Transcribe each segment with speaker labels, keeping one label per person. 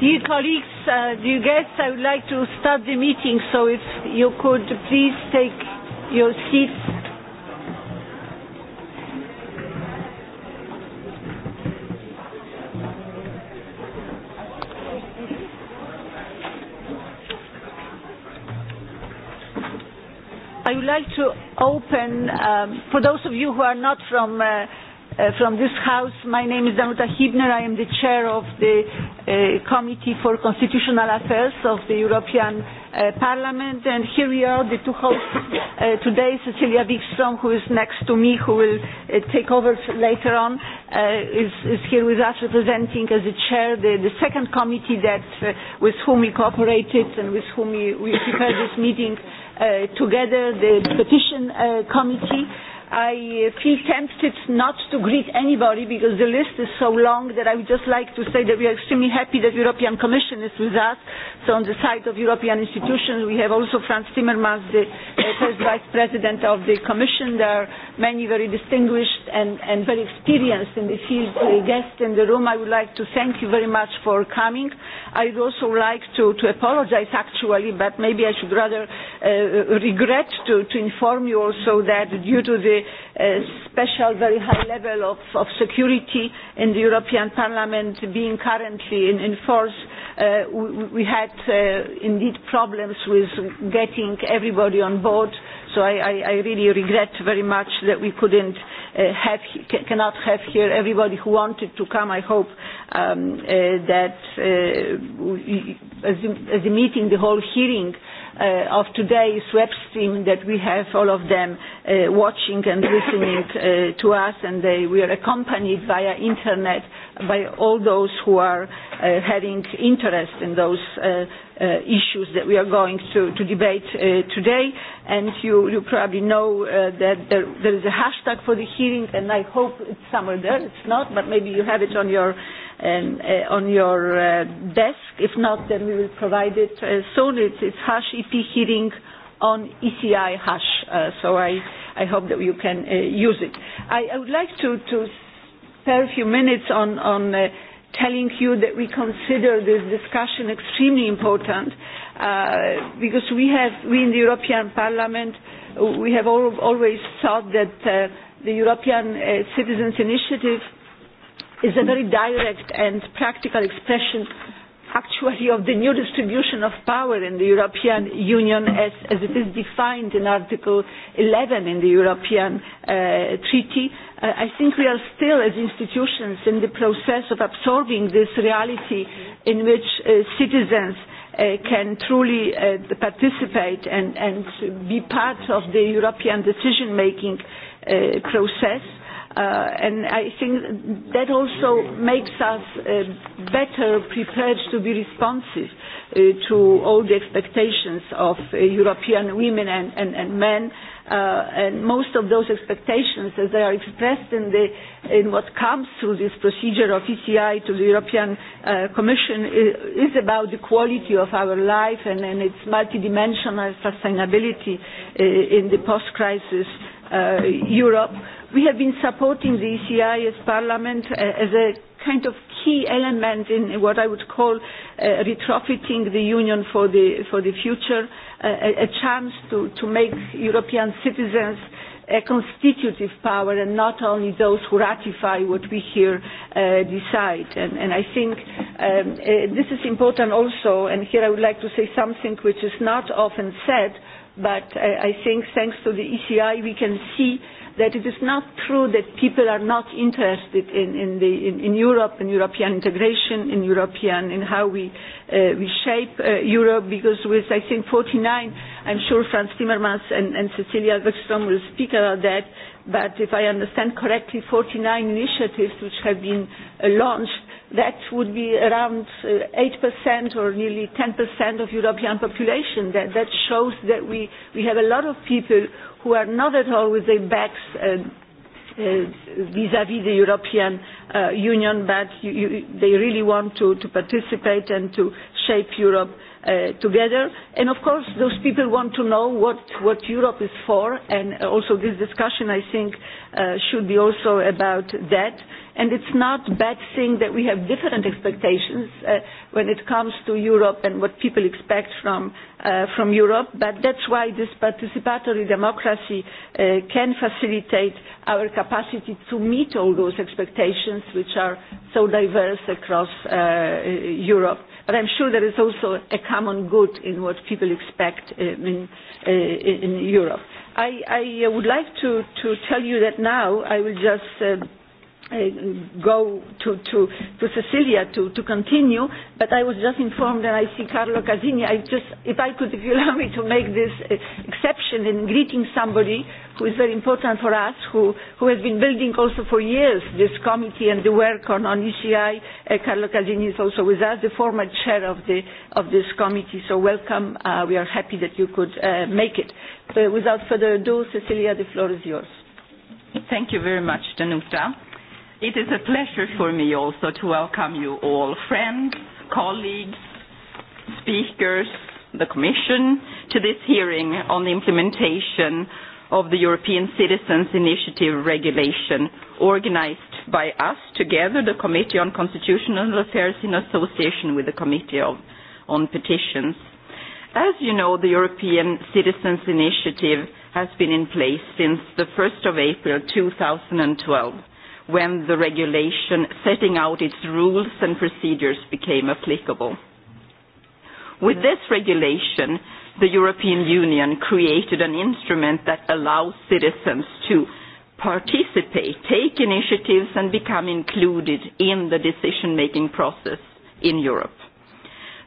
Speaker 1: Dear colleagues, uh, dear guests, I would like to start the meeting, so if you could please take your seats. I would like to open, um, for those of you who are not from, uh, uh, from this house, my name is Danuta Hibner, I am the chair of the Uh, committee for Constitutional Affairs of the European uh, Parliament. And here we are, the two hosts uh, today, Cecilia Wikström, who is next to me, who will take over later on, is, is here with us representing as the chair the, the second committee that with whom we cooperated and with whom we, we prepared this meeting together, the Petition Committee. I uh, feel tempted not to greet anybody because the list is so long that I would just like to say that we are extremely happy that the European Commission is with us. So on the side of European institutions, we have also Franz Timmermans, the uh, first Vice President of the Commission. There are many very distinguished and, and very experienced in the field uh, guests in the room. I would like to thank you very much for coming. I would also like to, to apologize actually, but maybe I should rather uh, regret to, to inform you also that due to the uh, special very high level of, of security in the European Parliament being currently in, in force, uh, we, we had uh, indeed problems with getting everybody on board. So I, I, I really regret very much that we couldn't Uh, have cannot have here everybody who wanted to come. I hope um, uh, that uh, as, the, meeting, the whole hearing of today's web stream that we have all of them watching and listening to us and they we are accompanied via internet by all those who are having interest in those uh, issues that we are going to, to debate uh, today. And you, you probably know uh, that there, there is a hashtag for the hearing, and I hope it's somewhere there. It's not, but maybe you have it on your, um, uh, on your uh, desk. If not, then we will provide it uh, soon. It's, it's hash EP hearing on ECI hash. Uh, so I, I hope that you can uh, use it. I, I would like to, to spare a few minutes on, on uh, telling you that we consider this discussion extremely important uh, because we have, we in the European Parliament, we have all, always thought that uh, the European uh, Citizens Initiative is a very direct and practical expression actually of the new distribution of power in the European Union as, as it is defined in Article 11 in the European uh, Treaty i think we are still as institutions in the process of absorbing this reality in which uh, citizens uh, can truly uh, participate and, and be part of the European decision making uh, process uh, and I think that also makes us uh, better prepared to be responsive to all the expectations of European women and, and, and men Uh, and most of those expectations as they are expressed in, the, in what comes through this procedure of ECI to the European uh, Commission is, about the quality of our life and, and its multidimensional sustainability uh, in the post-crisis Europe. We have been supporting the ECI as Parliament as a kind of key element in what I would call uh, retrofitting the union for the, for the future a chance to, to make European citizens a constitutive power and not only those who ratify what we here uh, decide. And, and I think um, uh, this is important also, and here I would like to say something which is not often said, but I uh, I think thanks to the ECI we can see that it is not true that people are not interested in, in, the, in, in Europe, in European integration, in European, in how we, uh, we shape uh, Europe, because with, I think, 49, I'm sure Franz Timmermans and, and Cecilia Wikström will speak about that, but if I understand correctly, 49 initiatives which have been uh, launched that would be around 8% uh, or nearly 10% of European population. That, that shows that we, we have a lot of people who are not at all with their backs vis a vis the European uh, Union, but you, you, they really want to, to participate and to shape Europe uh, together. And of course, those people want to know what, what Europe is for, and also this discussion, I think, uh, should be also about that and it's not a bad thing that we have different expectations uh, when it comes to Europe and what people expect from, uh, from Europe, but that's why this participatory democracy uh, can facilitate our capacity to meet all those expectations which are so diverse across uh, Europe. But I'm sure there is also a common good in what people expect uh, in, uh, in Europe. I, I would like to, to tell you that now I will just uh, go to, to, to Cecilia to, to continue, but I was just informed that I see Carlo Casini. I just, if I could, if you allow me to make this uh, exception in greeting somebody who is very important for us, who, who has been building also for years this committee and the work on, on ECI. Uh, Carlo Casini is also with us, the former chair of, the, of this committee. So welcome. Uh, we are happy that you could uh, make it. But uh, without further ado, Cecilia, the floor is yours. Thank
Speaker 2: you very much, Danuta. It is a pleasure for me also to welcome you all, friends, colleagues, speakers, the Commission, to this hearing on the implementation of the European Citizens Initiative Regulation, organized by us together, the Committee on Constitutional Affairs in association with the Committee of, on Petitions. As you know, the European Citizens Initiative has been in place since the 1st of April 2012 when the regulation setting out its rules and procedures became applicable. With this regulation, the European Union created an instrument that allows citizens to participate, take initiatives and become included in the decision-making process in Europe.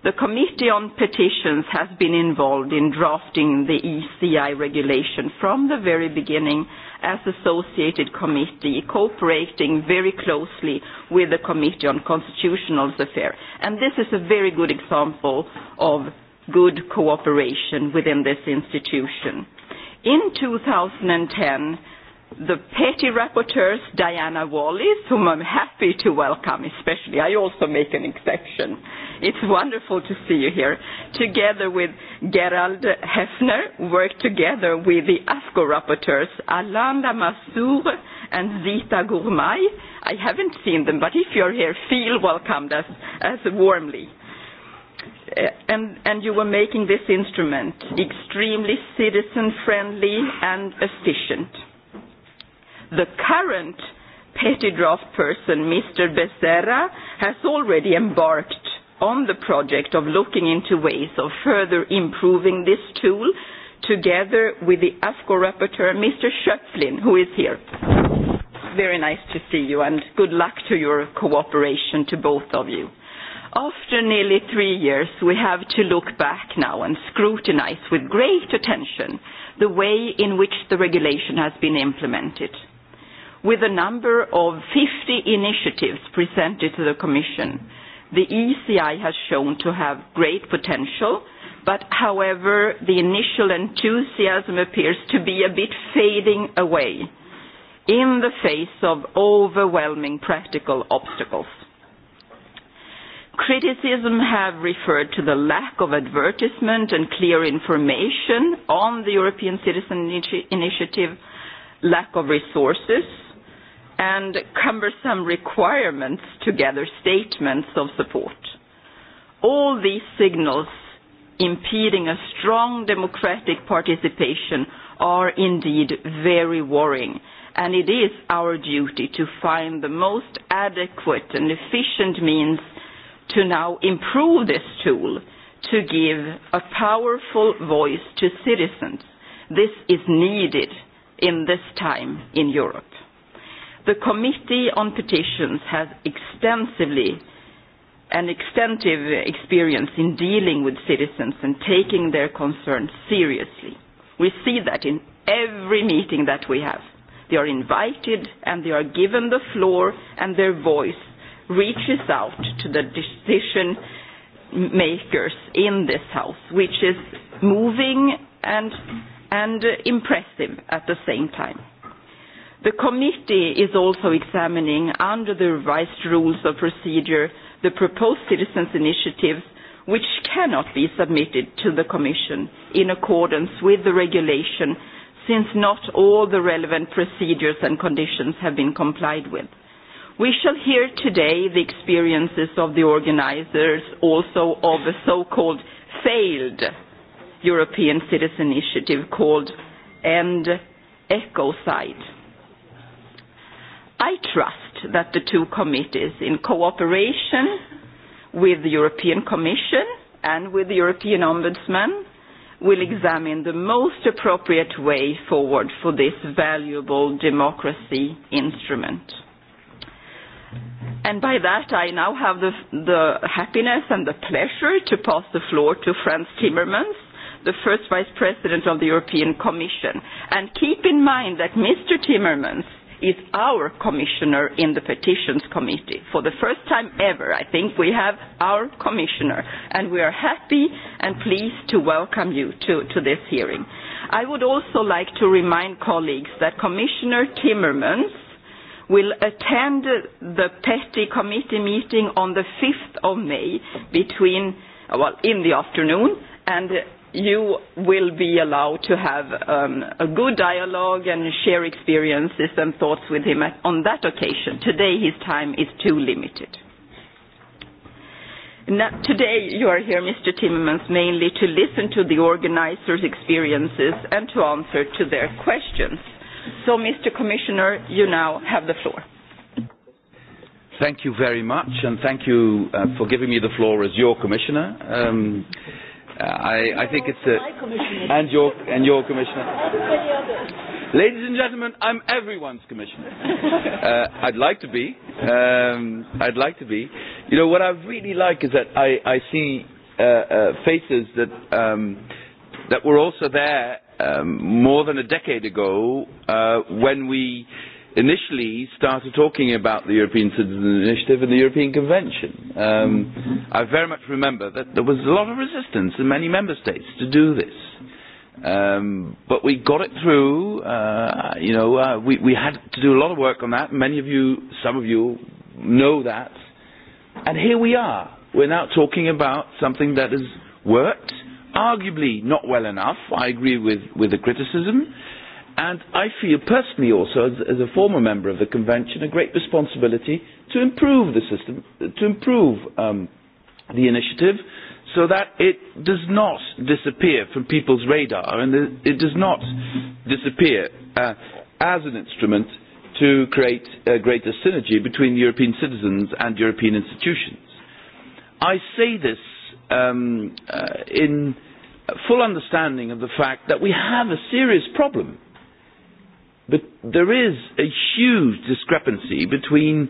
Speaker 2: The Committee on Petitions has been involved in drafting the ECI regulation from the very beginning as associated committee, cooperating very closely with the Committee on Constitutional Affairs. And this is a very good example of good cooperation within this institution. In 2010, the petty rapporteurs, Diana Wallis, whom I'm happy to welcome, especially. I also make an exception. It's wonderful to see you here. Together with Gerald Hefner, work together with the AFCO rapporteurs, Alain Lamassoure and Zita Gourmay. I haven't seen them, but if you're here, feel welcomed as, as warmly. Uh, and, and you were making this instrument extremely citizen friendly and efficient The current petty draft person, Mr. Becerra, has already embarked on the project of looking into ways of further improving this tool together with the AFCO rapporteur, Mr. Schöpflin, who is here. Very nice to see you and good luck to your cooperation to both of you. After nearly three years, we have to look back now and scrutinize with great attention the way in which the regulation has been implemented with a number of 50 initiatives presented to the Commission. The ECI has shown to have great potential, but however, the initial enthusiasm appears to be a bit fading away in the face of overwhelming practical obstacles. Criticism have referred to the lack of advertisement and clear information on the European Citizen Initiative, lack of resources, and cumbersome requirements to gather statements of support. All these signals impeding a strong democratic participation are indeed very worrying, and it is our duty to find the most adequate and efficient means to now improve this tool to give a powerful voice to citizens. This is needed in this time in Europe. The Committee on Petitions has extensively an extensive experience in dealing with citizens and taking their concerns seriously. We see that in every meeting that we have. They are invited and they are given the floor and their voice reaches out to the decision makers in this house, which is moving and, and impressive at the same time. The committee is also examining, under the revised rules of procedure, the proposed citizens' initiatives which cannot be submitted to the Commission in accordance with the regulation since not all the relevant procedures and conditions have been complied with. We shall hear today the experiences of the organizers also of a so-called failed European citizen initiative called End Ecocide i trust that the two committees, in cooperation with the European Commission and with the European Ombudsman, will examine the most appropriate way forward for this valuable democracy instrument. And by that, I now have the, the happiness and the pleasure to pass the floor to Franz Timmermans, the first Vice President of the European Commission. And keep in mind that Mr. Timmermans is our commissioner in the petitions committee. For the first time ever, I think we have our commissioner, and we are happy and pleased to welcome you to, to this hearing. I would also like to remind colleagues that Commissioner Timmermans will attend the Petty committee meeting on the 5th of May between, well, in the afternoon and you will be allowed to have um, a good dialogue and share experiences and thoughts with him on that occasion. Today his time is too limited. Now, today you are here, Mr. Timmermans, mainly to listen to the organizers' experiences and to answer to their questions. So, Mr. Commissioner, you now have the floor.
Speaker 3: Thank you very much, and thank you uh, for giving me the floor as your commissioner. Um, Uh, I, I think it's a, uh, and your and your commissioner. Ladies and gentlemen, I'm everyone's commissioner. Uh, I'd like to be. Um, I'd like to be. You know what I really like is that I, I see uh, uh, faces that um, that were also there um, more than a decade ago uh, when we initially started talking about the European Citizens Initiative and the European Convention. Um, mm-hmm. I very much remember that there was a lot of resistance in many member states to do this. Um, but we got it through, uh, you know, uh, we, we had to do a lot of work on that. Many of you, some of you know that. And here we are. We're now talking about something that has worked, arguably not well enough. I agree with, with the criticism And I feel personally also, as, as a former member of the convention, a great responsibility to improve the system, to improve um, the initiative so that it does not disappear from people's radar and it does not disappear uh, as an instrument to create a greater synergy between European citizens and European institutions. I say this um, uh, in full understanding of the fact that we have a serious problem But there is a huge discrepancy between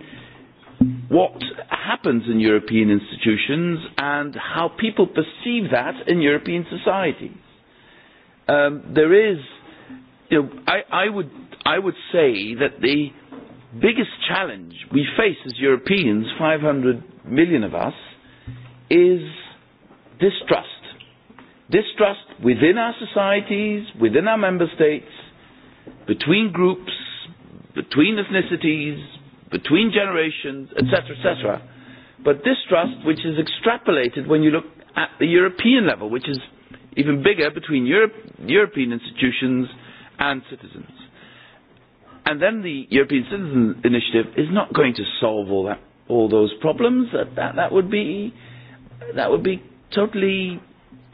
Speaker 3: what happens in European institutions and how people perceive that in European societies. Um, there is, you I, I, would, I would say that the biggest challenge we face as Europeans, 500 million of us, is distrust. Distrust within our societies, within our member states, between groups, between ethnicities, between generations, etc., etc. But distrust which is extrapolated when you look at the European level, which is even bigger between Europe, European institutions and citizens. And then the European Citizen Initiative is not going to solve all that, all those problems. That, that, that would be, that would be totally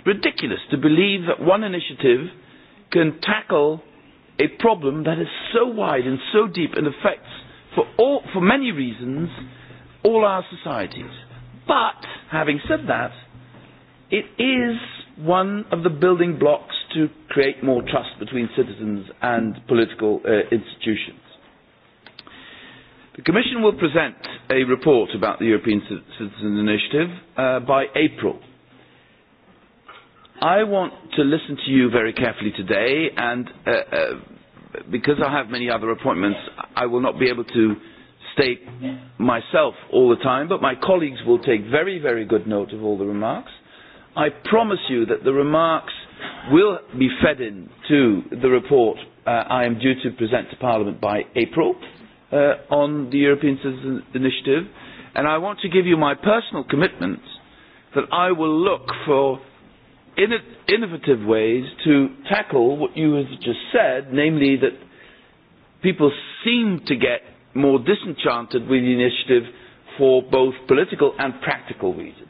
Speaker 3: ridiculous to believe that one initiative can tackle a problem that is so wide and so deep and affects for all for many reasons all our societies. But having said that, it is one of the building blocks to create more trust between citizens and political uh, institutions. The Commission will present a report about the European Citizens Initiative uh, by April i want to listen to you very carefully today, and uh, uh, because I have many other appointments, I will not be able to state myself all the time, but my colleagues will take very, very good note of all the remarks. I promise you that the remarks will be fed in to the report uh, I am due to present to Parliament by April uh, on the European Citizens Initiative, and I want to give you my personal commitment that I will look for innovative ways to tackle what you have just said, namely that people seem to get more disenchanted with the initiative for both political and practical reasons.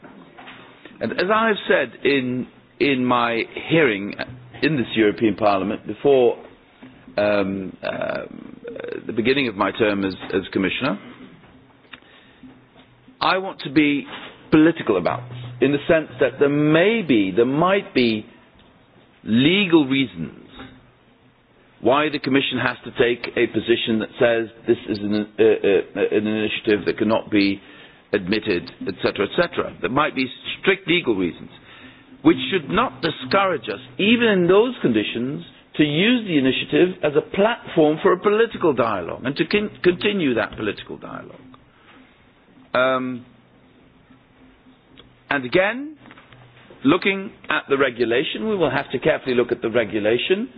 Speaker 3: And as I have said in, in my hearing in this European Parliament before um, uh, the beginning of my term as, as Commissioner, I want to be political about this in the sense that there may be, there might be legal reasons why the Commission has to take a position that says this is an, uh, uh, an initiative that cannot be admitted, etc., etc. There might be strict legal reasons, which should not discourage us, even in those conditions, to use the initiative as a platform for a political dialogue and to con continue that political dialogue. Um, And again, looking at the regulation, we will have to carefully look at the regulation.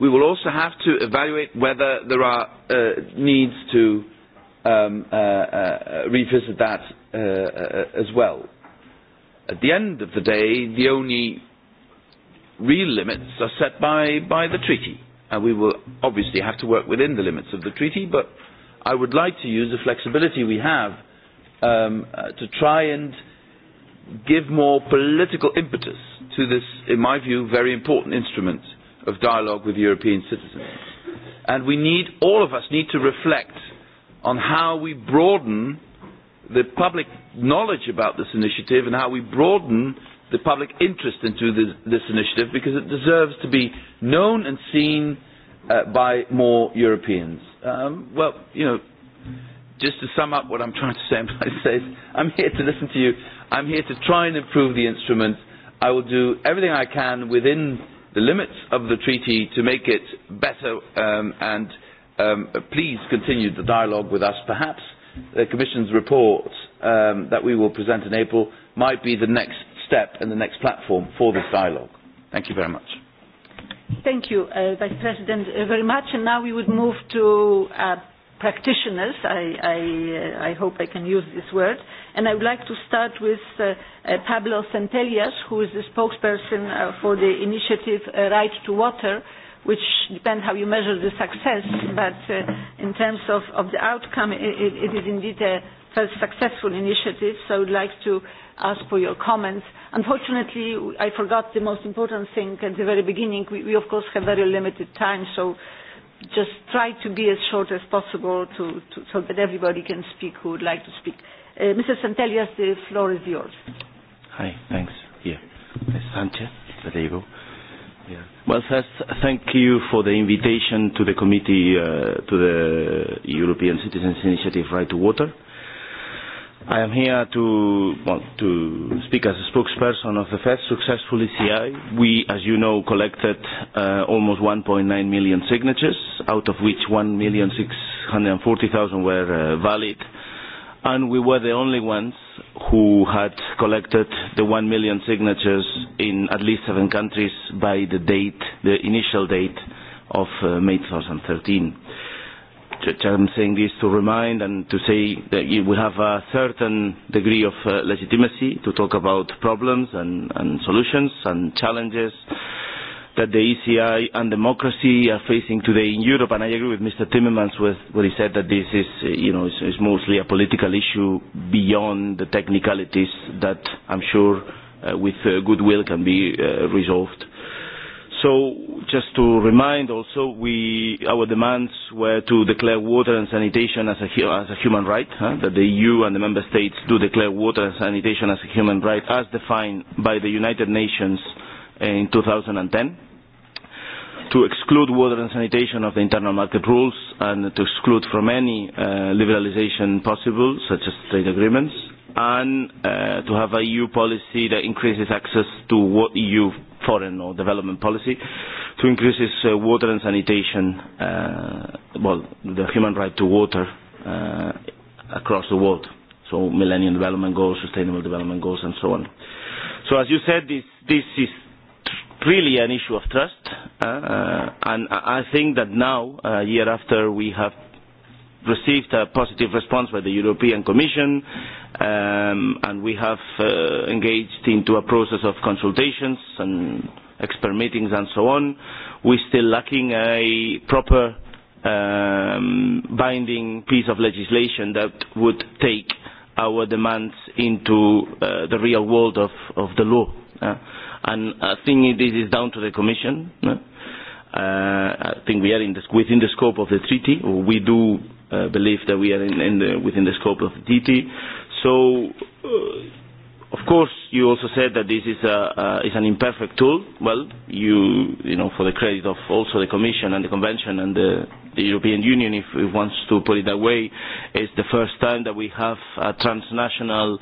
Speaker 3: We will also have to evaluate whether there are uh, needs to um, uh, uh, revisit that uh, uh, as well. At the end of the day, the only real limits are set by, by the treaty. And we will obviously have to work within the limits of the treaty, but I would like to use the flexibility we have um, uh, to try and give more political impetus to this, in my view, very important instrument of dialogue with European citizens. And we need, all of us need to reflect on how we broaden the public knowledge about this initiative and how we broaden the public interest into this, this initiative because it deserves to be known and seen uh, by more Europeans. Um, well, you know, just to sum up what I'm trying to say, say I'm here to listen to you. I'm here to try and improve the instrument. I will do everything I can within the limits of the treaty to make it better um, and um, please continue the dialogue with us. Perhaps the Commission's report um, that we will present in April might be the next step and the next platform for this dialogue. Thank you very much.
Speaker 1: Thank you, uh, Vice President, uh, very much. And now we would move to uh, practitioners, I, I, uh, I hope I can use this word, and I would like to start with uh, uh Pablo Centellas, who is the spokesperson uh, for the initiative Right to Water, which depends how you measure the success, but in terms of, of the outcome, it, it is indeed a first successful initiative, so I would like to ask for your comments. Unfortunately, I forgot the most important thing at the very beginning. We, we of course, have very limited time, so just try to be as short as possible to, to, so that everybody can speak who would like to speak. Uh, Mr. Santelias, the floor is yours.
Speaker 4: Hi, thanks. Yeah. Ms. Sanchez, there you go. Yeah. Well, first, thank you for the invitation to the committee, uh, to the European Citizens Initiative Right to Water. I am here to well, to speak as a spokesperson of the first successful ECI. We, as you know, collected uh, almost 1.9 million signatures, out of which 1,640,000 were uh, valid, and we were the only ones who had collected the 1 million signatures in at least seven countries by the date, the initial date of uh, May 2013. I'm saying this to remind and to say that you will have a certain degree of uh, legitimacy to talk about problems and, and solutions and challenges that the ECI and democracy are facing today in Europe. And I agree with Mr. Timmermans with what he said that this is, uh, you know, is, is mostly a political issue beyond the technicalities that I'm sure uh, with uh, goodwill can be uh, resolved. So just to remind also, we, our demands were to declare water and sanitation as a, as a human right, that the EU and the member states do declare water and sanitation as a human right as defined by the United Nations in 2010 to exclude water and sanitation of the internal market rules and to exclude from any uh, liberalization possible, such as trade agreements, and uh, to have a EU policy that increases access to what EU foreign or development policy, to increase uh, water and sanitation, uh, well, the human right to water uh, across the world. So Millennium Development Goals, Sustainable Development Goals, and so on. So as you said, this, this is really an issue of trust, uh, uh and I think that now, a uh, year after we have received a positive response by the European Commission, um, and we have uh, engaged into a process of consultations and expert meetings and so on, we're still lacking a proper um, binding piece of legislation that would take our demands into uh, the real world of, of the law. Uh, And I think this is down to the Commission. No? Uh, I think we are in the, within the scope of the treaty. we do uh, believe that we are in, in the, within the scope of the treaty. So, uh, of course, you also said that this is, a, uh, is an imperfect tool. Well, you, you know, for the credit of also the Commission and the Convention and the, the European Union, if it wants to put it that way, it's the first time that we have a transnational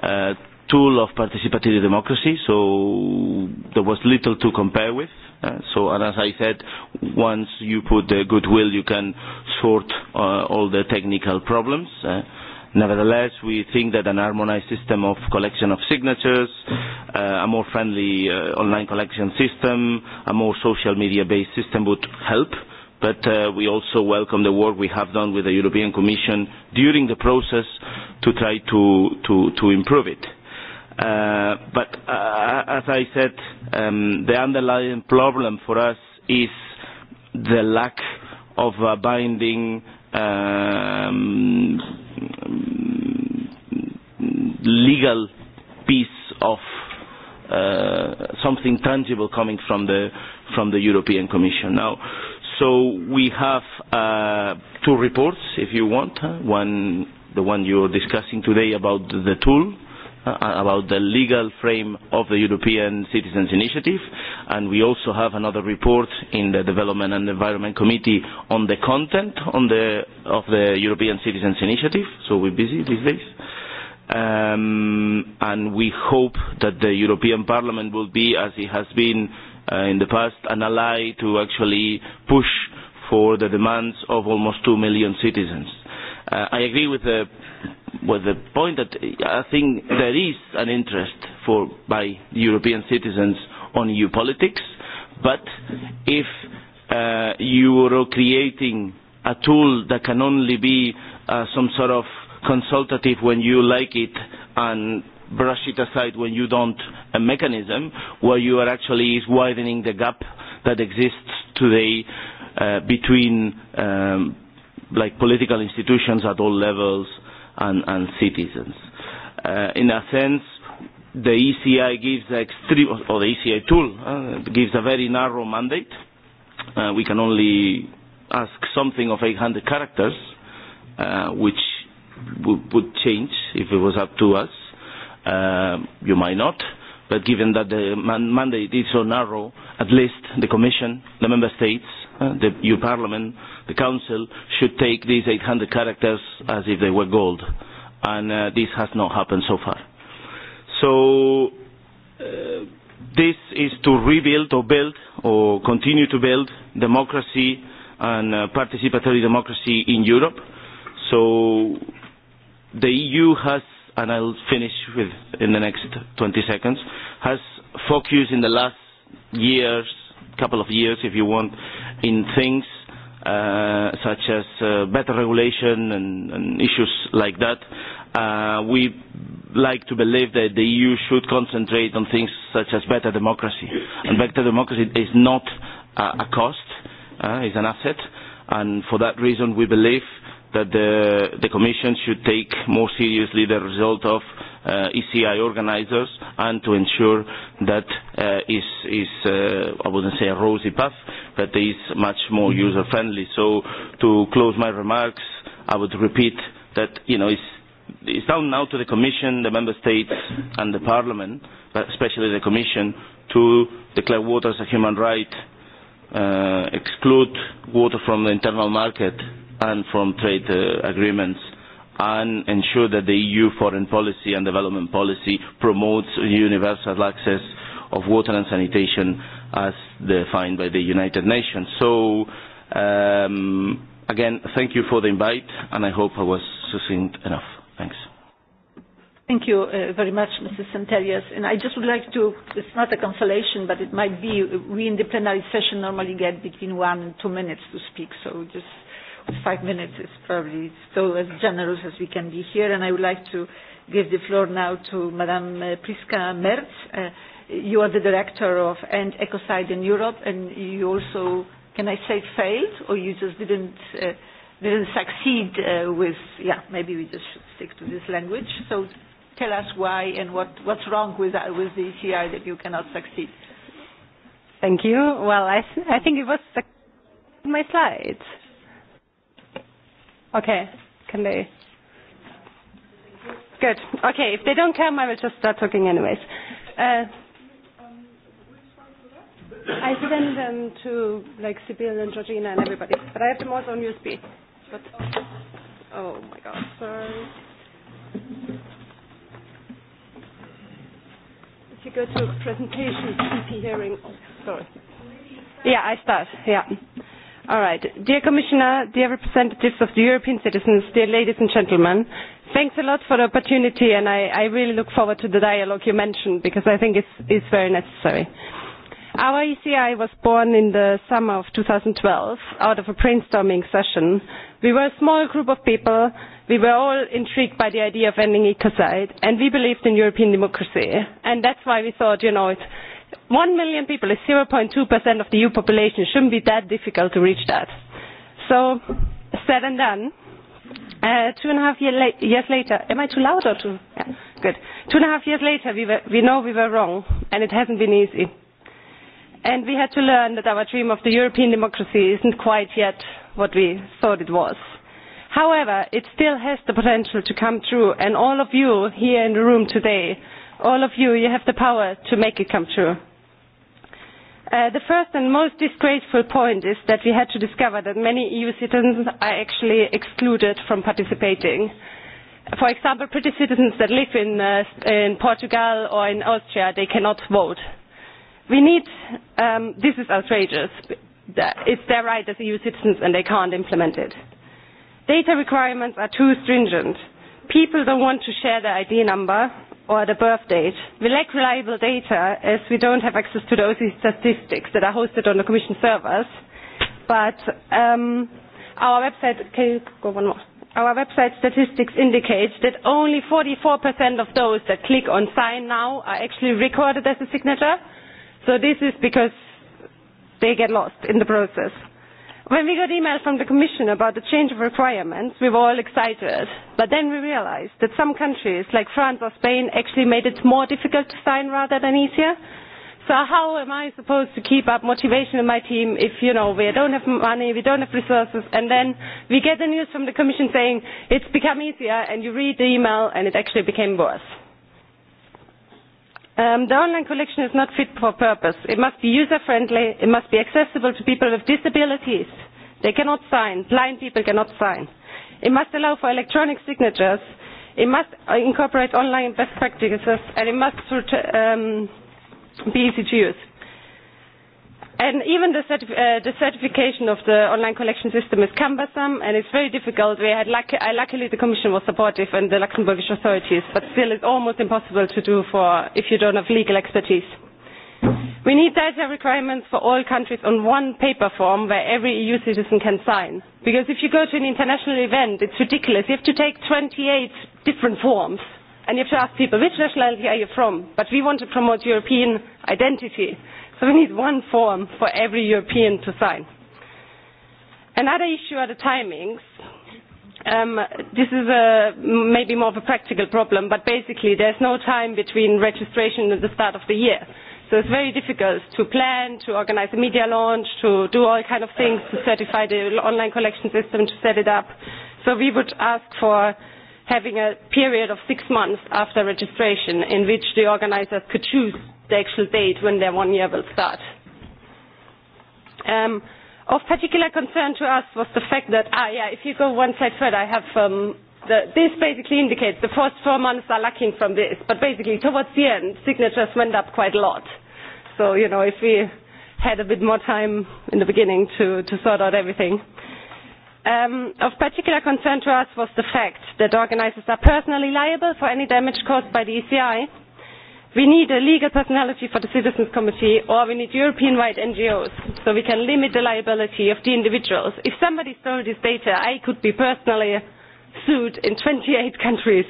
Speaker 4: uh, tool of participatory democracy, so there was little to compare with. Eh? so, and as I said, once you put the goodwill, you can sort uh, all the technical problems. Eh? nevertheless, we think that an harmonized system of collection of signatures, uh, a more friendly uh, online collection system, a more social media-based system would help but uh, we also welcome the work we have done with the European Commission during the process to try to, to, to improve it. Uh, but uh, as I said, um, the underlying problem for us is the lack of a binding um, legal piece of uh, something tangible coming from the from the European Commission. Now, so we have uh, two reports, if you want, one the one you are discussing today about the tool Uh, about the legal frame of the European Citizens Initiative and we also have another report in the Development and Environment Committee on the content on the, of the European Citizens Initiative, so we're busy these days. Um, and we hope that the European Parliament will be, as it has been uh, in the past, an ally to actually push for the demands of almost two million citizens i agree with the with the point that I think there is an interest for by European citizens on EU politics, but if uh, you are creating a tool that can only be uh, some sort of consultative when you like it and brush it aside when you don't, a mechanism where you are actually widening the gap that exists today uh, between um, like political institutions at all levels and, and citizens. Uh, in a sense, the ECI gives a extreme, or the ECI tool uh, gives a very narrow mandate. Uh, we can only ask something of 800 characters, uh, which would change if it was up to us. Uh, you might not, but given that the man mandate is so narrow, at least the Commission, the Member States, Uh, the EU Parliament, the Council, should take these 800 characters as if they were gold. And uh, this has not happened so far. So uh, this is to rebuild or build or continue to build democracy and participatory democracy in Europe. So the EU has, and I'll finish with in the next 20 seconds, has focused in the last years couple of years, if you want, in things uh, such as uh, better regulation and, and issues like that. Uh, we like to believe that the EU should concentrate on things such as better democracy. And better democracy is not uh, a cost, uh, it's an asset. And for that reason, we believe that the, the Commission should take more seriously the result of uh, ECI organizers and to ensure that uh, is, is uh, I wouldn't say a rosy path, but is much more mm-hmm. user friendly. So to close my remarks, I would repeat that you know it's it's down now to the Commission, the Member States and the Parliament, but especially the Commission, to declare water as a human right, uh, exclude water from the internal market and from trade uh, agreements and ensure that the EU foreign policy and development policy promotes universal access of water and sanitation as defined by the United Nations. So, um, again, thank you for the invite, and I hope I was succinct enough. Thanks.
Speaker 1: Thank you uh, very much, Mrs. Santelius. And I just would like to, it's not a consolation, but it might be, we in the plenary session normally get between one and two minutes to speak, so just five minutes is probably still as generous as we can be here, and I would like to give the floor now to Madame uh, Priska Merz. Uh, you are the director of End Ecocide in Europe, and you also, can I say, failed, or you just didn't uh, didn't succeed uh, with, yeah, maybe we just should stick to this language. So tell us why and what, what's wrong with, uh, with the ECI that you cannot succeed. Thank you. Well, I, th I think it was my slides. Okay,
Speaker 5: can they? Good. Okay, if they don't come, I will just start talking anyways. Uh, I send them to like Sibyl and Georgina and everybody, but I have them also on USB. But, oh
Speaker 6: my God, sorry.
Speaker 5: If you go to presentation, CP hearing, oh, sorry. Yeah, I start. Yeah. All right. Dear Commissioner, dear representatives of the European citizens, dear ladies and gentlemen, thanks a lot for the opportunity and I, I really look forward to the dialogue you mentioned because I think it's, it's very necessary. Our ECI was born in the summer of 2012 out of a brainstorming session. We were a small group of people. We were all intrigued by the idea of ending ecocide and we believed in European democracy. And that's why we thought, you know, it's one million people is 0.2% of the EU population. It shouldn't be that difficult to reach that. So, said and done. Uh, two and a half year la years later, am I too loud or too? Yeah, good. Two and a half years later, we, were, we know we were wrong, and it hasn't been easy. And we had to learn that our dream of the European democracy isn't quite yet what we thought it was. However, it still has the potential to come true, and all of you here in the room today all of you, you have the power to make it come true. Uh, the first and most disgraceful point is that we had to discover that many EU citizens are actually excluded from participating. For example, pretty citizens that live in, uh, in Portugal or in Austria, they cannot vote. We need, um, this is outrageous. It's their right as EU citizens and they can't implement it. Data requirements are too stringent. People don't want to share their ID number or the birth date. We lack reliable data as we don't have access to those statistics that are hosted on the Commission servers. But um, our website, can you go one more? Our website statistics indicate that only 44% of those that click on sign now are actually recorded as a signature. So this is because they get lost in the process. When we got email from the Commission about the change of requirements, we were all excited. But then we realized that some countries, like France or Spain, actually made it more difficult to sign rather than easier. So how am I supposed to keep up motivation in my team if, you know, we don't have money, we don't have resources, and then we get the news from the Commission saying it's become easier, and you read the email, and it actually became worse. Um, the online collection is not fit for purpose. It must be user friendly. It must be accessible to people with disabilities. They cannot sign. Blind people cannot sign. It must allow for electronic signatures. It must uh, incorporate online best practices and it must um, be easy to use. And even the, certif uh, the certification of the online collection system is cumbersome and it's very difficult. We had luck I, luckily the Commission was supportive and the Luxembourgish authorities, but still it's almost impossible to do for if you don't have legal expertise. We need data requirements for all countries on one paper form where every EU citizen can sign. Because if you go to an international event, it's ridiculous. You have to take 28 different forms and you have to ask people, which nationality are you from? But we want to promote European identity. So we need one form for every European to sign. Another issue are the timings. Um, this is a, maybe more of a practical problem, but basically there's no time between registration and the start of the year. So it's very difficult to plan, to organize a media launch, to do all kind of things, to certify the online collection system, to set it up. So we would ask for having a period of six months after registration in which the organizers could choose the actual date when their one year will start. Um, of particular concern to us was the fact that, ah, yeah, if you go one side further, I have um, the, this basically indicates the first four months are lacking from this, but basically towards the end, signatures went up quite a lot. So, you know, if we had a bit more time in the beginning to, to sort out everything. Um, of particular concern to us was the fact that organizers are personally liable for any damage caused by the ECI We need a legal personality for the Citizens Committee or we need European-wide NGOs so we can limit the liability of the individuals. If somebody stole this data, I could be personally sued in 28 countries.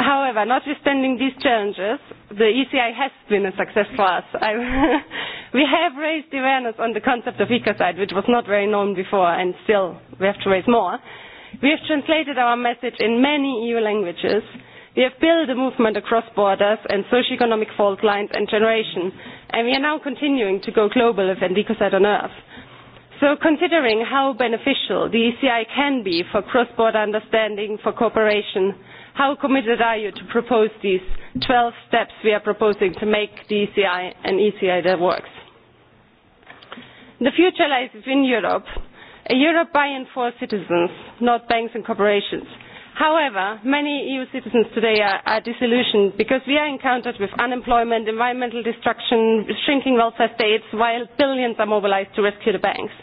Speaker 5: However, notwithstanding these challenges, the ECI has been a success for us. I, we have raised awareness on the concept of ecocide, which was not very known before, and still we have to raise more. We have translated our message in many EU languages We have built a movement across borders and socioeconomic fault lines and generation, and we are now continuing to go global with Enrico on Earth. So considering how beneficial the ECI can be for cross-border understanding, for cooperation, how committed are you to propose these 12 steps we are proposing to make the ECI an ECI that works? The future lies within Europe, a Europe by and for citizens, not banks and corporations. However, many EU citizens today are, are disillusioned because we are encountered with unemployment, environmental destruction, shrinking welfare states, while billions are mobilized to rescue the banks.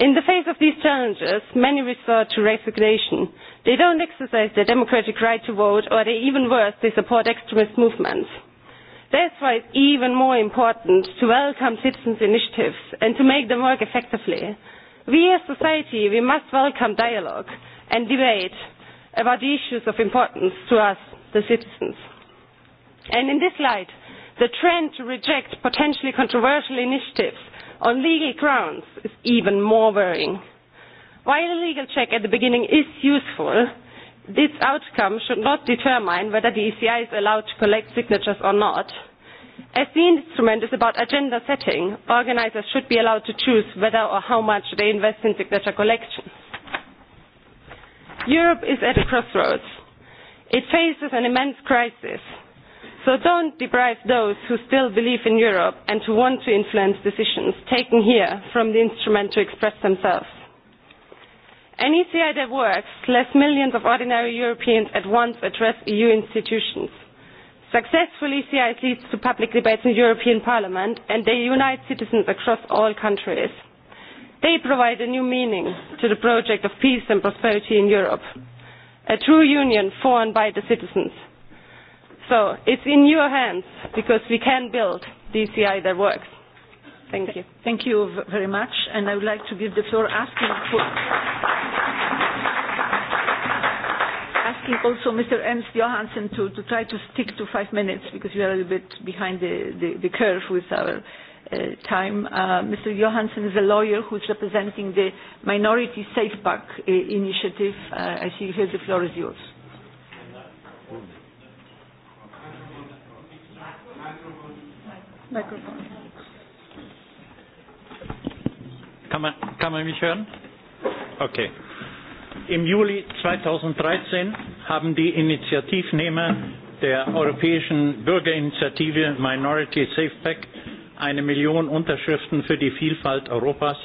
Speaker 5: In the face of these challenges, many resort to resignation. They don't exercise their democratic right to vote, or they, even worse, they support extremist movements. That's why it's even more important to welcome citizens' initiatives and to make them work effectively. We as society, we must welcome dialogue and debate about the issues of importance to us, the citizens. And in this light, the trend to reject potentially controversial initiatives on legal grounds is even more worrying. While a legal check at the beginning is useful, this outcome should not determine whether the ECI is allowed to collect signatures or not. As the instrument is about agenda setting, organisers should be allowed to choose whether or how much they invest in signature collection. Europe is at a crossroads. It faces an immense crisis. So don't deprive those who still believe in Europe and who want to influence decisions taken here from the instrument to express themselves. An ECI that works lets millions of ordinary Europeans at once address EU institutions. Successful ECIs leads to public debates in the European Parliament and they unite citizens across all countries. They provide a new meaning to the project of peace and prosperity in Europe, a true union for and by the citizens. So it's in your hands because we can build DCI that works. Thank you.
Speaker 1: Thank you very much. And I would like to give the floor asking for asking also Mr. Ernst Johansen to, to try to stick to five minutes because we are a little bit behind the, the, the curve with our Uh, time. Uh Mr. Johansson is a lawyer who is representing the Minority Safe Pack uh, initiative. Uh, I see here the floor is yours.
Speaker 7: Kann kann man mich hören? Okay. Im Juli 2013 haben die Initiativnehmer der europäischen Bürgerinitiative Minority Safe Pack eine Million Unterschriften für die Vielfalt Europas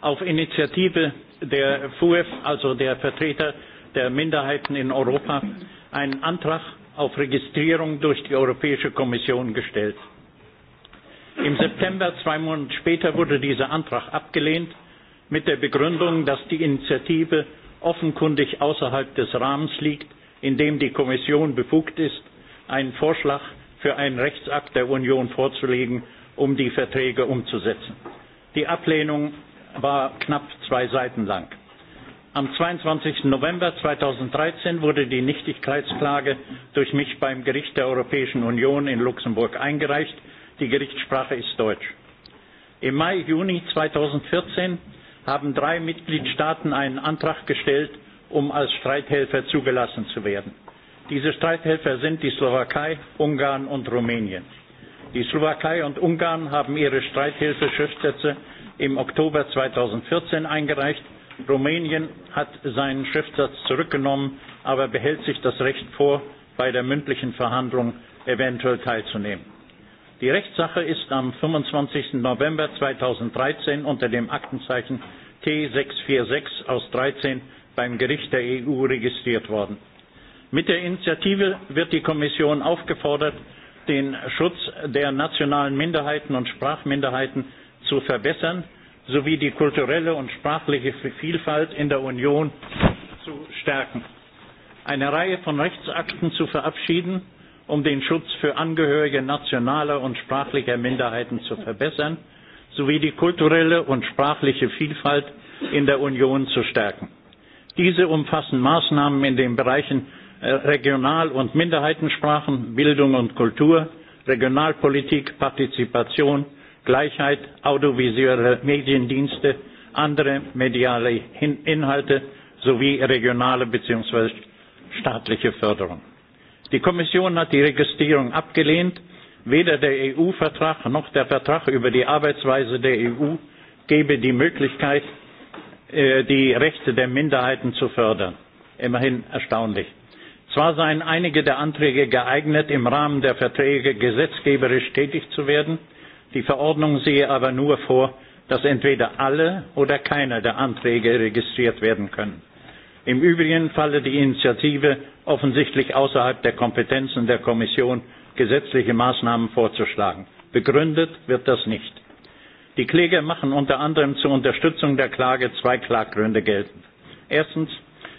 Speaker 7: auf Initiative der FUEF, also der Vertreter der Minderheiten in Europa, einen Antrag auf Registrierung durch die Europäische Kommission gestellt. Im September, zwei Monate später, wurde dieser Antrag abgelehnt mit der Begründung, dass die Initiative offenkundig außerhalb des Rahmens liegt, in dem die Kommission befugt ist, einen Vorschlag für einen Rechtsakt der Union vorzulegen, um die Verträge umzusetzen. Die Ablehnung war knapp zwei Seiten lang. Am 22. November 2013 wurde die Nichtigkeitsklage durch mich beim Gericht der Europäischen Union in Luxemburg eingereicht. Die Gerichtssprache ist Deutsch. Im Mai, Juni 2014 haben drei Mitgliedstaaten einen Antrag gestellt, um als Streithelfer zugelassen zu werden. Diese Streithelfer sind die Slowakei, Ungarn und Rumänien. Die Slowakei und Ungarn haben ihre Streithilfeschriftsätze im Oktober 2014 eingereicht. Rumänien hat seinen Schriftsatz zurückgenommen, aber behält sich das Recht vor, bei der mündlichen Verhandlung eventuell teilzunehmen. Die Rechtssache ist am 25. November 2013 unter dem Aktenzeichen T646 aus 13 beim Gericht der EU registriert worden. Mit der Initiative wird die Kommission aufgefordert, den Schutz der nationalen Minderheiten und Sprachminderheiten zu verbessern sowie die kulturelle und sprachliche Vielfalt in der Union zu stärken. Eine Reihe von Rechtsakten zu verabschieden, um den Schutz für Angehörige nationaler und sprachlicher Minderheiten zu verbessern, sowie die kulturelle und sprachliche Vielfalt in der Union zu stärken. Diese umfassen Maßnahmen in den Bereichen Äh, regional- und Minderheitensprachen, Bildung und Kultur, Regionalpolitik, Partizipation, Gleichheit, audiovisuelle Mediendienste, andere mediale Inhalte sowie regionale bzw. staatliche Förderung. Die Kommission hat die Registrierung abgelehnt. Weder der EU-Vertrag noch der Vertrag über die Arbeitsweise der EU gebe die Möglichkeit, äh, die Rechte der Minderheiten zu fördern. Immerhin erstaunlich. Zwar seien einige der Anträge geeignet, im Rahmen der Verträge gesetzgeberisch tätig zu werden, die Verordnung sehe aber nur vor, dass entweder alle oder keiner der Anträge registriert werden können. Im Übrigen falle die Initiative offensichtlich außerhalb der Kompetenzen der Kommission, gesetzliche Maßnahmen vorzuschlagen. Begründet wird das nicht. Die Kläger machen unter anderem zur Unterstützung der Klage zwei Klaggründe geltend. Erstens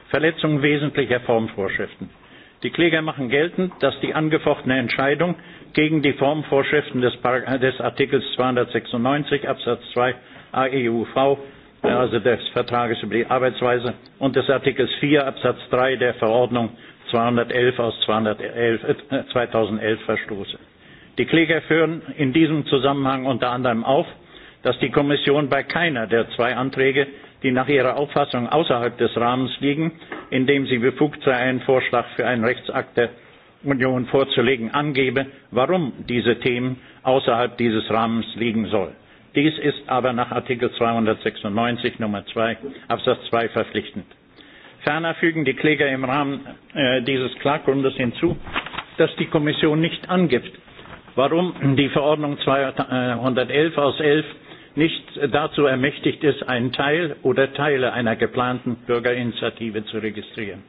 Speaker 7: Verletzung wesentlicher Formvorschriften. Die Kläger machen geltend, dass die angefochtene Entscheidung gegen die Formvorschriften des, äh, des Artikels 296 Absatz 2 AEUV, also des Vertrages über die Arbeitsweise, und des Artikels 4 Absatz 3 der Verordnung 211 aus 211, 2011 äh, verstoße. Die Kläger führen in diesem Zusammenhang unter anderem auf, dass die Kommission bei keiner der zwei Anträge die nach ihrer Auffassung außerhalb des Rahmens liegen, indem sie befugt sei, einen Vorschlag für einen Rechtsakt der Union vorzulegen, angebe, warum diese Themen außerhalb dieses Rahmens liegen sollen. Dies ist aber nach Artikel 296 Nummer 2 Absatz 2 verpflichtend. Ferner fügen die Kläger im Rahmen äh, dieses Klaggrundes hinzu, dass die Kommission nicht angibt, warum die Verordnung 211 aus 11 nicht dazu ermächtigt ist, einen Teil oder Teile einer geplanten Bürgerinitiative zu registrieren.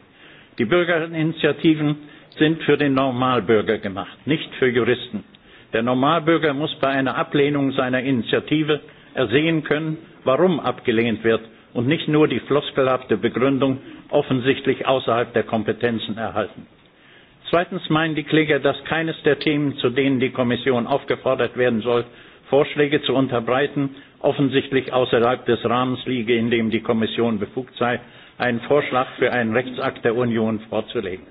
Speaker 7: Die Bürgerinitiativen sind für den Normalbürger gemacht, nicht für Juristen. Der Normalbürger muss bei einer Ablehnung seiner Initiative ersehen können, warum abgelehnt wird und nicht nur die floskelhafte Begründung offensichtlich außerhalb der Kompetenzen erhalten. Zweitens meinen die Kläger, dass keines der Themen, zu denen die Kommission aufgefordert werden soll, Vorschläge zu unterbreiten, offensichtlich außerhalb des Rahmens liege, in dem die Kommission befugt sei, einen Vorschlag für einen Rechtsakt der Union vorzulegen,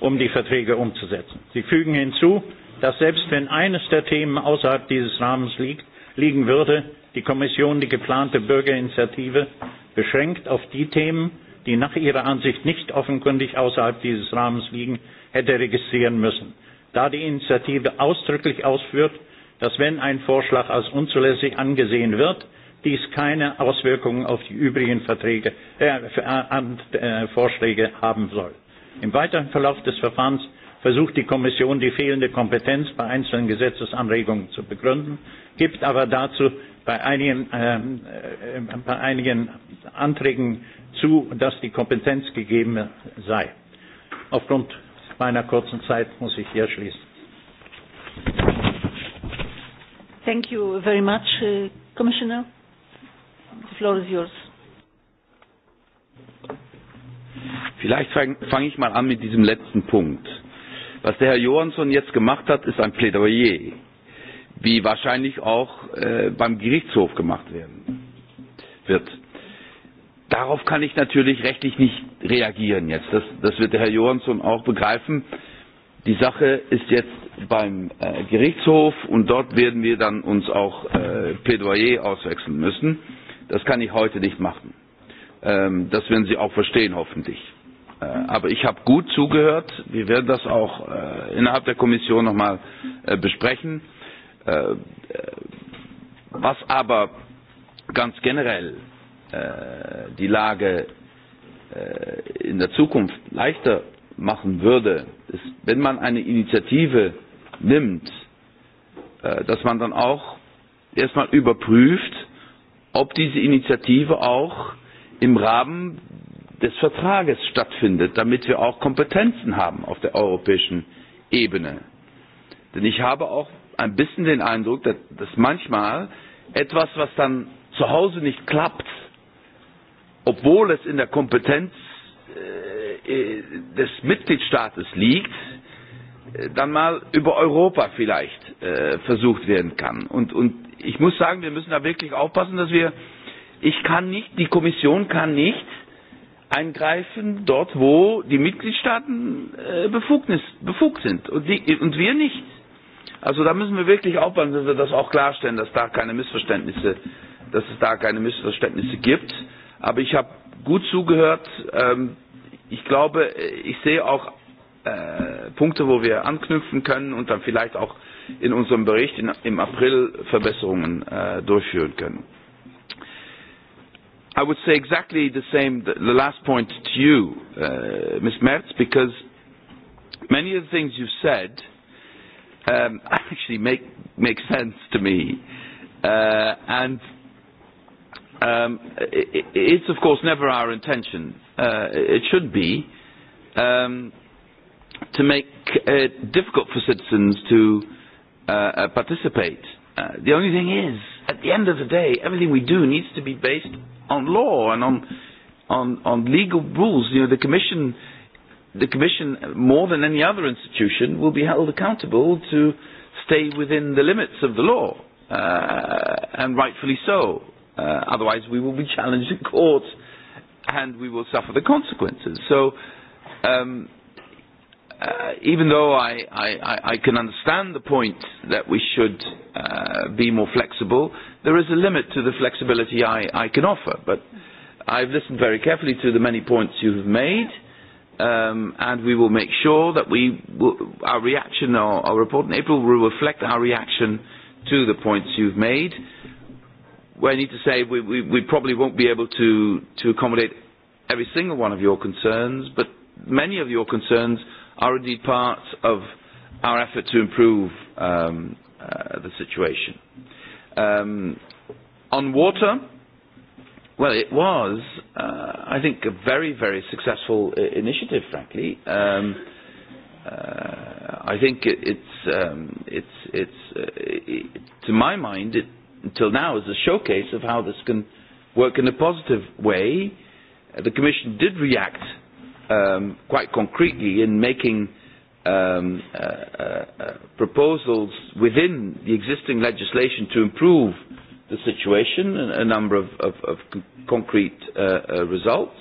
Speaker 7: um die Verträge umzusetzen. Sie fügen hinzu, dass selbst wenn eines der Themen außerhalb dieses Rahmens liegt, liegen würde, die Kommission die geplante Bürgerinitiative beschränkt auf die Themen, die nach ihrer Ansicht nicht offenkundig außerhalb dieses Rahmens liegen, hätte registrieren müssen. Da die Initiative ausdrücklich ausführt, dass wenn ein Vorschlag als unzulässig angesehen wird, dies keine Auswirkungen auf die übrigen Verträge, äh, äh, äh, Vorschläge haben soll. Im weiteren Verlauf des Verfahrens versucht die Kommission, die fehlende Kompetenz bei einzelnen Gesetzesanregungen zu begründen, gibt aber dazu bei einigen, ähm, äh, bei einigen Anträgen zu, dass die Kompetenz gegeben sei. Aufgrund meiner kurzen Zeit muss ich hier schließen.
Speaker 1: Thank you very much, uh, Commissioner. The floor is yours.
Speaker 3: Vielleicht fange ich mal an mit diesem letzten Punkt. Was der Herr Johansson jetzt gemacht hat, ist ein Plädoyer, wie wahrscheinlich auch äh, beim Gerichtshof gemacht werden wird. Darauf kann ich natürlich rechtlich nicht reagieren jetzt. Das, das wird der Herr Johansson auch begreifen. Die Sache ist jetzt beim äh, Gerichtshof und dort werden wir dann uns auch äh, Plädoyer auswechseln müssen. Das kann ich heute nicht machen. Ähm, das werden Sie auch verstehen, hoffentlich. Äh, aber ich habe gut zugehört. Wir werden das auch äh, innerhalb der Kommission noch äh, besprechen. Äh, äh, was aber ganz generell äh, die Lage äh, in der Zukunft leichter machen würde, ist, wenn man eine Initiative nimmt, äh, dass man dann auch erstmal überprüft, ob diese Initiative auch im Rahmen des Vertrages stattfindet, damit wir auch Kompetenzen haben auf der europäischen Ebene. Denn ich habe auch ein bisschen den Eindruck, dass, dass manchmal etwas, was dann zu Hause nicht klappt, obwohl es in der Kompetenz Äh, des Mitgliedstaates liegt, äh, dann mal über Europa vielleicht äh, versucht werden kann. Und, und ich muss sagen, wir müssen da wirklich aufpassen, dass wir, ich kann nicht, die Kommission kann nicht eingreifen dort, wo die Mitgliedstaaten äh, Befugnis, befugt sind und, die, und wir nicht. Also da müssen wir wirklich aufpassen, dass wir das auch klarstellen, dass da keine Missverständnisse, dass es da keine Missverständnisse gibt. Aber ich habe gut zugehört, ähm, ich glaube, äh, ich sehe auch äh, Punkte, wo wir anknüpfen können und dann vielleicht auch in unserem Bericht in, im April Verbesserungen äh, durchführen können. I would say exactly the same, the last point to you, uh, Ms. Merz, because many of the things you've said um, actually make, make sense to me. Uh, and um, it, it's, of course, never our intention uh, it should be um, to make it difficult for citizens to uh, uh, participate. Uh, the only thing is, at the end of the day, everything we do needs to be based on law and on on on legal rules. You know, the Commission, the Commission more than any other institution will be held accountable to stay within the limits of the law, uh, and rightfully so. Uh, otherwise, we will be challenged in court and we will suffer the consequences. So um, uh, even though I, I, I can understand the point that we should uh, be more flexible, there is a limit to the flexibility I, I can offer. But I've listened very carefully to the many points you have made, um, and we will make sure that we will, our reaction, our, our report in April will reflect our reaction to the points you've made where I need to say we, we, we probably won't be able to, to accommodate every single one of your concerns, but many of your concerns are indeed part of our effort to improve um, uh, the situation. Um, on water, well, it was, uh, I think, a very, very successful I uh, initiative, frankly. Um, uh, I think it, it's, um, it's, it's, uh, it, to my mind, it until now as a showcase of how this can work in a positive way. Uh, the Commission did react um, quite concretely in making um, uh, uh, uh, proposals within the existing legislation to improve the situation, a, a number of, of, of concrete uh, uh, results.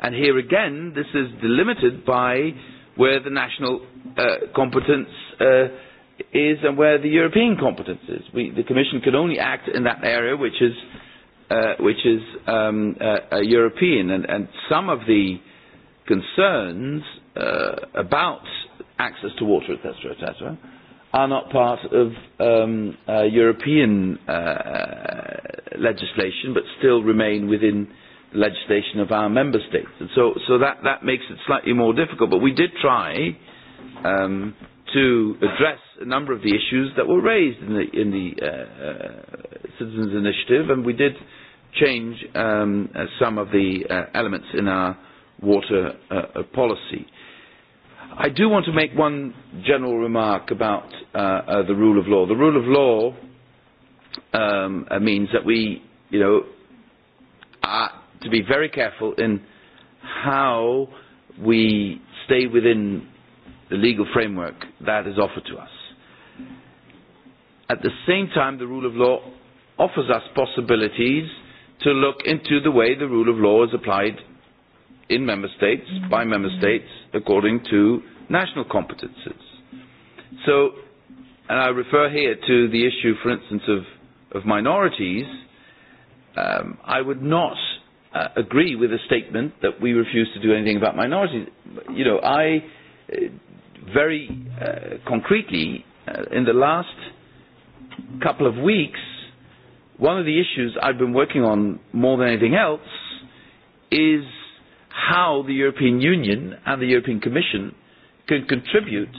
Speaker 3: And here again, this is delimited by where the national uh, competence uh, is and where the European competence is. We, the Commission can only act in that area which is, uh, which is um, uh, European. And, and some of the concerns uh, about access to water, etc., etc., are not part of um, uh, European uh, uh, legislation, but still remain within the legislation of our member states. And so, so that, that makes it slightly more difficult. But we did try um, to address a number of the issues that were raised in the, in the uh, uh, Citizens Initiative, and we did change um, uh, some of the uh, elements in our water uh, uh, policy. I do want to make one general remark about uh, uh, the rule of law. The rule of law um, uh, means that we, you know, are to be very careful in how we stay within the legal framework that is offered to us. At the same time, the rule of law offers us possibilities to look into the way the rule of law is applied in member states, by member states, according to national competences. So, and I refer here to the issue, for instance, of, of minorities, um, I would not uh, agree with a statement that we refuse to do anything about minorities. You know, I very uh, concretely, uh, in the last couple of weeks, one of the issues I've been working on more than anything else is how the European Union and the European Commission can contribute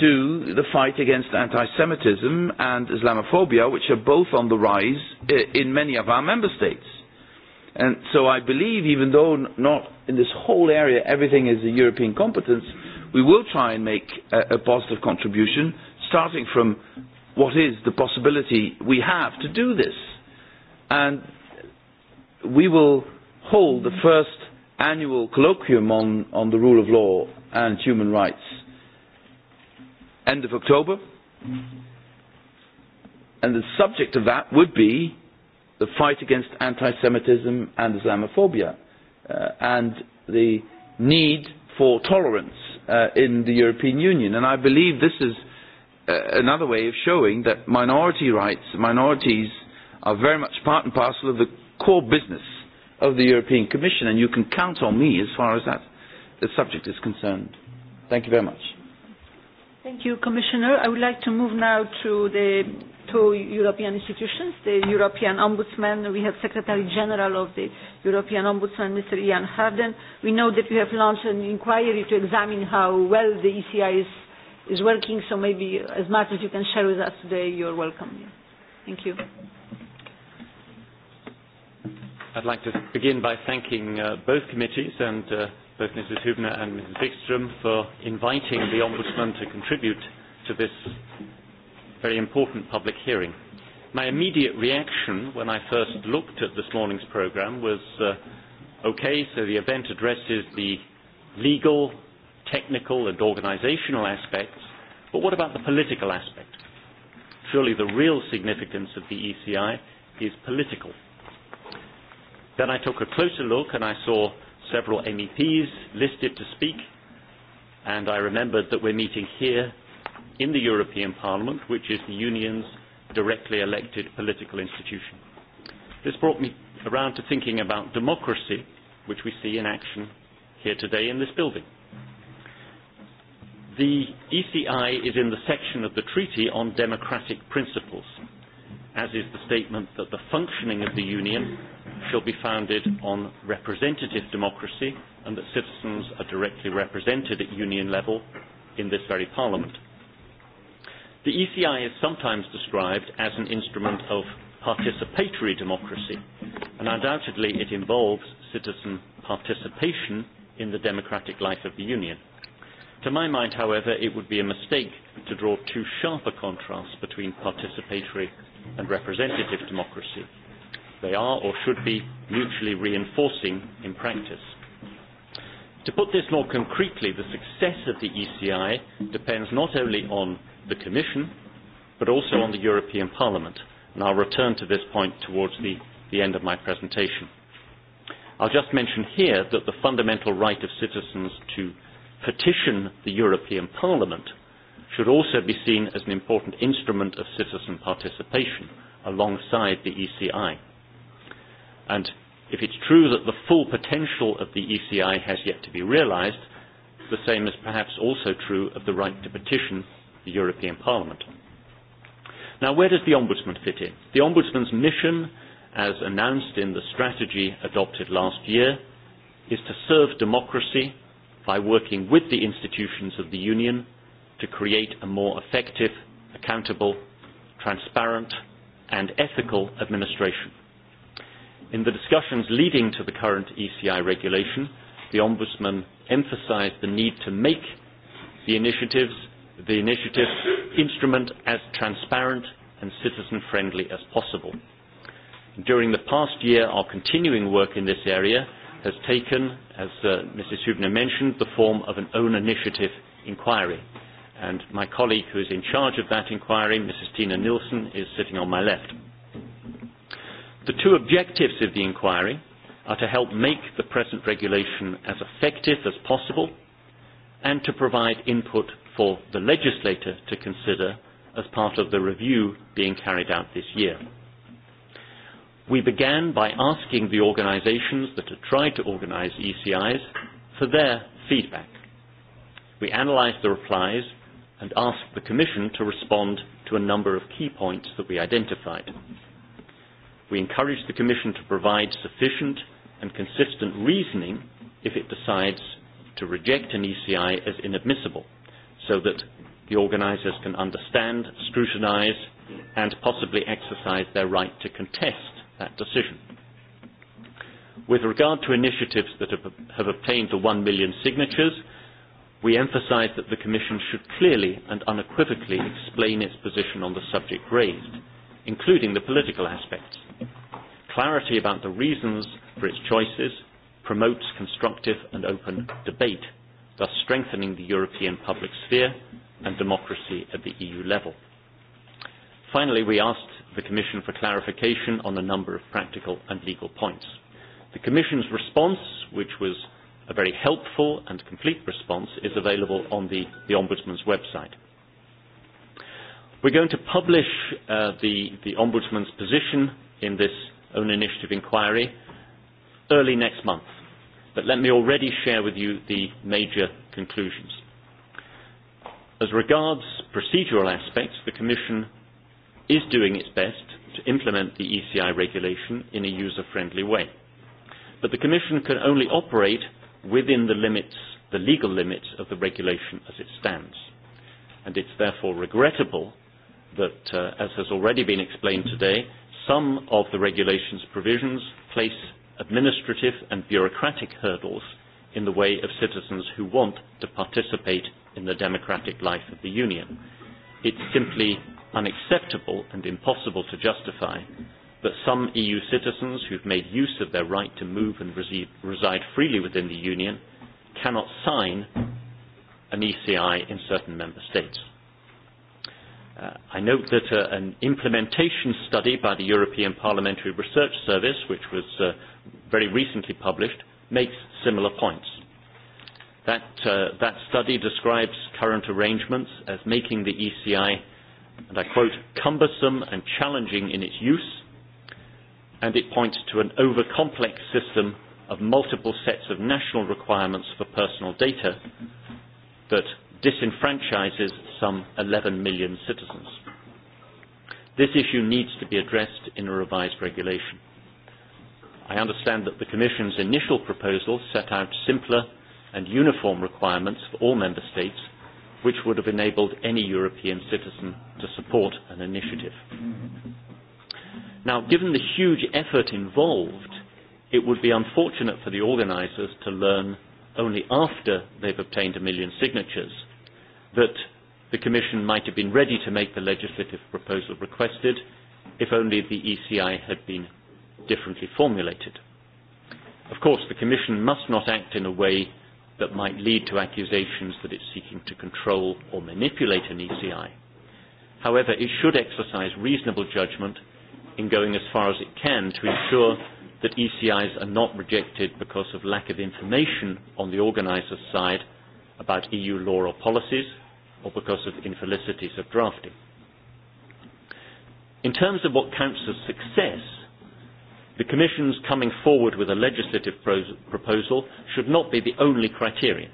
Speaker 3: to the fight against anti-Semitism and Islamophobia, which are both on the rise uh, in many of our member states. And so I believe, even though not in this whole area everything is a European competence, we will try and make a, a positive contribution, starting from what is the possibility we have to do this. And we will hold the first annual colloquium on, on the rule of law and human rights end of October. And the subject of that would be the fight against anti-Semitism and Islamophobia uh, and the need for tolerance uh, in the European Union. And I believe this is uh, another way of showing that minority rights, minorities are very much part and parcel of the core business of the European Commission, and you can count on me as far as that the subject is concerned. Thank you very much.
Speaker 1: Thank you, Commissioner. I would like to move now to the to European institutions, the European Ombudsman, we have Secretary General of the European Ombudsman, Mr. Ian Harden. We know that we have launched an inquiry to examine how well the ECI is, is working, so maybe as much as you can share with us today, you're welcome. Thank you.
Speaker 8: I'd like to begin by thanking uh, both committees and uh, both Mrs. Hubner and Mrs. Wikström for inviting the Ombudsman to contribute to this very important public hearing. My immediate reaction when I first looked at this morning's programme was, uh, okay, so the event addresses the legal, technical and organisational aspects, but what about the political aspect? Surely the real significance of the ECI is political. Then I took a closer look and I saw several MEPs listed to speak, and I remembered that we're meeting here in the European Parliament, which is the Union's directly elected political institution. This brought me around to thinking about democracy, which we see in action here today in this building. The ECI is in the section of the Treaty on Democratic Principles, as is the statement that the functioning of the Union shall be founded on representative democracy and that citizens are directly represented at Union level in this very Parliament. The ECI is sometimes described as an instrument of participatory democracy, and undoubtedly it involves citizen participation in the democratic life of the Union. To my mind, however, it would be a mistake to draw too sharp a contrast between participatory and representative democracy. They are or should be mutually reinforcing in practice. To put this more concretely, the success of the ECI depends not only on the Commission, but also on the European Parliament. And I'll return to this point towards the, the end of my presentation. I'll just mention here that the fundamental right of citizens to petition the European Parliament should also be seen as an important instrument of citizen participation alongside the ECI. And if it's true that the full potential of the ECI has yet to be realized, the same is perhaps also true of the right to petition the European Parliament. Now, where does the Ombudsman fit in? The Ombudsman's mission, as announced in the strategy adopted last year, is to serve democracy by working with the institutions of the Union to create a more effective, accountable, transparent and ethical administration. In the discussions leading to the current ECI regulation, the Ombudsman emphasised the need to make the initiatives the initiative instrument as transparent and citizen-friendly as possible. During the past year, our continuing work in this area has taken, as uh, Mrs. Hubner mentioned, the form of an own initiative inquiry. And my colleague who is in charge of that inquiry, Mrs. Tina Nilsson, is sitting on my left. The two objectives of the inquiry are to help make the present regulation as effective as possible and to provide input for the legislator to consider as part of the review being carried out this year. We began by asking the organisations that had tried to organise ECIs for their feedback. We analysed the replies and asked the Commission to respond to a number of key points that we identified. We encouraged the Commission to provide sufficient and consistent reasoning if it decides to reject an ECI as inadmissible so that the organisers can understand, scrutinise and possibly exercise their right to contest that decision. With regard to initiatives that have, have obtained the 1 million signatures, we emphasise that the Commission should clearly and unequivocally explain its position on the subject raised, including the political aspects. Clarity about the reasons for its choices promotes constructive and open debate thus strengthening the European public sphere and democracy at the EU level. Finally, we asked the Commission for clarification on a number of practical and legal points. The Commission's response, which was a very helpful and complete response, is available on the, the Ombudsman's website. We're going to publish uh, the, the Ombudsman's position in this own initiative inquiry early next month but let me already share with you the major conclusions. As regards procedural aspects, the Commission is doing its best to implement the ECI regulation in a user-friendly way. But the Commission can only operate within the limits, the legal limits of the regulation as it stands. And it's therefore regrettable that, uh, as has already been explained today, some of the regulation's provisions place administrative and bureaucratic hurdles in the way of citizens who want to participate in the democratic life of the Union. It's simply unacceptable and impossible to justify that some EU citizens who've made use of their right to move and reside freely within the Union cannot sign an ECI in certain member states. Uh, I note that uh, an implementation study by the European Parliamentary Research Service, which was uh, very recently published, makes similar points. That, uh, that study describes current arrangements as making the ECI, and I quote, cumbersome and challenging in its use, and it points to an over-complex system of multiple sets of national requirements for personal data that disenfranchises some 11 million citizens. This issue needs to be addressed in a revised regulation. I understand that the Commission's initial proposal set out simpler and uniform requirements for all Member States, which would have enabled any European citizen to support an initiative. Now, given the huge effort involved, it would be unfortunate for the organisers to learn only after they've obtained a million signatures that the Commission might have been ready to make the legislative proposal requested if only the ECI had been differently formulated. Of course, the Commission must not act in a way that might lead to accusations that it's seeking to control or manipulate an ECI. However, it should exercise reasonable judgment in going as far as it can to ensure that ECIs are not rejected because of lack of information on the organiser's side about EU law or policies, or because of infelicities of drafting. In terms of what counts as success, the Commission's coming forward with a legislative pro proposal should not be the only criterion.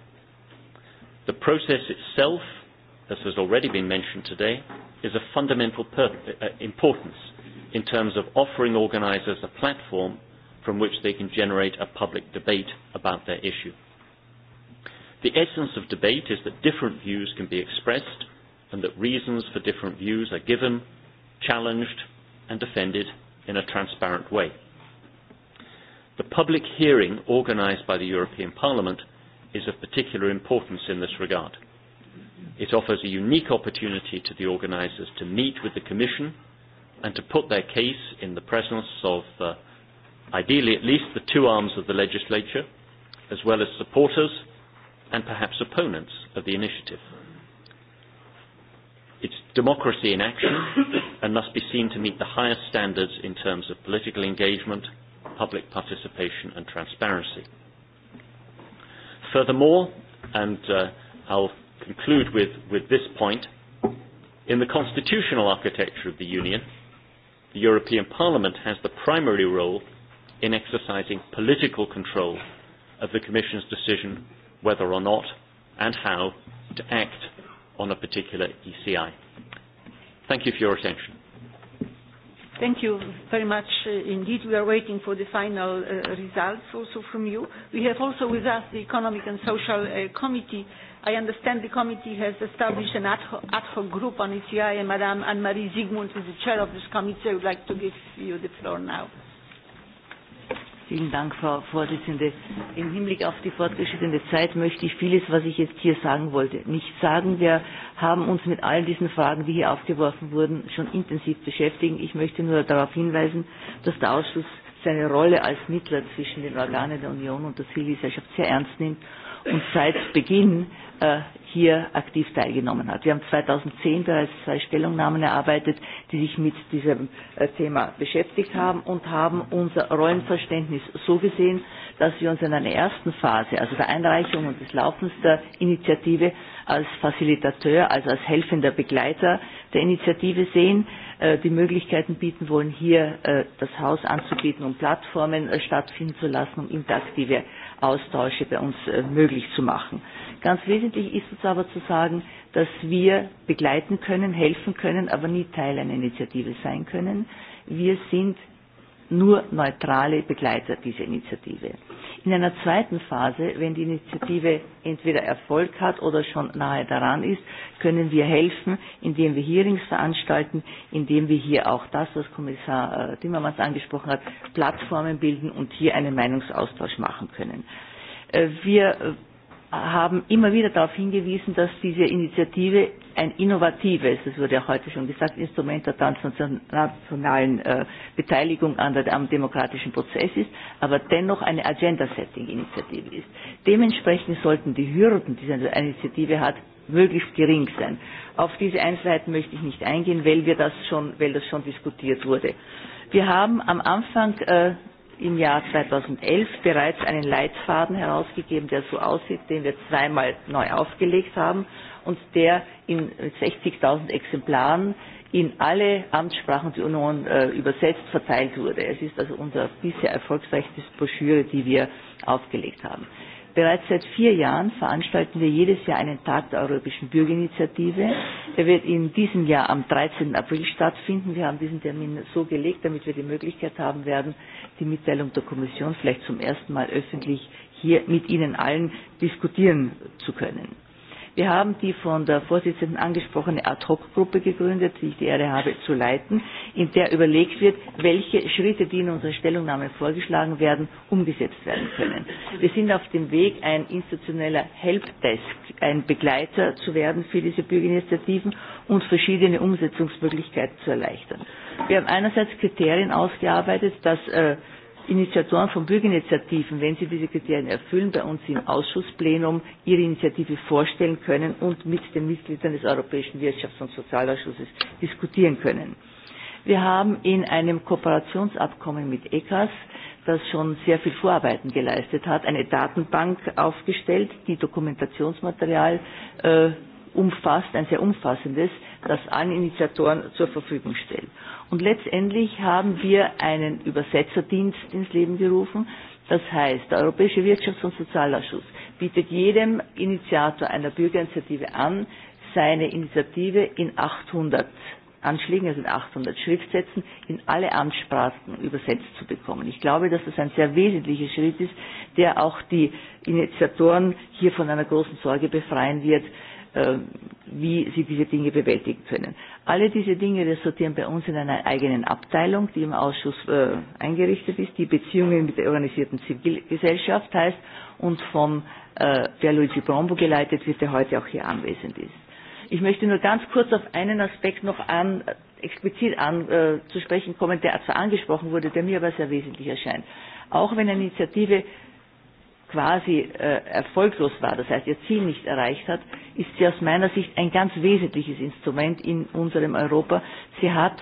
Speaker 8: The process itself, as has already been mentioned today, is of fundamental uh, importance in terms of offering organisers a platform from which they can generate a public debate about their issue. The essence of debate is that different views can be expressed and that reasons for different views are given, challenged and defended in a transparent way. The public hearing organised by the European Parliament is of particular importance in this regard. It offers a unique opportunity to the organisers to meet with the Commission and to put their case in the presence of, uh, ideally at least, the two arms of the legislature, as well as supporters and perhaps opponents of the initiative. It's democracy in action and must be seen to meet the highest standards in terms of political engagement, public participation and transparency. Furthermore, and uh, I'll conclude with, with this point, in the constitutional architecture of the Union, the European Parliament has the primary role in exercising political control of the Commission's decision whether or not and how to act on a particular ECI.
Speaker 1: Thank you for your attention. Thank you very much uh, indeed. We are waiting for the final uh, results also from you. We have also with us the Economic and Social uh, Committee. I understand the committee has established an ad hoc, ad hoc group on ECI and Madame Anne-Marie Zygmunt is the chair of this committee. I would like to give you the floor now.
Speaker 9: Vielen Dank, Frau Vorsitzende. Im Hinblick auf die fortgeschrittene Zeit möchte ich vieles, was ich jetzt hier sagen wollte, nicht sagen. Wir haben uns mit all diesen Fragen, die hier aufgeworfen wurden, schon intensiv beschäftigt. Ich möchte nur darauf hinweisen, dass der Ausschuss seine Rolle als Mittler zwischen den Organen der Union und der Zivilgesellschaft sehr ernst nimmt und seit Beginn Äh, hier aktiv teilgenommen hat. Wir haben 2010 bereits zwei Stellungnahmen erarbeitet, die sich mit diesem äh, Thema beschäftigt haben und haben unser Rollenverständnis so gesehen, dass wir uns in einer ersten Phase, also der Einreichung und des Laufens der Initiative, als Facilitateur, also als helfender Begleiter der Initiative sehen, äh, die Möglichkeiten bieten wollen, hier das Haus anzubieten, um Plattformen stattfinden zu lassen, um interaktive Austausche bei uns möglich zu machen. Ganz wesentlich ist es aber zu sagen, dass wir begleiten können, helfen können, aber nie Teil einer Initiative sein können. Wir sind nur neutrale Begleiter dieser Initiative. In einer zweiten Phase, wenn die Initiative entweder Erfolg hat oder schon nahe daran ist, können wir helfen, indem wir Hearings veranstalten, indem wir hier auch das, was Kommissar äh, Timmermans angesprochen hat, Plattformen bilden und hier einen Meinungsaustausch machen können. Äh, wir haben immer wieder darauf hingewiesen, dass diese Initiative ein innovatives, das wurde ja heute schon gesagt, Instrument der transnationalen äh, Beteiligung an der, am demokratischen Prozess ist, aber dennoch eine Agenda-Setting-Initiative ist. Dementsprechend sollten die Hürden, die diese Initiative hat, möglichst gering sein. Auf diese Einzelheiten möchte ich nicht eingehen, weil, wir das, schon, weil das schon diskutiert wurde. Wir haben am Anfang äh, im Jahr 2011 bereits einen Leitfaden herausgegeben, der so aussieht, den wir zweimal neu aufgelegt haben und der in 60.000 Exemplaren in alle Amtssprachen der Union äh, übersetzt verteilt wurde. Es ist also unser bisher erfolgreichste Broschüre, die wir aufgelegt haben. Bereits seit vier Jahren veranstalten wir jedes Jahr einen Tag der Europäischen Bürgerinitiative. Er wird in diesem Jahr am 13. April stattfinden. Wir haben diesen Termin so gelegt, damit wir die Möglichkeit haben werden, die Mitteilung der Kommission vielleicht zum ersten Mal öffentlich hier mit Ihnen allen diskutieren zu können. Wir haben die von der Vorsitzenden angesprochene Ad-Hoc-Gruppe gegründet, die ich die Ehre habe zu leiten, in der überlegt wird, welche Schritte, die in unserer Stellungnahme vorgeschlagen werden, umgesetzt werden können. Wir sind auf dem Weg, ein institutioneller Helpdesk, ein Begleiter zu werden für diese Bürgerinitiativen und verschiedene Umsetzungsmöglichkeiten zu erleichtern. Wir haben einerseits Kriterien ausgearbeitet, dass äh, Initiatoren von Bürgerinitiativen, wenn sie diese Kriterien erfüllen, bei uns im Ausschussplenum ihre Initiative vorstellen können und mit den Mitgliedern des Europäischen Wirtschafts- und Sozialausschusses diskutieren können. Wir haben in einem Kooperationsabkommen mit ECAS, das schon sehr viel Vorarbeiten geleistet hat, eine Datenbank aufgestellt, die Dokumentationsmaterial äh, umfasst, ein sehr umfassendes, das allen Initiatoren zur Verfügung stellen. Und letztendlich haben wir einen Übersetzerdienst ins Leben gerufen. Das heißt, der Europäische Wirtschafts- und Sozialausschuss bietet jedem Initiator einer Bürgerinitiative an, seine Initiative in 800 Anschlägen, also in 800 Schriftsätzen, in alle Amtssprachen übersetzt zu bekommen. Ich glaube, dass das ein sehr wesentlicher Schritt ist, der auch die Initiatoren hier von einer großen Sorge befreien wird, Ähm, wie sie diese Dinge bewältigen können. Alle diese Dinge resultieren bei uns in einer eigenen Abteilung, die im Ausschuss äh, eingerichtet ist, die Beziehungen mit der organisierten Zivilgesellschaft heißt und vom äh, Luigi Brombo geleitet wird, der heute auch hier anwesend ist. Ich möchte nur ganz kurz auf einen Aspekt noch an, äh, explizit an, äh, zu sprechen kommen, der zwar angesprochen wurde, der mir aber sehr wesentlich erscheint. Auch wenn eine Initiative quasi äh, erfolglos war, das heißt ihr Ziel nicht erreicht hat, ist sie aus meiner Sicht ein ganz wesentliches Instrument in unserem Europa. Sie hat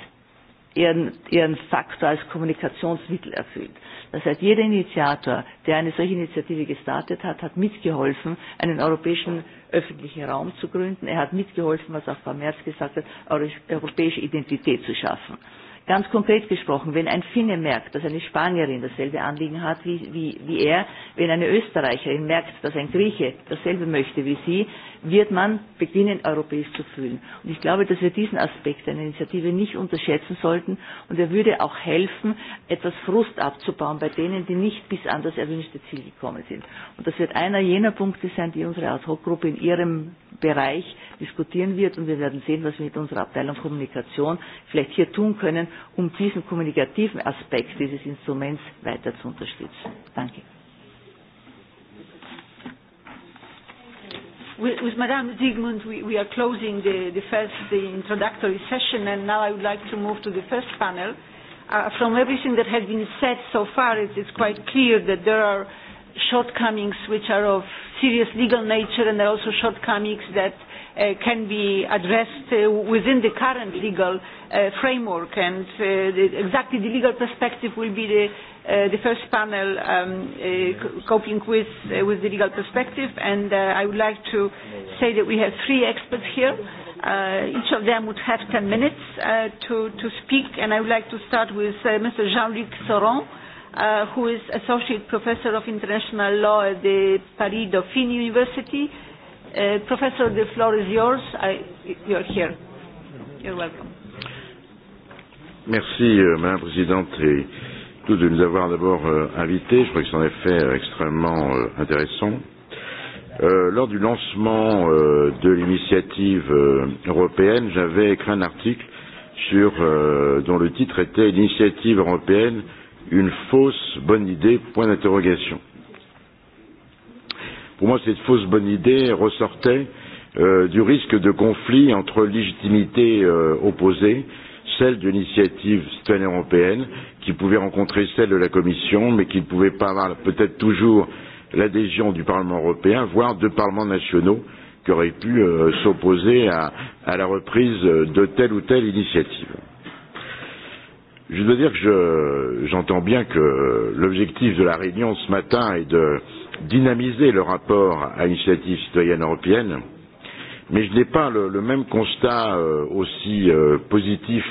Speaker 9: ihren, ihren Faktor als Kommunikationsmittel erfüllt. Das heißt, jeder Initiator, der eine solche Initiative gestartet hat, hat mitgeholfen, einen europäischen öffentlichen Raum zu gründen. Er hat mitgeholfen, was auch Frau Merz gesagt hat, europäische Identität zu schaffen. Ganz konkret gesprochen, wenn ein Finne merkt, dass eine er Spanierin dasselbe Anliegen hat wie, wie, wie er, wenn eine Österreicherin merkt, dass ein Grieche dasselbe möchte wie sie, wird man beginnen, europäisch zu fühlen. Und ich glaube, dass wir diesen Aspekt einer Initiative nicht unterschätzen sollten. Und er würde auch helfen, etwas Frust abzubauen bei denen, die nicht bis an das erwünschte Ziel gekommen sind. Und das wird einer jener Punkte sein, die unsere Ad-Hoc-Gruppe in ihrem Bereich diskutieren wird. Und wir werden sehen, was wir mit unserer Abteilung Kommunikation vielleicht hier tun können, um diesen kommunikativen Aspekt dieses Instruments weiter zu unterstützen. Danke.
Speaker 1: With, with Madame Zygmunt, we, we are closing the, the first the introductory session, and now I would like to move to the first panel. Uh, from everything that has been said so far, it is quite clear that there are shortcomings which are of serious legal nature and there are also shortcomings that uh, can be addressed uh, within the current legal uh, framework and uh, the, exactly the legal perspective will be the Uh, the first panel um, uh, coping with, uh, with the legal perspective and uh, I would like to say that we have three experts here. Uh, each of them would have 10 minutes uh, to, to speak and I would like to start with uh, Mr. Jean-Luc Soron, uh, who is Associate Professor of International Law at the Paris Dauphine University. Uh, Professor, the floor is yours. I, you're here. You're welcome.
Speaker 10: Merci, euh, Madame la tous de nous avoir d'abord euh, invités. Je crois que c'est en effet extrêmement euh, intéressant. Euh, lors du lancement de l'initiative européenne, j'avais écrit un article sur, dont le titre était L'initiative européenne, une fausse bonne idée, point d'interrogation. Pour moi, cette fausse bonne idée ressortait euh, du risque de conflit entre légitimité euh, celle de l'initiative citoyenne européenne qui pouvait rencontrer celle de la Commission, mais qui ne pouvait pas avoir peut-être toujours l'adhésion du Parlement européen, voire de parlements nationaux qui auraient pu euh, s'opposer à, à la reprise de telle ou telle initiative. Je dois dire que j'entends je, bien que l'objectif de la réunion ce matin est de dynamiser le rapport à l'initiative citoyenne européenne, mais je n'ai pas le, le même constat euh, aussi euh, positif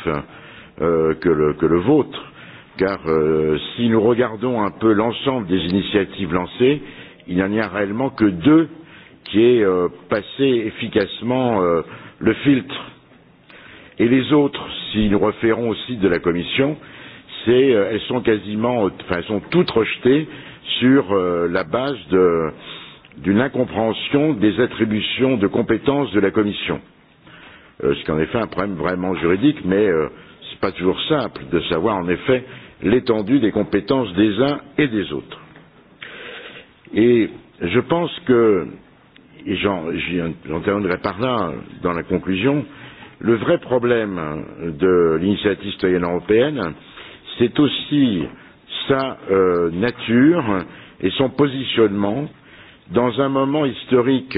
Speaker 10: euh, que le, que le vôtre car euh, si nous regardons un peu l'ensemble des initiatives lancées, il n'y en a réellement que deux qui aient euh, passé efficacement euh, le filtre. Et les autres, si nous référons au site de la Commission, c'est euh, elles sont quasiment enfin elles sont toutes rejetées sur euh, la base d'une incompréhension des attributions de compétences de la Commission. Euh, ce qui en effet un problème vraiment juridique, mais ce n'est pas toujours simple de savoir en effet l'étendue des compétences des uns et des autres. Et je pense que, et j'en terminerai par là dans la conclusion, le vrai problème de l'initiative citoyenne européenne, c'est aussi sa euh, nature et son positionnement dans un moment historique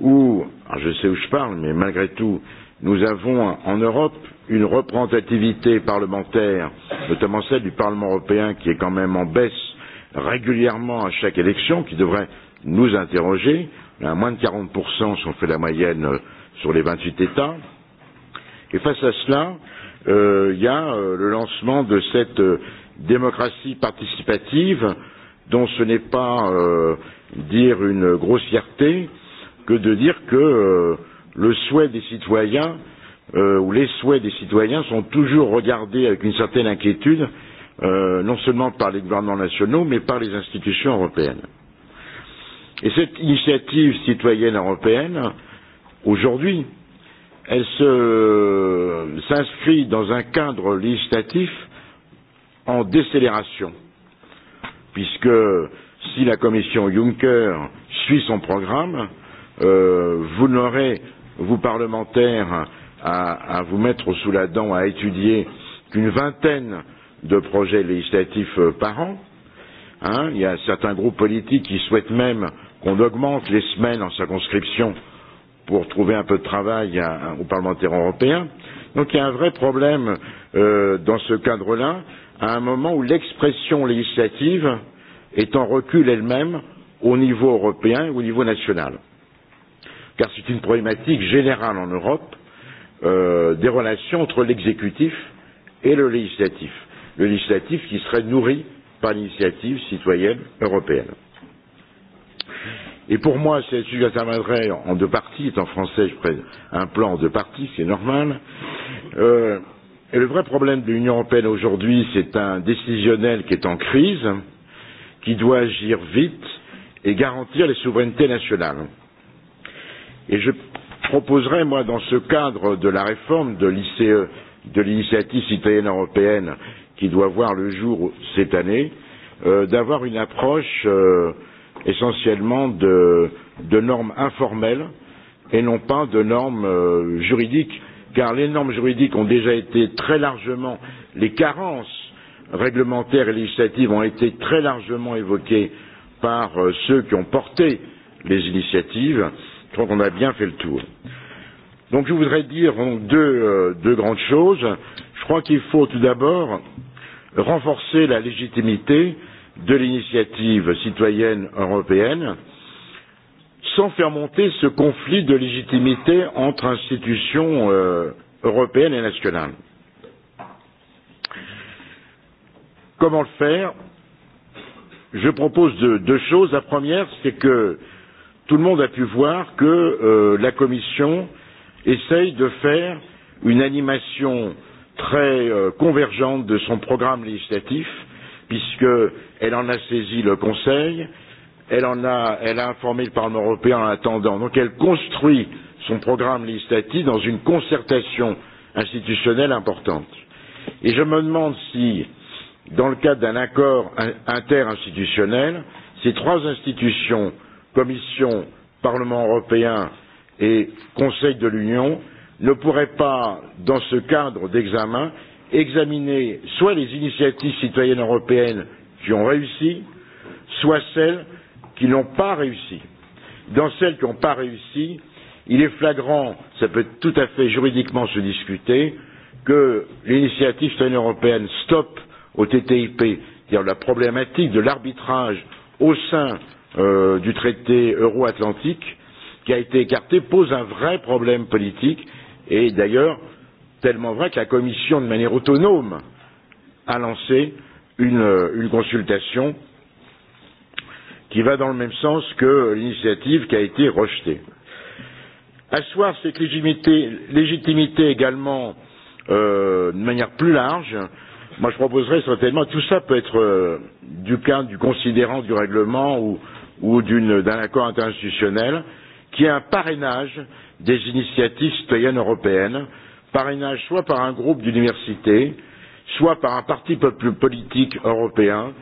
Speaker 10: où, je sais où je parle, mais malgré tout, nous avons en Europe une représentativité parlementaire, notamment celle du Parlement européen, qui est quand même en baisse régulièrement à chaque élection, qui devrait nous interroger. À moins de 40% si on fait la moyenne euh, sur les 28 États. Et face à cela, euh, il euh, y a euh, le lancement de cette euh, démocratie participative dont ce n'est pas euh, dire une grossièreté que de dire que le souhait des citoyens euh, où les souhaits des citoyens sont toujours regardés avec une certaine inquiétude, euh, non seulement par les gouvernements nationaux, mais par les institutions européennes. Et cette initiative citoyenne européenne, aujourd'hui, elle s'inscrit dans un cadre législatif en décélération, puisque si la Commission Juncker suit son programme, euh, vous n'aurez, vous parlementaires, à, à vous mettre sous la dent à étudier qu'une vingtaine de projets législatifs euh, par an. Hein, il y a certains groupes politiques qui souhaitent même qu'on augmente les semaines en circonscription pour trouver un peu de travail à, à, aux parlementaires européens. Donc il y a un vrai problème euh, dans ce cadre-là, à un moment où l'expression législative est en recul elle-même au niveau européen et au niveau national. Car c'est une problématique générale en Europe euh, des relations entre l'exécutif et le législatif, le législatif qui serait nourri par l'initiative citoyenne européenne. Et pour moi, c'est sujet interviendrait en deux parties, en français, je prends un plan en deux parties, c'est normal. Euh, et le vrai problème de l'Union européenne aujourd'hui, c'est un décisionnel qui est en crise, qui doit agir vite et garantir les souverainetés nationales. Et je proposerais, moi, dans ce cadre de la réforme de l'ICE, de l'initiative citoyenne européenne qui doit voir le jour cette année, euh, d'avoir une approche euh, essentiellement de, de normes informelles et non pas de normes euh, juridiques, car les normes juridiques ont déjà été très largement, les carences réglementaires et législatives ont été très largement évoquées par euh, ceux qui ont porté les initiatives je crois qu'on a bien fait le tour. Donc je voudrais dire donc, deux, euh, deux grandes choses. Je crois qu'il faut tout d'abord renforcer la légitimité de l'initiative citoyenne européenne sans faire monter ce conflit de légitimité entre institutions euh, européennes et nationales. Comment le faire Je propose deux, deux choses. La première, c'est que tout le monde a pu voir que euh, la Commission essaye de faire une animation très euh, convergente de son programme législatif, puisqu'elle en a saisi le Conseil, elle, en a, elle a informé le Parlement européen en attendant. Donc elle construit son programme législatif dans une concertation institutionnelle importante. Et je me demande si, dans le cadre d'un accord interinstitutionnel, ces trois institutions Commission, Parlement européen et Conseil de l'Union ne pourrait pas, dans ce cadre d'examen, examiner soit les initiatives citoyennes européennes qui ont réussi, soit celles qui n'ont pas réussi. Dans celles qui n'ont pas réussi, il est flagrant, ça peut tout à fait juridiquement se discuter, que l'initiative citoyenne européenne Stop au TTIP, c'est-à-dire la problématique de l'arbitrage au sein Euh, du traité euro-atlantique qui a été écarté pose un vrai problème politique et d'ailleurs tellement vrai que la Commission, de manière autonome, a lancé une, une consultation qui va dans le même sens que l'initiative qui a été rejetée. Asseoir cette légitimité, légitimité également euh, de manière plus large, moi je proposerais certainement, tout ça peut être euh, du cas du considérant du règlement ou ou d'un accord interinstitutionnel qui est un parrainage des initiatives citoyennes européennes, parrainage soit par un groupe d'universités, soit par un parti politique européen,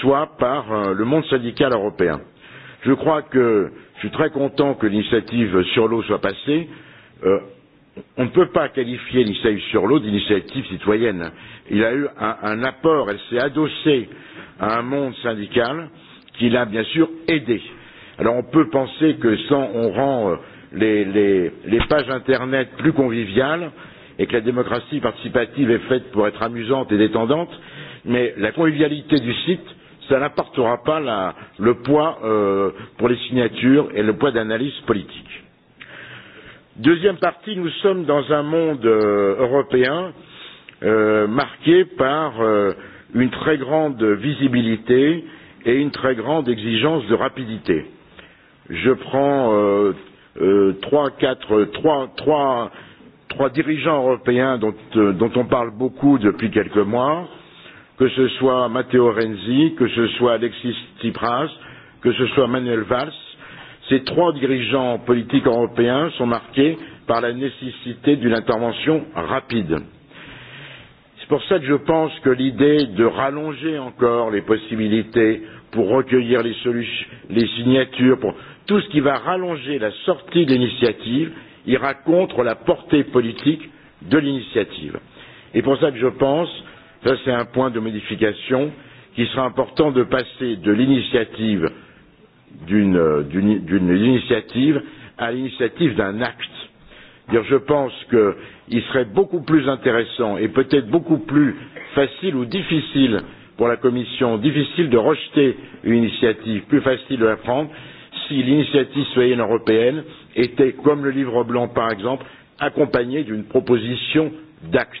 Speaker 10: soit par euh, le monde syndical européen. Je crois que je suis très content que l'initiative sur l'eau soit passée. Euh, on ne peut pas qualifier l'initiative sur l'eau d'initiative citoyenne. Il a eu un, un apport, elle s'est adossée à un monde syndical qui l'a bien sûr aidé. Alors on peut penser que sans on rend euh, les, les, les pages Internet plus conviviales et que la démocratie participative est faite pour être amusante et détendante, mais la convivialité du site, ça n'apportera pas la, le poids euh, pour les signatures et le poids d'analyse politique. Deuxième partie, nous sommes dans un monde euh, européen euh, marqué par euh, une très grande visibilité et une très grande exigence de rapidité. Je prends euh, euh, trois, quatre, trois, trois, trois dirigeants européens dont, euh, dont on parle beaucoup depuis quelques mois, que ce soit Matteo Renzi, que ce soit Alexis Tsipras, que ce soit Manuel Valls, ces trois dirigeants politiques européens sont marqués par la nécessité d'une intervention rapide. C'est pour ça que je pense que l'idée de rallonger encore les possibilités pour recueillir les, les signatures, pour tout ce qui va rallonger la sortie de l'initiative, ira contre la portée politique de l'initiative. Et pour ça que je pense, ça c'est un point de modification, qu'il sera important de passer de l'initiative d'une euh, initiative à l'initiative d'un acte je pense qu'il serait beaucoup plus intéressant et peut-être beaucoup plus facile ou difficile pour la Commission, difficile de rejeter une initiative, plus facile de la prendre, si l'initiative citoyenne européenne était, comme le livre blanc par exemple, accompagnée d'une proposition d'acte.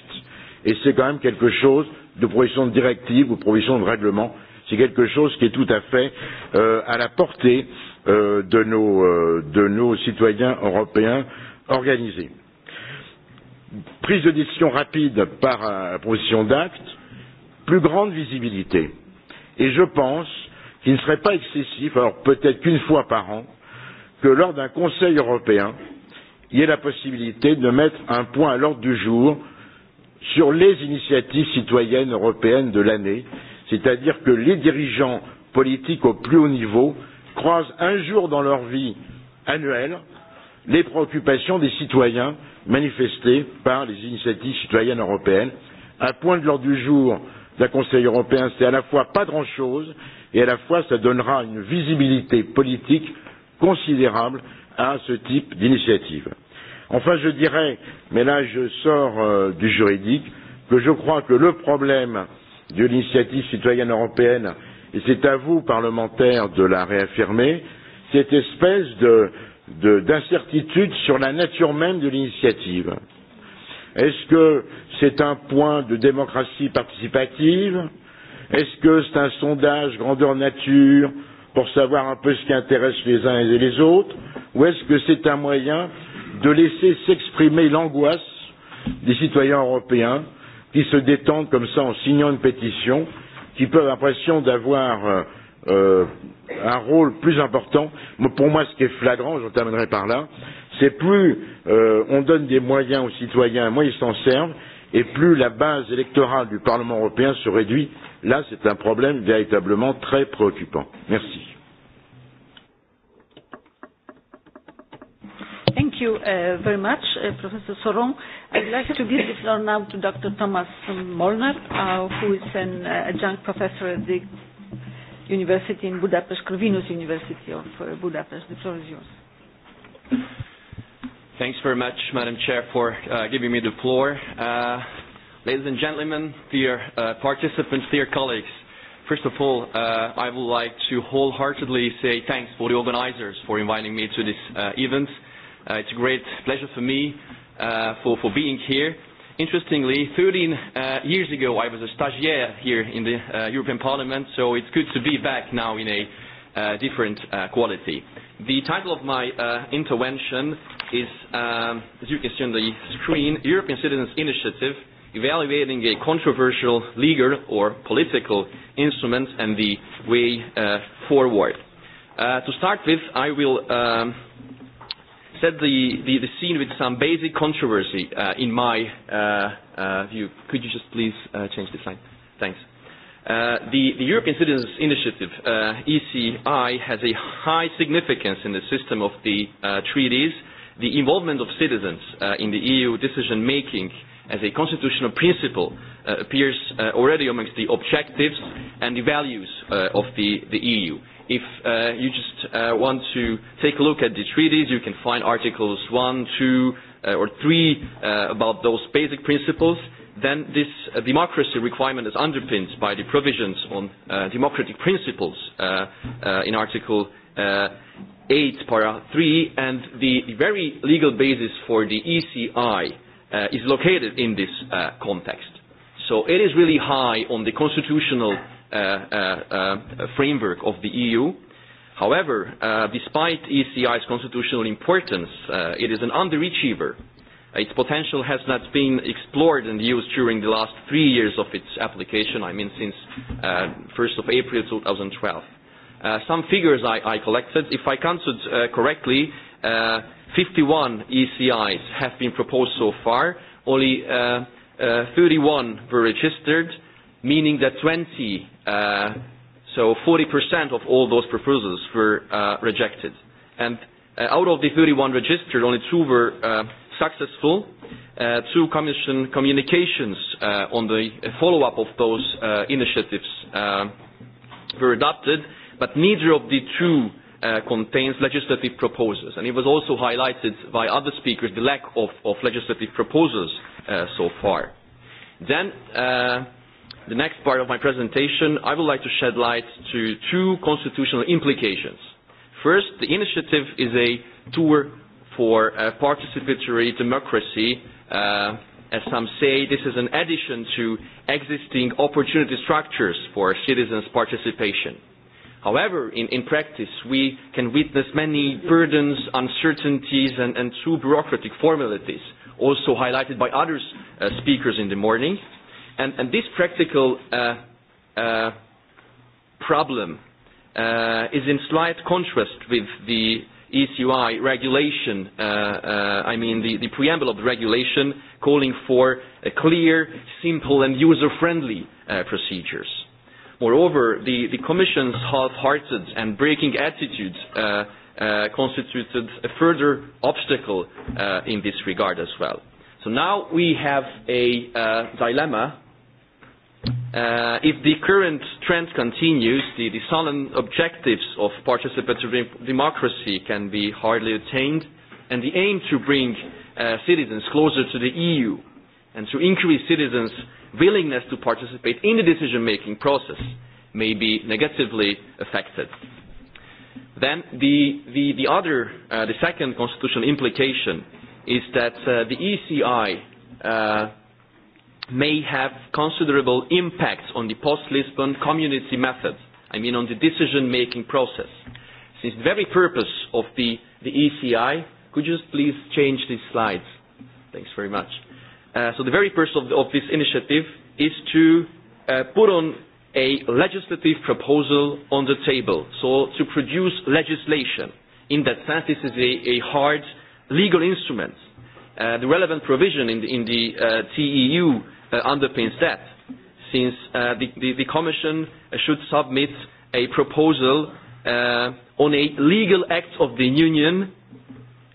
Speaker 10: Et c'est quand même quelque chose de proposition de directive ou de proposition de règlement, c'est quelque chose qui est tout à fait euh, à la portée euh, de, nos, euh, de nos citoyens européens organisée. Prise de décision rapide par euh, proposition d'acte, plus grande visibilité. Et je pense qu'il ne serait pas excessif, alors peut-être qu'une fois par an, que lors d'un Conseil européen, il y ait la possibilité de mettre un point à l'ordre du jour sur les initiatives citoyennes européennes de l'année, c'est-à-dire que les dirigeants politiques au plus haut niveau croisent un jour dans leur vie annuelle les préoccupations des citoyens manifestées par les initiatives citoyennes européennes. Un point de l'ordre du jour d'un Conseil européen, c'est à la fois pas grand chose et à la fois ça donnera une visibilité politique considérable à ce type d'initiative. Enfin, je dirais, mais là je sors euh, du juridique, que je crois que le problème de l'initiative citoyenne européenne, et c'est à vous, parlementaires, de la réaffirmer, cette espèce de d'incertitude sur la nature même de l'initiative. Est-ce que c'est un point de démocratie participative Est-ce que c'est un sondage grandeur nature pour savoir un peu ce qui intéresse les uns et les autres Ou est-ce que c'est un moyen de laisser s'exprimer l'angoisse des citoyens européens qui se détendent comme ça en signant une pétition, qui peuvent l'impression d'avoir euh, euh, un rôle plus important. mais Pour moi, ce qui est flagrant, je terminerai par là, c'est plus euh, on donne des moyens aux citoyens, moins ils s'en servent, et plus la base électorale du Parlement européen se réduit. Là, c'est un problème véritablement très préoccupant. Merci.
Speaker 1: Thank you uh, very much, uh, Professor Soron. I'd like to give the floor now to Dr. Thomas Molnar, uh, who is an uh, adjunct professor at the University in Budapest, Corvinus University of uh, Budapest. The floor is yours.
Speaker 11: Thanks very much, Madam Chair, for uh, giving me the floor. Uh, ladies and gentlemen, dear uh, participants, dear colleagues, first of all, uh, I would like to wholeheartedly say thanks for the organizers for inviting me to this uh, event. Uh, it's a great pleasure for me uh, for, for being here Interestingly, 13 uh, years ago, I was a stagiaire here in the uh, European Parliament, so it's good to be back now in a uh, different uh, quality. The title of my uh, intervention is, um, as you can see on the screen, European Citizens Initiative, evaluating a controversial legal or political instrument and the way uh, forward. Uh, to start with, I will um, set the, the, the scene with some basic controversy uh, in my uh, uh, view. Could you just please uh, change the slide? Thanks. Uh, the, the European Citizens Initiative, uh, ECI, has a high significance in the system of the uh, treaties. The involvement of citizens uh, in the EU decision making as a constitutional principle uh, appears uh, already amongst the objectives and the values uh, of the, the EU if uh, you just uh, want to take a look at the treaties, you can find articles 1, 2, uh, or 3 uh, about those basic principles. Then this uh, democracy requirement is underpinned by the provisions on uh, democratic principles uh, uh, in Article uh, 8, para 3, and the, the very legal basis for the ECI uh, is located in this uh, context. So it is really high on the constitutional Uh, uh, uh, framework of the EU. However, uh, despite ECI's constitutional importance, uh, it is an underachiever. Uh, its potential has not been explored and e used during the last three years of its application, I mean since uh, 1st of April 2012. Uh, some figures I, I collected, if I counted correctly, uh, 51 ECIs have been proposed so far, only uh, uh, 31 were registered, meaning that 20 Uh, so 40% of all those proposals were uh, rejected. And uh, out of the 31 registered, only two were uh, successful. Uh, two Commission communications uh, on the follow-up of those uh, initiatives uh, were adopted, but neither of the two uh, contains legislative proposals. And it was also highlighted by other speakers the lack of, of legislative proposals uh, so far. Then uh, the next part of my presentation, I would like to shed light to two constitutional implications. First, the initiative is a tour for a participatory democracy. Uh, as some say, this is an addition to existing opportunity structures for citizens' participation. However, in, in practice, we can witness many burdens, uncertainties, and, and too bureaucratic formalities, also highlighted by other uh, speakers in the morning and, and this practical uh, uh, problem uh, is in slight contrast with the ECI regulation, uh, uh, I mean the, the preamble of the regulation calling for a clear, simple and user-friendly uh, procedures. Moreover, the, the Commission's half-hearted and breaking attitudes uh, uh, constituted a further obstacle uh, in this regard as well. So now we have a uh, dilemma Uh, if the current trend continues, the, the solemn objectives of participatory democracy can be hardly attained, and the aim to bring uh, citizens closer to the EU and to increase citizens' willingness to participate in the decision-making process may be negatively affected. Then the, the, the other, uh, the second constitutional implication is that uh, the ECI uh, may have considerable impacts on the post-Lisbon community method, I mean on the decision-making process. Since the very purpose of the, the ECI, could you just please change these slides? Thanks very much. Uh, so the very purpose of, of this initiative is to uh, put on a legislative proposal on the table, so to produce legislation. In that sense, this is a, a hard legal instrument. Uh, the relevant provision in the, in the TEU Uh, underpins that, since uh, the, the, the Commission should submit a proposal uh, on a legal act of the Union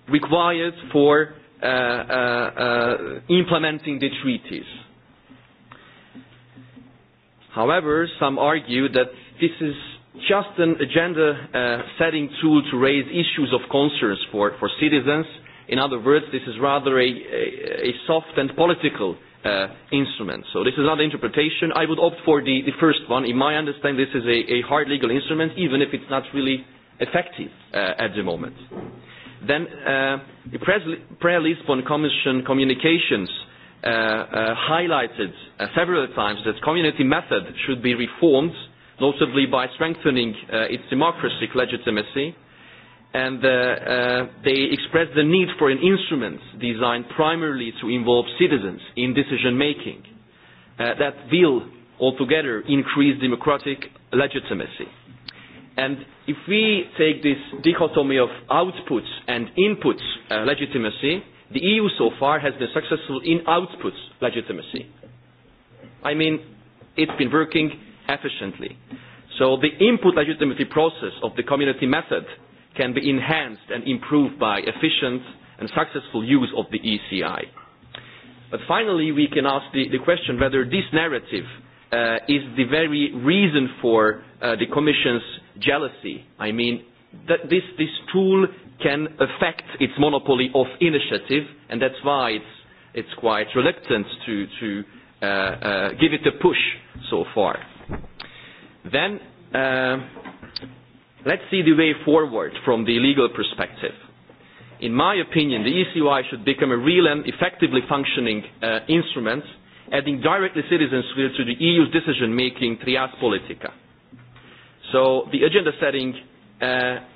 Speaker 11: required for uh, uh, implementing the treaties. However, some argue that this is just an agenda uh, setting tool to raise issues of concerns for, for citizens. In other words, this is rather a, a, a soft and political uh, instrument. So this is not interpretation. I would opt for the, the first one. In my understanding, this is a, a hard legal instrument, even if it's not really effective uh, at the moment. Then uh, the pre-Lisbon Commission communications uh, uh, highlighted uh, several times that community method should be reformed, notably by strengthening uh, its democratic legitimacy, uh, and uh, uh, they express the need for an instrument designed primarily to involve citizens in decision making uh, that will altogether increase democratic legitimacy. And if we take this dichotomy of outputs and inputs uh, legitimacy, the EU so far has been successful in outputs legitimacy. I mean, it's been working efficiently. So the input legitimacy process of the community method can be enhanced and improved by efficient and successful use of the ECI. But finally, we can ask the, the question whether this narrative uh, is the very reason for uh, the Commission's jealousy. I mean, that this, this tool can affect its monopoly of initiative, and that's why it's, it's quite reluctant to, to uh, uh give it a push so far. Then, uh, Let's see the way forward from the legal perspective. In my opinion, the ECY should become a real and effectively functioning uh, instrument, adding directly citizens to the EU's decision-making trias politica. So the agenda setting uh,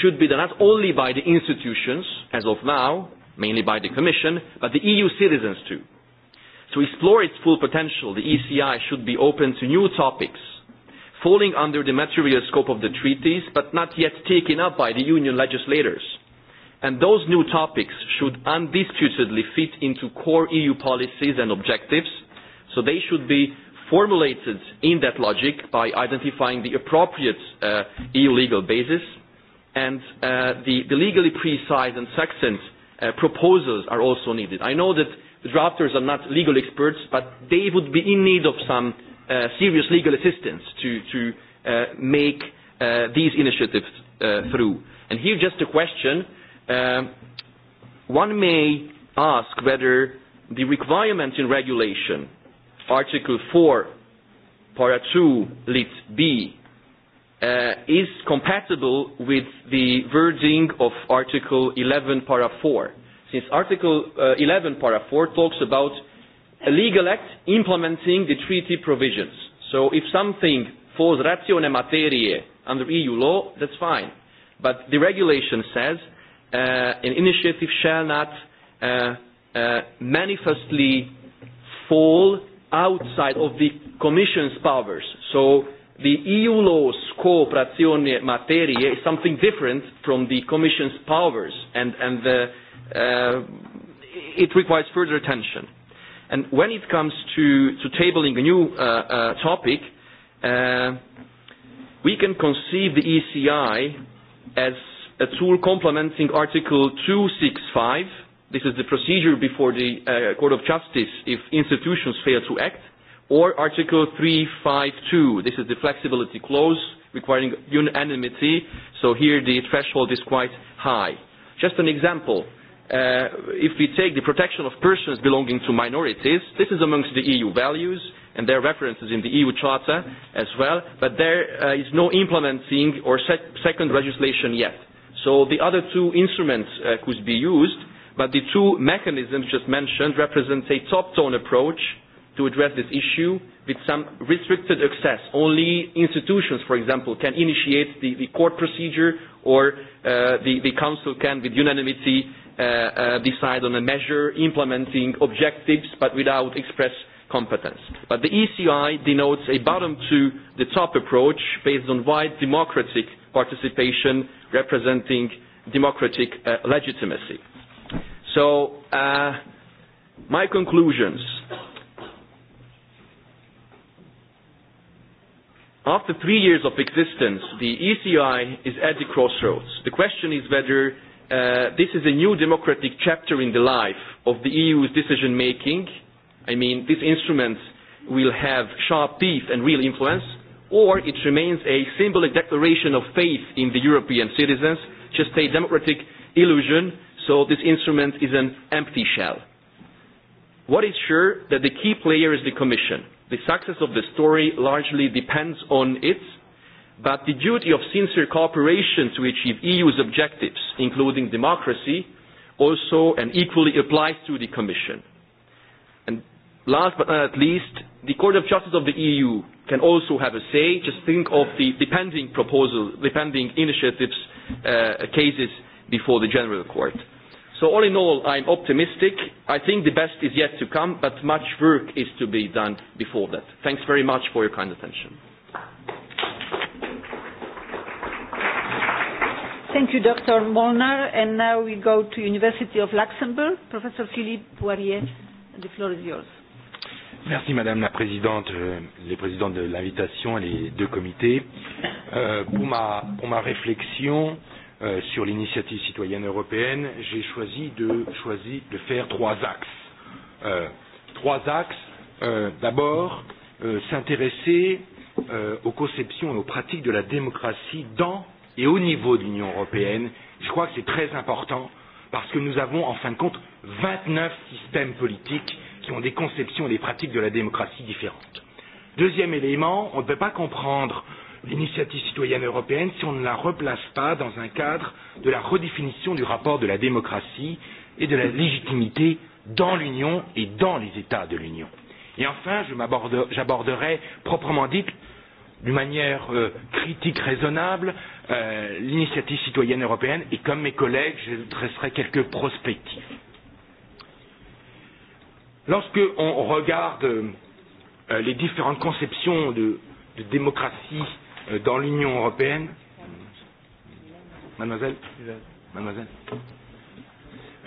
Speaker 11: should be done not only by the institutions, as of now, mainly by the Commission, but the EU citizens too. To explore its full potential, the ECI should be open to new topics falling under the material scope of the treaties but not yet taken up by the union legislators. And those new topics should undisputedly fit into core EU policies and objectives, so they should be formulated in that logic by identifying the appropriate uh, EU legal basis and uh, the, the legally precise and succinct uh, proposals are also needed. I know that the drafters are not legal experts, but they would be in need of some Uh, serious legal assistance to, to uh, make uh, these initiatives uh, through. And here just a question. Um, one may ask whether the requirements in regulation, Article 4, Para 2, Lit B, uh, is compatible with the wording of Article 11, Para 4. Since Article uh, 11, Para 4 talks about a legal act implementing the treaty provisions. So if something falls ratione materie under EU law, that's fine. But the regulation says uh, an initiative shall not uh, uh, manifestly fall outside of the Commission's powers. So the EU law's scope materie is something different from the Commission's powers, and, and the, it requires further attention. And when it comes to, to tabling a new uh, uh, topic, uh, we can conceive the ECI as a tool complementing Article 265. This is the procedure before the Court of Justice if institutions fail to act. Or Article 352. This is the flexibility clause requiring unanimity. So here the threshold is quite high. Just an example. Uh, if we take the protection of persons belonging to minorities, this is amongst the EU values and there are references in the EU Charter as well, but there uh, is no implementing or sec second legislation yet. So the other two instruments uh, could be used, but the two mechanisms just mentioned represent a top-down approach to address this issue with some restricted access. Only institutions, for example, can initiate the, the court procedure or uh, the, the Council can, with unanimity, Uh, uh, decide on a measure implementing objectives but without express competence. But the ECI denotes a bottom-to-the top approach based on wide democratic participation representing democratic uh, legitimacy. So uh, my conclusions. After three years of existence, the ECI is at the crossroads. The question is whether Uh, this is a new democratic chapter in the life of the EU's decision making. I mean, this instrument will have sharp teeth and real influence, or it remains a symbolic declaration of faith in the European citizens, just a democratic illusion, so this instrument is an empty shell. What is sure that the key player is the Commission. The success of the story largely depends on its But the duty of sincere cooperation to achieve EU's objectives, including democracy, also and equally applies to the Commission. And last but not least, the Court of Justice of the EU can also have a say. Just think of the pending proposal, the pending initiatives, uh, cases before the General Court. So all in all, I'm optimistic. I think the best is yet to come, but much work is to be done before that. Thanks very much for your kind attention.
Speaker 1: Thank you, Dr. Molnar. And now we go to University of Luxembourg. Professor Philippe Poirier, the floor is yours.
Speaker 12: Merci Madame la Présidente, euh, les Présidents de l'invitation et les deux comités. Euh, pour, ma, pour ma réflexion euh, sur l'initiative citoyenne européenne, j'ai choisi de, choisi de faire trois axes. Euh, trois axes. Euh, D'abord, euh, s'intéresser euh, aux conceptions et aux pratiques de la démocratie dans et au niveau de l'Union européenne, je crois que c'est très important parce que nous avons en fin de compte 29 systèmes politiques qui ont des conceptions et des pratiques de la démocratie différentes. Deuxième élément, on ne peut pas comprendre l'initiative citoyenne européenne si on ne la replace pas dans un cadre de la redéfinition du rapport de la démocratie et de la légitimité dans l'Union et dans les États de l'Union. Et enfin, j'aborderai proprement dit d'une manière euh, critique raisonnable euh, l'initiative citoyenne européenne et comme mes collègues je dresserai quelques prospectives. Lorsque on regarde euh, les différentes conceptions de, de démocratie euh, dans l'Union européenne Mademoiselle Mademoiselle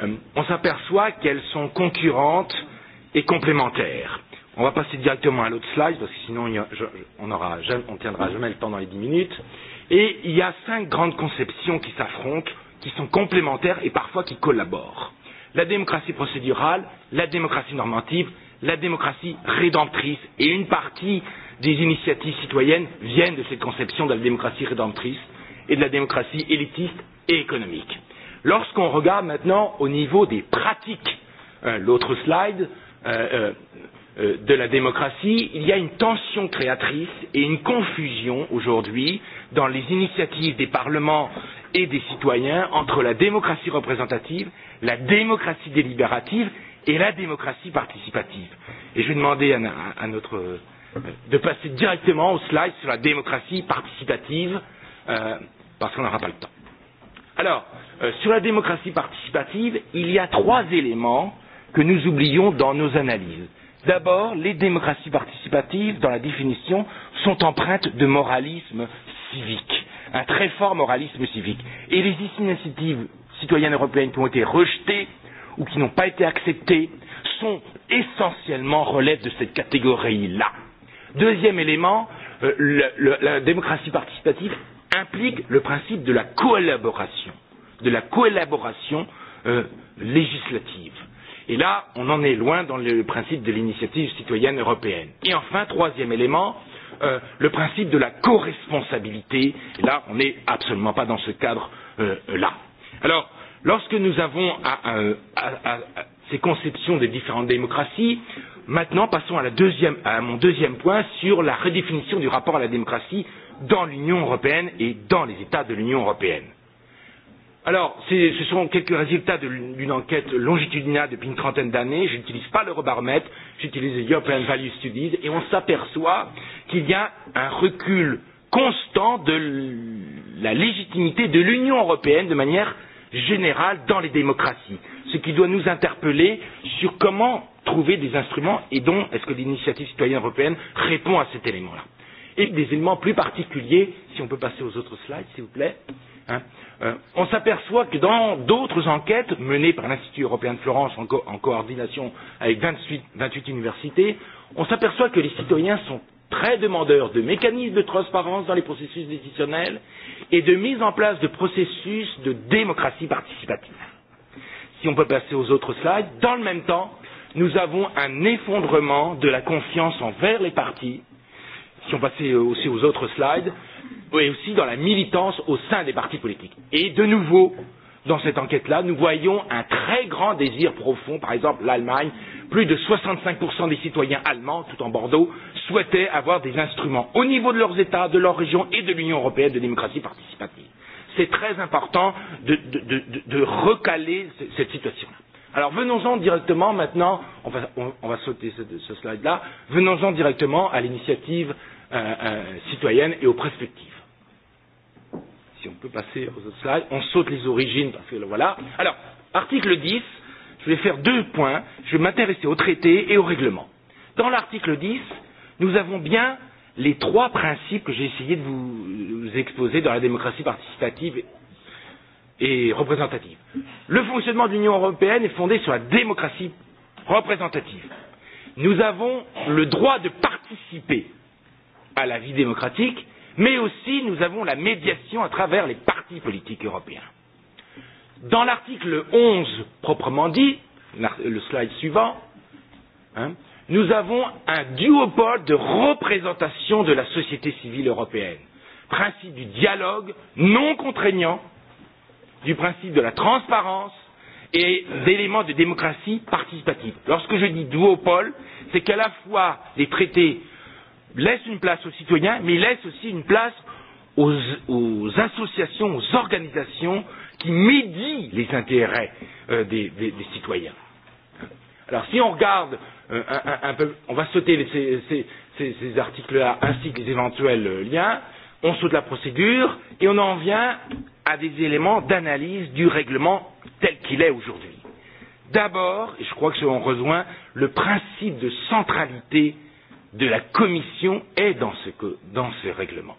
Speaker 12: euh, on s'aperçoit qu'elles sont concurrentes et complémentaires on va passer directement à l'autre slide parce que sinon on aura on tiendra mm. jamais le temps dans les dix minutes. Et il y a cinq grandes conceptions qui s'affrontent, qui sont complémentaires et parfois qui collaborent. La démocratie procédurale, la démocratie normative, la démocratie rédemptrice et une partie des initiatives citoyennes viennent de cette conception de la démocratie rédemptrice et de la démocratie élitiste et économique. Lorsqu'on regarde maintenant au niveau des pratiques, euh, l'autre slide, euh, euh, Euh, de la démocratie, il y a une tension créatrice et une confusion aujourd'hui dans les initiatives des parlements et des citoyens entre la démocratie représentative, la démocratie délibérative et la démocratie participative. Et je vais demander à, à, à notre euh, de passer directement au slide sur la démocratie participative, euh, parce qu'on n'aura pas le temps. Alors, euh, sur la démocratie participative, il y a trois éléments que nous oublions dans nos analyses. D'abord, les démocraties participatives, dans la définition, sont empreintes de moralisme civique, un très fort moralisme civique. Et les initiatives citoyennes européennes qui ont été rejetées ou qui n'ont pas été acceptées sont essentiellement relèvent de cette catégorie-là. Deuxième élément, euh, le, le, la démocratie participative implique le principe de la collaboration, de la collaboration euh, législative Et là, on en est loin dans le principe de l'initiative citoyenne européenne. Et enfin, troisième élément, euh, le principe de la corresponsabilité. Et là, on n'est absolument pas dans ce cadre-là. Euh, Alors, lorsque nous avons à, à, à, à ces conceptions des différentes démocraties, maintenant passons à, la deuxième, à mon deuxième point sur la redéfinition du rapport à la démocratie dans l'Union européenne et dans les États de l'Union européenne. Alors, ce sont quelques résultats d'une enquête longitudinale depuis une trentaine d'années. Je n'utilise pas l'eurobaromètre, j'utilise les European Value Studies, et on s'aperçoit qu'il y a un recul constant de la légitimité de l'Union européenne de manière générale dans les démocraties, ce qui doit nous interpeller sur comment trouver des instruments et dont est-ce que l'initiative citoyenne européenne répond à cet élément-là. Et des éléments plus particuliers, si on peut passer aux autres slides, s'il vous plaît. Hein, Euh, on s'aperçoit que dans d'autres enquêtes menées par l'Institut européen de Florence en, co en coordination avec 28, 28 universités, on s'aperçoit que les citoyens sont très demandeurs de mécanismes de transparence dans les processus décisionnels et de mise en place de processus de démocratie participative. Si on peut passer aux autres slides, dans le même temps, nous avons un effondrement de la confiance envers les partis. Si on passait aussi aux autres slides, et aussi dans la militance au sein des partis politiques. Et de nouveau, dans cette enquête-là, nous voyons un très grand désir profond. Par exemple, l'Allemagne, plus de 65% des citoyens allemands, tout en Bordeaux, souhaitaient avoir des instruments au niveau de leurs États, de leurs régions et de l'Union européenne de démocratie participative. C'est très important de, de, de, de recaler cette situation-là. Alors venons-en directement maintenant, on va, on, on va sauter ce, ce slide-là, venons-en directement à l'initiative Euh, euh, citoyenne et aux perspectives. Si on peut passer aux autres slides, on saute les origines parce que voilà. Alors, article 10, je vais faire deux points. Je vais m'intéresser au traité et au règlement. Dans l'article 10, nous avons bien les trois principes que j'ai essayé de vous exposer dans la démocratie participative et représentative. Le fonctionnement de l'Union européenne est fondé sur la démocratie représentative. Nous avons le droit de participer à la vie démocratique, mais aussi nous avons la médiation à travers les partis politiques européens. Dans l'article 11 proprement dit, le slide suivant, hein, nous avons un duopole de représentation de la société civile européenne. Principe du dialogue non contraignant, du principe de la transparence et d'éléments de démocratie participative. Lorsque je dis duopole, c'est qu'à la fois les traités laisse une place aux citoyens, mais il laisse aussi une place aux, aux associations, aux organisations qui médient les intérêts euh, des, des, des citoyens. Alors si on regarde euh, un, un, peu, on va sauter ces, ces, ces, ces articles-là ainsi que les éventuels euh, liens, on saute la procédure et on en vient à des éléments d'analyse du règlement tel qu'il est aujourd'hui. D'abord, et je crois que en rejoint le principe de centralité de la Commission est dans ce, dans ce règlement.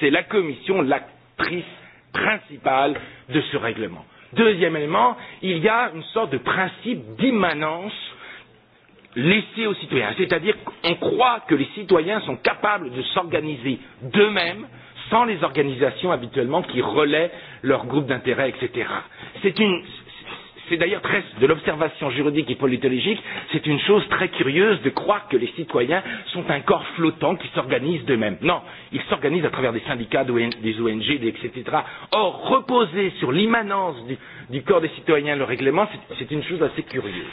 Speaker 12: C'est la Commission l'actrice principale de ce règlement. Deuxième élément, il y a une sorte de principe d'immanence laissé aux citoyens, c'est-à-dire qu'on croit que les citoyens sont capables de s'organiser d'eux-mêmes sans les organisations habituellement qui relaient leurs groupes d'intérêt, etc. C'est une, C'est d'ailleurs très de l'observation juridique et politologique, c'est une chose très curieuse de croire que les citoyens sont un corps flottant qui s'organise d'eux-mêmes. Non, ils s'organisent à travers des syndicats, des ONG, etc. Or, reposer sur l'immanence du, du corps des citoyens le règlement, c'est une chose assez curieuse.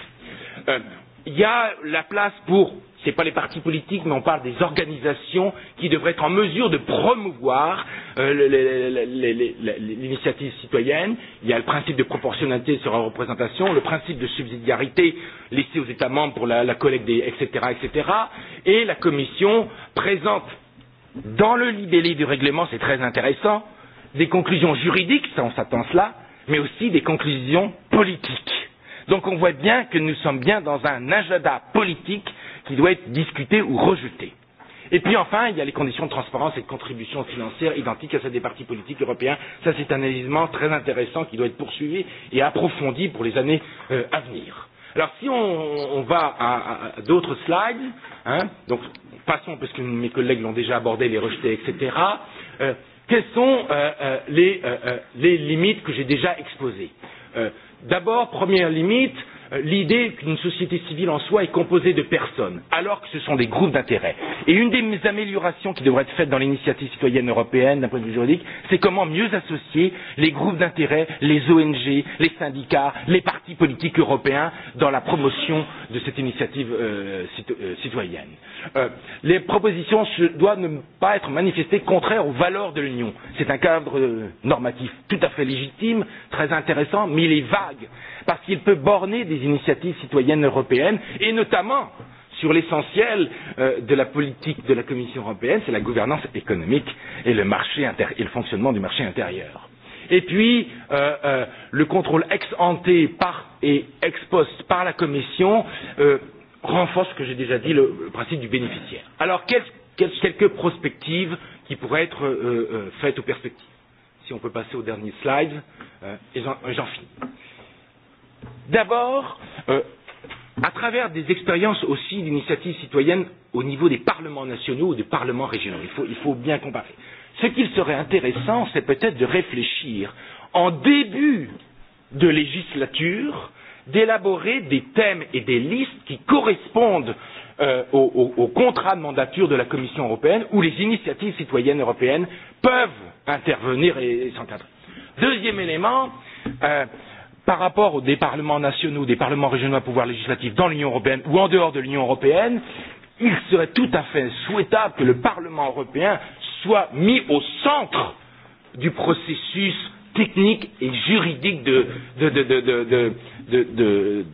Speaker 12: Euh, il y a la place pour ce n'est pas les partis politiques, mais on parle des organisations qui devraient être en mesure de promouvoir euh, l'initiative citoyenne. Il y a le principe de proportionnalité sur la représentation, le principe de subsidiarité laissé aux États membres pour la, la collecte des etc., etc. Et la Commission présente dans le libellé du règlement, c'est très intéressant, des conclusions juridiques, ça on s'attend cela, mais aussi des conclusions politiques Donc on voit bien que nous sommes bien dans un agenda politique qui doit être discuté ou rejeté. Et puis enfin, il y a les conditions de transparence et de contribution financière identiques à celles des partis politiques européens. Ça, c'est un élément très intéressant qui doit être poursuivi et approfondi pour les années euh, à venir. Alors, si on, on va à, à, à d'autres slides, hein, donc passons, parce que mes collègues l'ont déjà abordé, les rejetés, etc. Euh, quelles sont euh, euh les, euh, euh, les limites que j'ai déjà exposées D'abord, première limite, Euh, l'idée qu'une société civile en soi est composée de personnes, alors que ce sont des groupes d'intérêt. Et une des améliorations qui devrait être faite dans l'initiative citoyenne européenne d'un point de vue juridique, c'est comment mieux associer les groupes d'intérêt, les ONG, les syndicats, les partis politiques européens dans la promotion de cette initiative euh, euh citoyenne. Euh, les propositions doivent ne pas être manifestées contraires aux valeurs de l'Union. C'est un cadre euh, normatif tout à fait légitime, très intéressant, mais il est vague parce qu'il peut borner des initiatives citoyennes européennes et notamment sur l'essentiel euh, de la politique de la Commission européenne, c'est la gouvernance économique et le, marché et le fonctionnement du marché intérieur. Et puis, euh, euh, le contrôle ex ante par et ex post par la Commission euh, renforce, ce que j'ai déjà dit, le, le principe du bénéficiaire. Alors, quelles, quelles, quelques prospectives qui pourraient être euh, euh, faites aux perspectives Si on peut passer au dernier slide, et j'en finis. D'abord, euh, à travers des expériences aussi d'initiatives citoyennes au niveau des parlements nationaux ou des parlements régionaux. Il faut, il faut bien comparer. Ce qu'il serait intéressant, c'est peut-être de réfléchir en début de législature, d'élaborer des thèmes et des listes qui correspondent euh, au, au, au contrat de mandature de la Commission européenne où les initiatives citoyennes européennes peuvent intervenir et, et s'encadrer. Deuxième élément, euh, par rapport des parlements nationaux, des parlements régionaux à pouvoir législatif dans l'Union européenne ou en dehors de l'Union européenne, il serait tout à fait souhaitable que le Parlement européen soit mis au centre du processus technique et juridique de, de, de, de, de, de, de,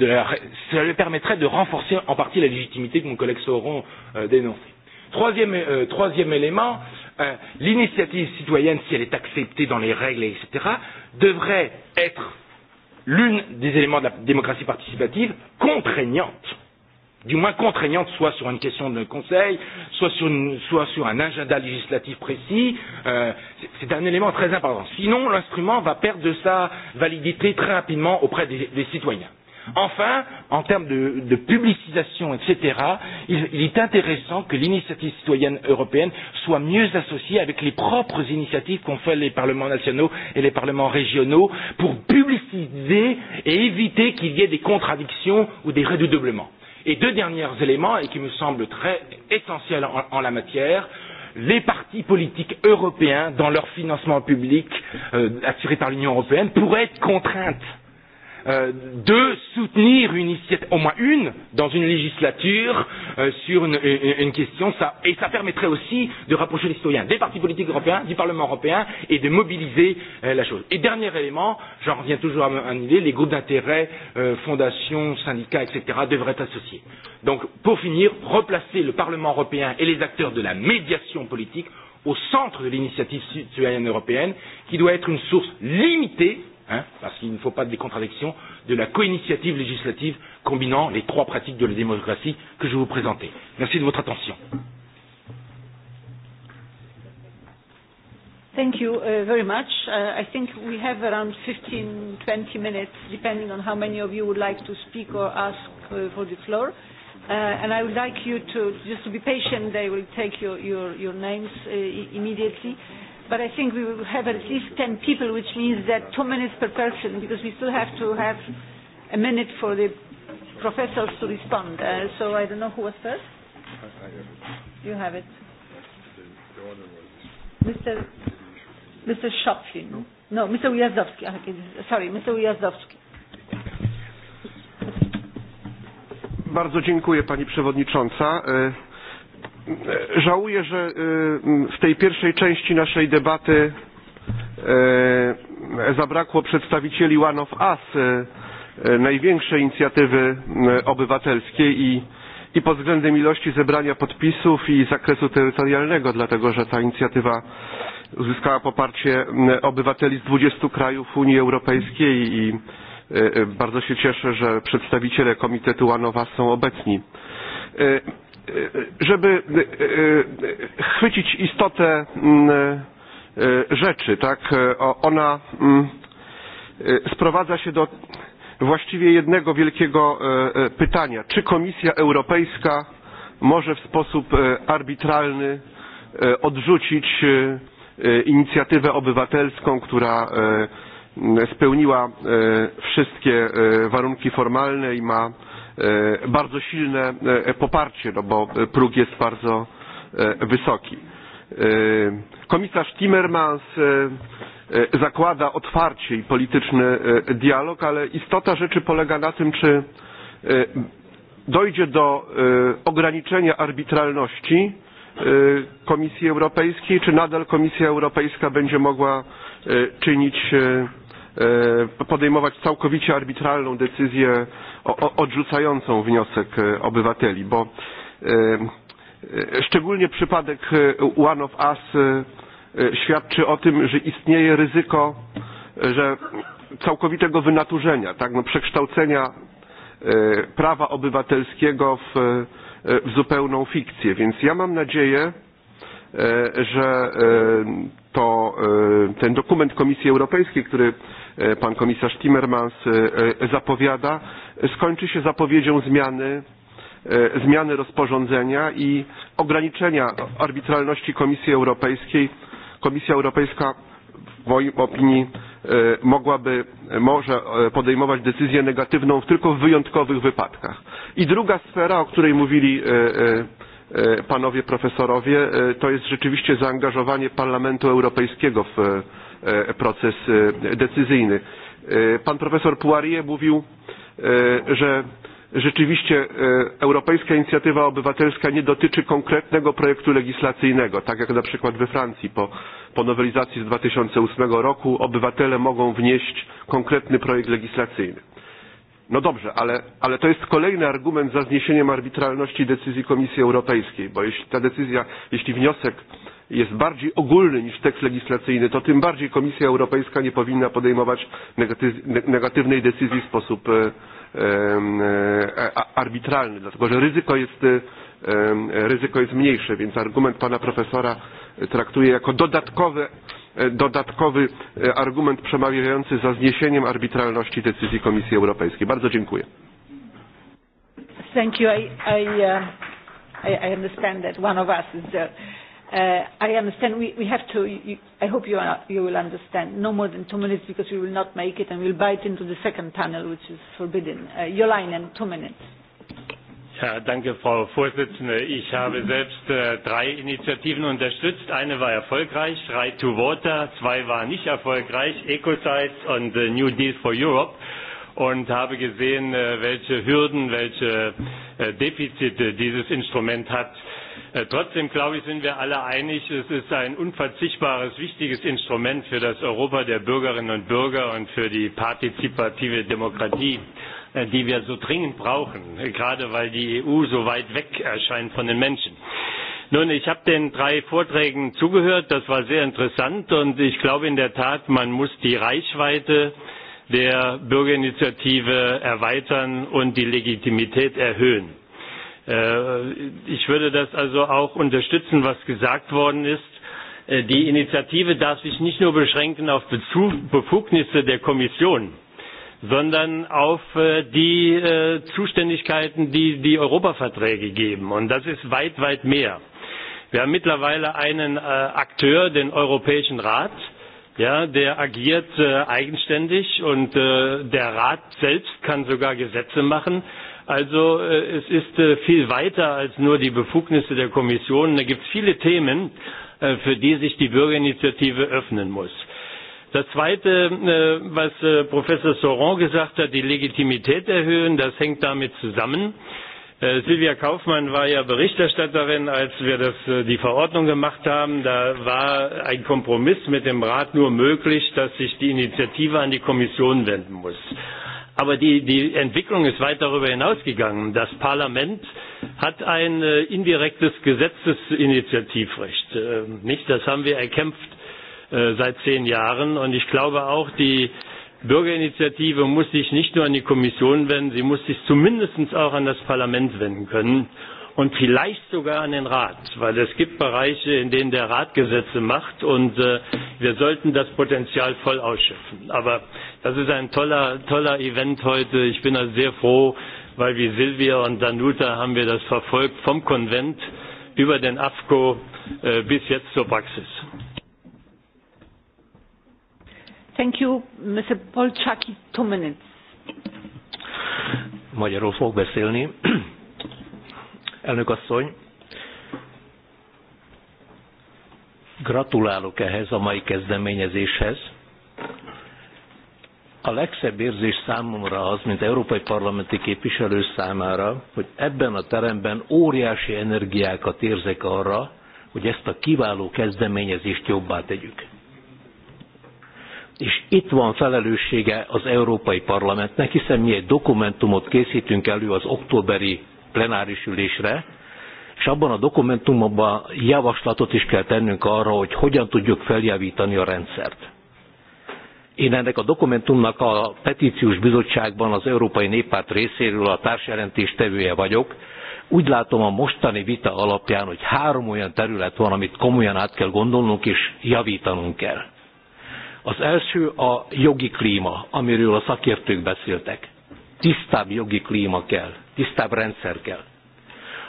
Speaker 12: de la, cela lui permettrait de renforcer en partie la légitimité que mon collègue Sauron euh, dénonçait. Troisième, euh, troisième élément, euh, Euh, l'initiative citoyenne, si elle est acceptée dans les règles, etc., devrait être l'une des éléments de la démocratie participative contraignante du moins contraignante, soit sur une question de conseil, soit sur, une, soit sur un agenda législatif précis. Euh, C'est un élément très important. Sinon, l'instrument va perdre de sa validité très rapidement auprès des, des citoyens. Enfin, en termes de, de publicisation, etc., il, il est intéressant que l'initiative citoyenne européenne soit mieux associée avec les propres initiatives qu'ont fait les parlements nationaux et les parlements régionaux pour publiciser et éviter qu'il y ait des contradictions ou des redoublements. Et deux derniers éléments, et qui me semblent très essentiels en, en la matière, les partis politiques européens, dans leur financement public euh, assuré par l'Union européenne, pourraient être contraintes Euh, de soutenir une initiative, au moins une, dans une législature euh, sur une, une, une question. Ça, et ça permettrait aussi de rapprocher les citoyens des partis politiques européens, du Parlement européen et de mobiliser euh, la chose. Et dernier élément, j'en reviens toujours à une idée, les groupes d'intérêt, euh, fondations, syndicats, etc. devraient être associés. Donc, pour finir, replacer le Parlement européen et les acteurs de la médiation politique au centre de l'initiative citoyenne européenne, qui doit être une source limitée hein, parce qu'il ne faut pas des contradictions, de la co-initiative législative combinant les trois pratiques de la démocratie que je vais vous présenter. Merci de votre attention.
Speaker 1: Thank you uh, very much. Uh, I think we have around 15, 20 minutes, depending on how many of you would like to speak or ask uh, for the floor. Uh, and I would like you to, just to be patient, they will take your, your, your names uh, immediately but I think we will have at least 10 people, which means that two minutes per person, because we still have to have a minute for the professors to respond. Uh, so I don't know who was first. You have it. Mr. Mr. Shopfin. No. no, Mr. Wiazdowski. sorry, Mr. Wiazdowski.
Speaker 13: Bardzo dziękuję Pani Przewodnicząca. E, Żałuję, że w tej pierwszej części naszej debaty zabrakło przedstawicieli One of Us, największej inicjatywy obywatelskiej i, i pod względem ilości zebrania podpisów i zakresu terytorialnego, dlatego że ta inicjatywa uzyskała poparcie obywateli z 20 krajów Unii Europejskiej i bardzo się cieszę, że przedstawiciele Komitetu One of Us są obecni żeby e, e, chwycić istotę mm, e, rzeczy, tak, ona mm, sprowadza się do właściwie jednego wielkiego pytania. Czy Komisja Europejska może w sposób arbitralny odrzucić inicjatywę obywatelską, która spełniła wszystkie warunki formalne i ma E, bardzo silne e, poparcie, no bo próg jest bardzo e, wysoki. Komisarz Timmermans zakłada otwarcie i polityczny dialog, ale istota rzeczy polega na tym, czy dojdzie do ograniczenia arbitralności Komisji Europejskiej, czy nadal Komisja Europejska będzie mogła czynić podejmować całkowicie arbitralną decyzję odrzucającą wniosek e, obywateli, bo e, e, szczególnie przypadek One of Us świadczy o tym, że istnieje ryzyko, że całkowitego wynaturzenia, tak, no, przekształcenia prawa obywatelskiego w, w zupełną fikcję. Więc ja mam nadzieję, że to ten dokument Komisji Europejskiej, który pan komisarz Timmermans zapowiada, skończy się zapowiedzią zmiany e, zmiany rozporządzenia i ograniczenia arbitralności Komisji Europejskiej. Komisja Europejska w mojej opinii e, mogłaby e, może podejmować decyzję negatywną tylko w wyjątkowych wypadkach. I druga sfera, o której mówili panowie profesorowie, to jest rzeczywiście zaangażowanie Parlamentu Europejskiego w proces decyzyjny. Pan profesor Poirier mówił E, że rzeczywiście e, europejska inicjatywa obywatelska nie dotyczy konkretnego projektu legislacyjnego, tak jak na przykład we Francji po, po nowelizacji z 2008 roku obywatele mogą wnieść konkretny projekt legislacyjny. No dobrze, ale, ale to jest kolejny argument za zniesieniem arbitralności decyzji Komisji Europejskiej, bo jeśli ta decyzja, jeśli wniosek jest bardziej ogólny niż tekst legislacyjny, to tym bardziej Komisja Europejska nie powinna podejmować negatywnej decyzji w sposób e, e, arbitralny, dlatego że ryzyko jest, e, ryzyko jest mniejsze, więc argument pana profesora traktuję jako dodatkowy, dodatkowy argument przemawiający za zniesieniem arbitralności decyzji Komisji Europejskiej. Bardzo dziękuję.
Speaker 1: Thank you. I, I, uh, I understand that one of us is there. Uh, Uh, I understand we, we have to, I hope you, uh, you will understand, no more than two minutes because we will not make it and we'll bite into the second panel which is forbidden. Uh, in two minutes.
Speaker 14: Ja, danke, Frau Vorsitzende. Ich habe selbst äh, drei Initiativen unterstützt. Eine war erfolgreich, Right to Water, zwei waren nicht erfolgreich, Ecosites und the äh, New Deal for Europe und habe gesehen, äh, welche Hürden, welche äh, Defizite dieses Instrument hat. Äh, trotzdem, glaube ich, sind wir alle einig, es ist ein unverzichtbares, wichtiges Instrument für das Europa der Bürgerinnen und Bürger und für die partizipative Demokratie äh, die wir so dringend brauchen, äh, gerade weil die EU so weit weg erscheint von den Menschen. Nun, ich habe den drei Vorträgen zugehört, das war sehr interessant und ich glaube in der Tat, man muss die Reichweite der Bürgerinitiative erweitern und die Legitimität erhöhen. Äh, ich würde das also auch unterstützen, was gesagt worden ist. Äh, die Initiative darf sich nicht nur beschränken auf Befugnisse der Kommission, sondern auf äh, die Zuständigkeiten, die die Europaverträge geben. Und das ist weit, weit mehr. Wir haben mittlerweile einen Akteur, den Europäischen Rat, ja, der agiert eigenständig und der Rat selbst kann sogar Gesetze machen Also äh, es ist äh, viel weiter als nur die Befugnisse der Kommission. Da gibt es viele Themen, äh, für die sich die Bürgerinitiative öffnen muss. Das Zweite, was Professor Soron gesagt hat, die Legitimität erhöhen, das hängt damit zusammen. Silvia Kaufmann war ja Berichterstatterin, als wir das, die Verordnung gemacht haben. Da war ein Kompromiss mit dem Rat nur möglich, dass sich die Initiative an die Kommission wenden muss. Aber die, die Entwicklung ist weit darüber hinausgegangen. Das Parlament hat ein äh, indirektes Gesetzesinitiativrecht. Äh, nicht, das haben wir erkämpft äh, seit zehn Jahren. Und ich glaube auch, die Bürgerinitiative muss sich nicht nur an die Kommission wenden, sie muss sich zumindest auch an das Parlament wenden können und vielleicht sogar an den Rat, weil es gibt Bereiche, in denen der Rat Gesetze macht und äh, wir sollten das Potenzial voll ausschöpfen. Aber das ist ein toller, toller Event heute. Ich bin also sehr froh, weil wie Silvia und Danuta haben wir das verfolgt vom Konvent über den AFCO äh, bis jetzt zur Praxis.
Speaker 1: Thank you, Mr. Polchaki, two minutes.
Speaker 15: Magyarul beszélni. Elnök asszony, gratulálok ehhez a mai kezdeményezéshez. A legszebb érzés számomra az, mint európai parlamenti képviselő számára, hogy ebben a teremben óriási energiákat érzek arra, hogy ezt a kiváló kezdeményezést jobbá tegyük. És itt van felelőssége az Európai Parlamentnek, hiszen mi egy dokumentumot készítünk elő az októberi plenáris ülésre, és abban a dokumentumban javaslatot is kell tennünk arra, hogy hogyan tudjuk feljavítani a rendszert. Én ennek a dokumentumnak a petíciós bizottságban az Európai Néppárt részéről a társjelentés tevője vagyok. Úgy látom a mostani vita alapján, hogy három olyan terület van, amit komolyan át kell gondolnunk és javítanunk kell. Az első a jogi klíma, amiről a szakértők beszéltek tisztább jogi klíma kell, tisztább rendszer kell.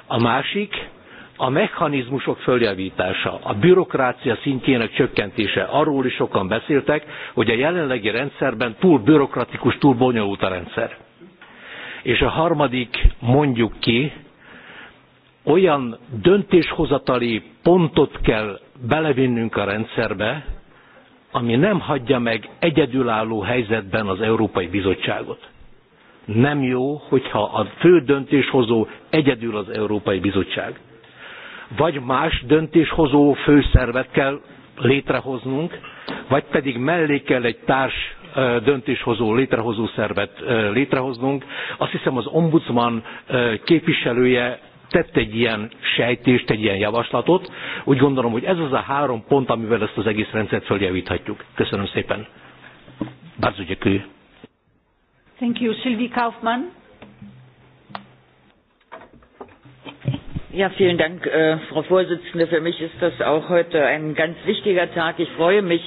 Speaker 15: A másik, a mechanizmusok följavítása, a bürokrácia szintjének csökkentése. Arról is sokan beszéltek, hogy a jelenlegi rendszerben túl bürokratikus, túl bonyolult a rendszer. És a harmadik, mondjuk ki, olyan döntéshozatali pontot kell belevinnünk a rendszerbe, ami nem hagyja meg egyedülálló helyzetben az Európai Bizottságot nem jó, hogyha a fő döntéshozó egyedül az Európai Bizottság. Vagy más döntéshozó főszervet kell létrehoznunk, vagy pedig mellé kell egy társ döntéshozó, létrehozó szervet létrehoznunk. Azt hiszem az ombudsman képviselője tett egy ilyen sejtést, egy ilyen javaslatot. Úgy gondolom, hogy ez az a három pont, amivel ezt az egész rendszert feljavíthatjuk. Köszönöm szépen. Bardzo
Speaker 1: Thank you. Sylvie Kaufmann. Ja, vielen
Speaker 16: Dank, äh, Frau Vorsitzende. Für mich ist das auch heute ein ganz wichtiger Tag. Ich freue mich,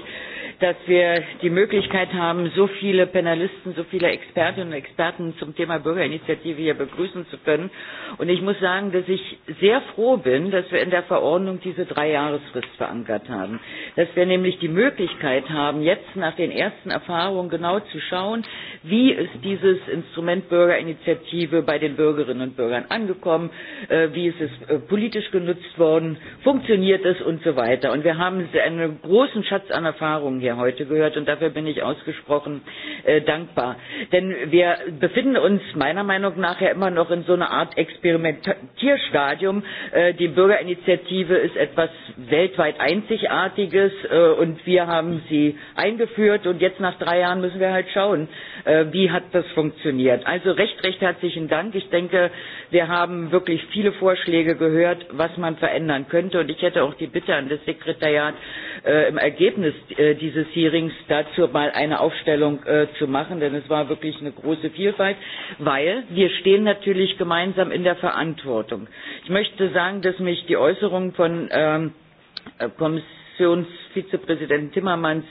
Speaker 16: dass wir die Möglichkeit haben, so viele Penalisten, so viele Expertinnen und Experten zum Thema Bürgerinitiative hier begrüßen zu können. Und ich muss sagen, dass ich sehr froh bin, dass wir in der Verordnung diese Jahresfrist verankert haben. Dass wir nämlich die Möglichkeit haben, jetzt nach den ersten Erfahrungen genau zu schauen, wie ist dieses Instrument Bürgerinitiative bei den Bürgerinnen und Bürgern angekommen, äh, wie ist es äh, politisch genutzt worden, funktioniert es und so weiter. Und wir haben einen großen Schatz an Erfahrungen hier heute gehört. Und dafür bin ich ausgesprochen äh, dankbar. Denn wir befinden uns meiner Meinung nach ja immer noch in so einer Art Experimentierstadium. Äh, die Bürgerinitiative ist etwas weltweit Einzigartiges äh, und wir haben sie eingeführt. Und jetzt nach drei Jahren müssen wir halt schauen, äh, wie hat das funktioniert. Also recht, recht herzlichen Dank. Ich denke, wir haben wirklich viele Vorschläge gehört, was man verändern könnte. Und ich hätte auch die Bitte an das Sekretariat, äh, im Ergebnis dieses dieses Hearings dazu mal eine Aufstellung äh, zu machen, denn es war wirklich eine große Vielfalt, weil wir stehen natürlich gemeinsam in der Verantwortung. Ich möchte sagen, dass mich die Äußerung von ähm, äh, Kommissionsvizepräsident Timmermans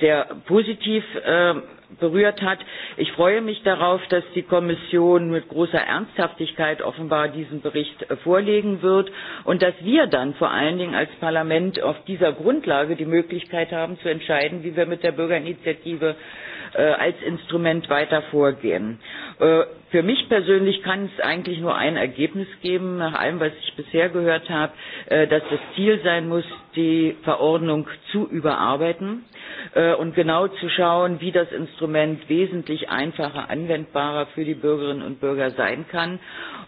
Speaker 16: sehr positiv ähm, berührt hat. Ich freue mich darauf, dass die Kommission mit großer Ernsthaftigkeit offenbar diesen Bericht äh, vorlegen wird und dass wir dann vor allen Dingen als Parlament auf dieser Grundlage die Möglichkeit haben zu entscheiden, wie wir mit der Bürgerinitiative äh, als Instrument weiter vorgehen. Äh, für mich persönlich kann es eigentlich nur ein Ergebnis geben, nach allem, was ich bisher gehört habe, äh, dass das Ziel sein muss, die Verordnung zu überarbeiten äh, und genau zu schauen, wie das Instrument wesentlich einfacher anwendbarer für die Bürgerinnen und Bürger sein kann.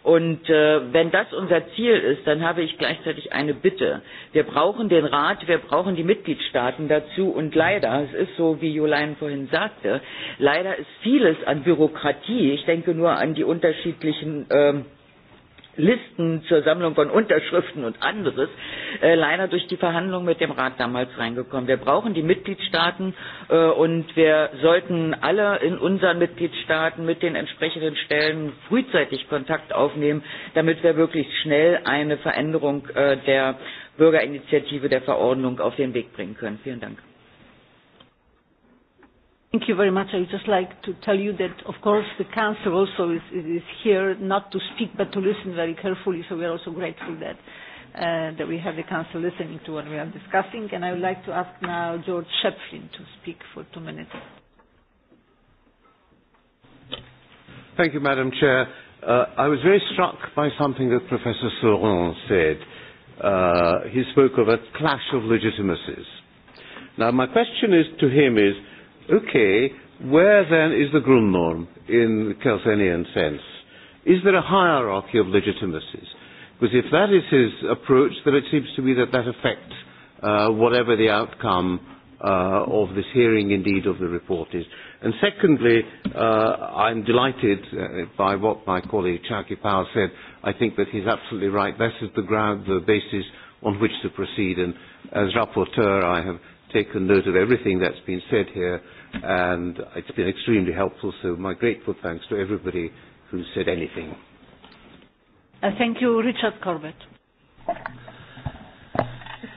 Speaker 16: Und äh, wenn das unser Ziel ist, dann habe ich gleichzeitig eine Bitte. Wir brauchen den Rat, wir brauchen die Mitgliedstaaten dazu und leider, es ist so, wie Jolein vorhin sagte, leider ist vieles an Bürokratie, ich denke nur an die unterschiedlichen ähm, Listen zur Sammlung von Unterschriften und anderes äh, leider durch die Verhandlungen mit dem Rat damals reingekommen. Wir brauchen die Mitgliedstaaten äh, und wir sollten alle in unseren Mitgliedstaaten mit den entsprechenden Stellen frühzeitig Kontakt aufnehmen, damit wir wirklich schnell eine Veränderung äh, der Bürgerinitiative der Verordnung auf den Weg bringen können. Vielen Dank.
Speaker 1: Thank you very much. I would just like to tell you that, of course, the Council also is, is here not to speak but to listen very carefully, so we are also grateful that, uh, that we have the Council listening to what we are discussing. And I would like to ask now George Shepflin to speak for two minutes.
Speaker 17: Thank you, Madam Chair. Uh, I was very struck by something that Professor Sauron said. Uh, he spoke of a clash of legitimacies. Now, my question is to him is, Okay, where then is the Grundnorm in the Kelsenian sense? Is there a hierarchy of legitimacies? Because if that is his approach, then it seems to me that that affects uh, whatever the outcome uh, of this hearing, indeed, of the report is. And secondly, uh, I'm delighted uh, by what my colleague Chaki Powell said. I think that he's absolutely right. This is the ground, the basis on which to proceed. And as rapporteur, I have taken note of everything that's been said here and it's been extremely helpful, so my grateful thanks to everybody who said anything.
Speaker 1: Uh, thank you, Richard Corbett.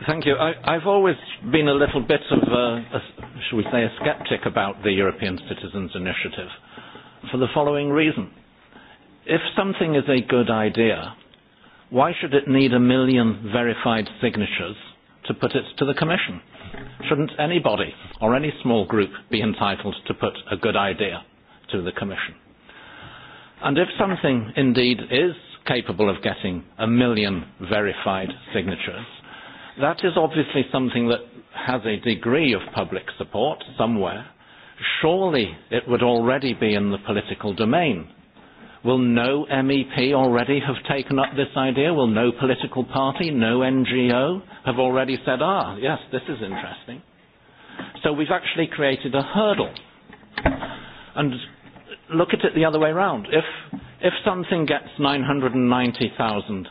Speaker 18: Thank you. I, I've always been a little bit of a, a shall we say, a skeptic about the European Citizens Initiative for the following reason. If something is a good idea, why should it need a million verified signatures to put it to the Commission? Shouldn't anybody or any small group be entitled to put a good idea to the Commission? And if something indeed is capable of getting a million verified signatures, that is obviously something that has a degree of public support somewhere. Surely it would already be in the political domain Will no MEP already have taken up this idea? Will no political party, no NGO have already said, ah, yes, this is interesting? So we've actually created a hurdle. And look at it the other way around. If, if something gets 990,000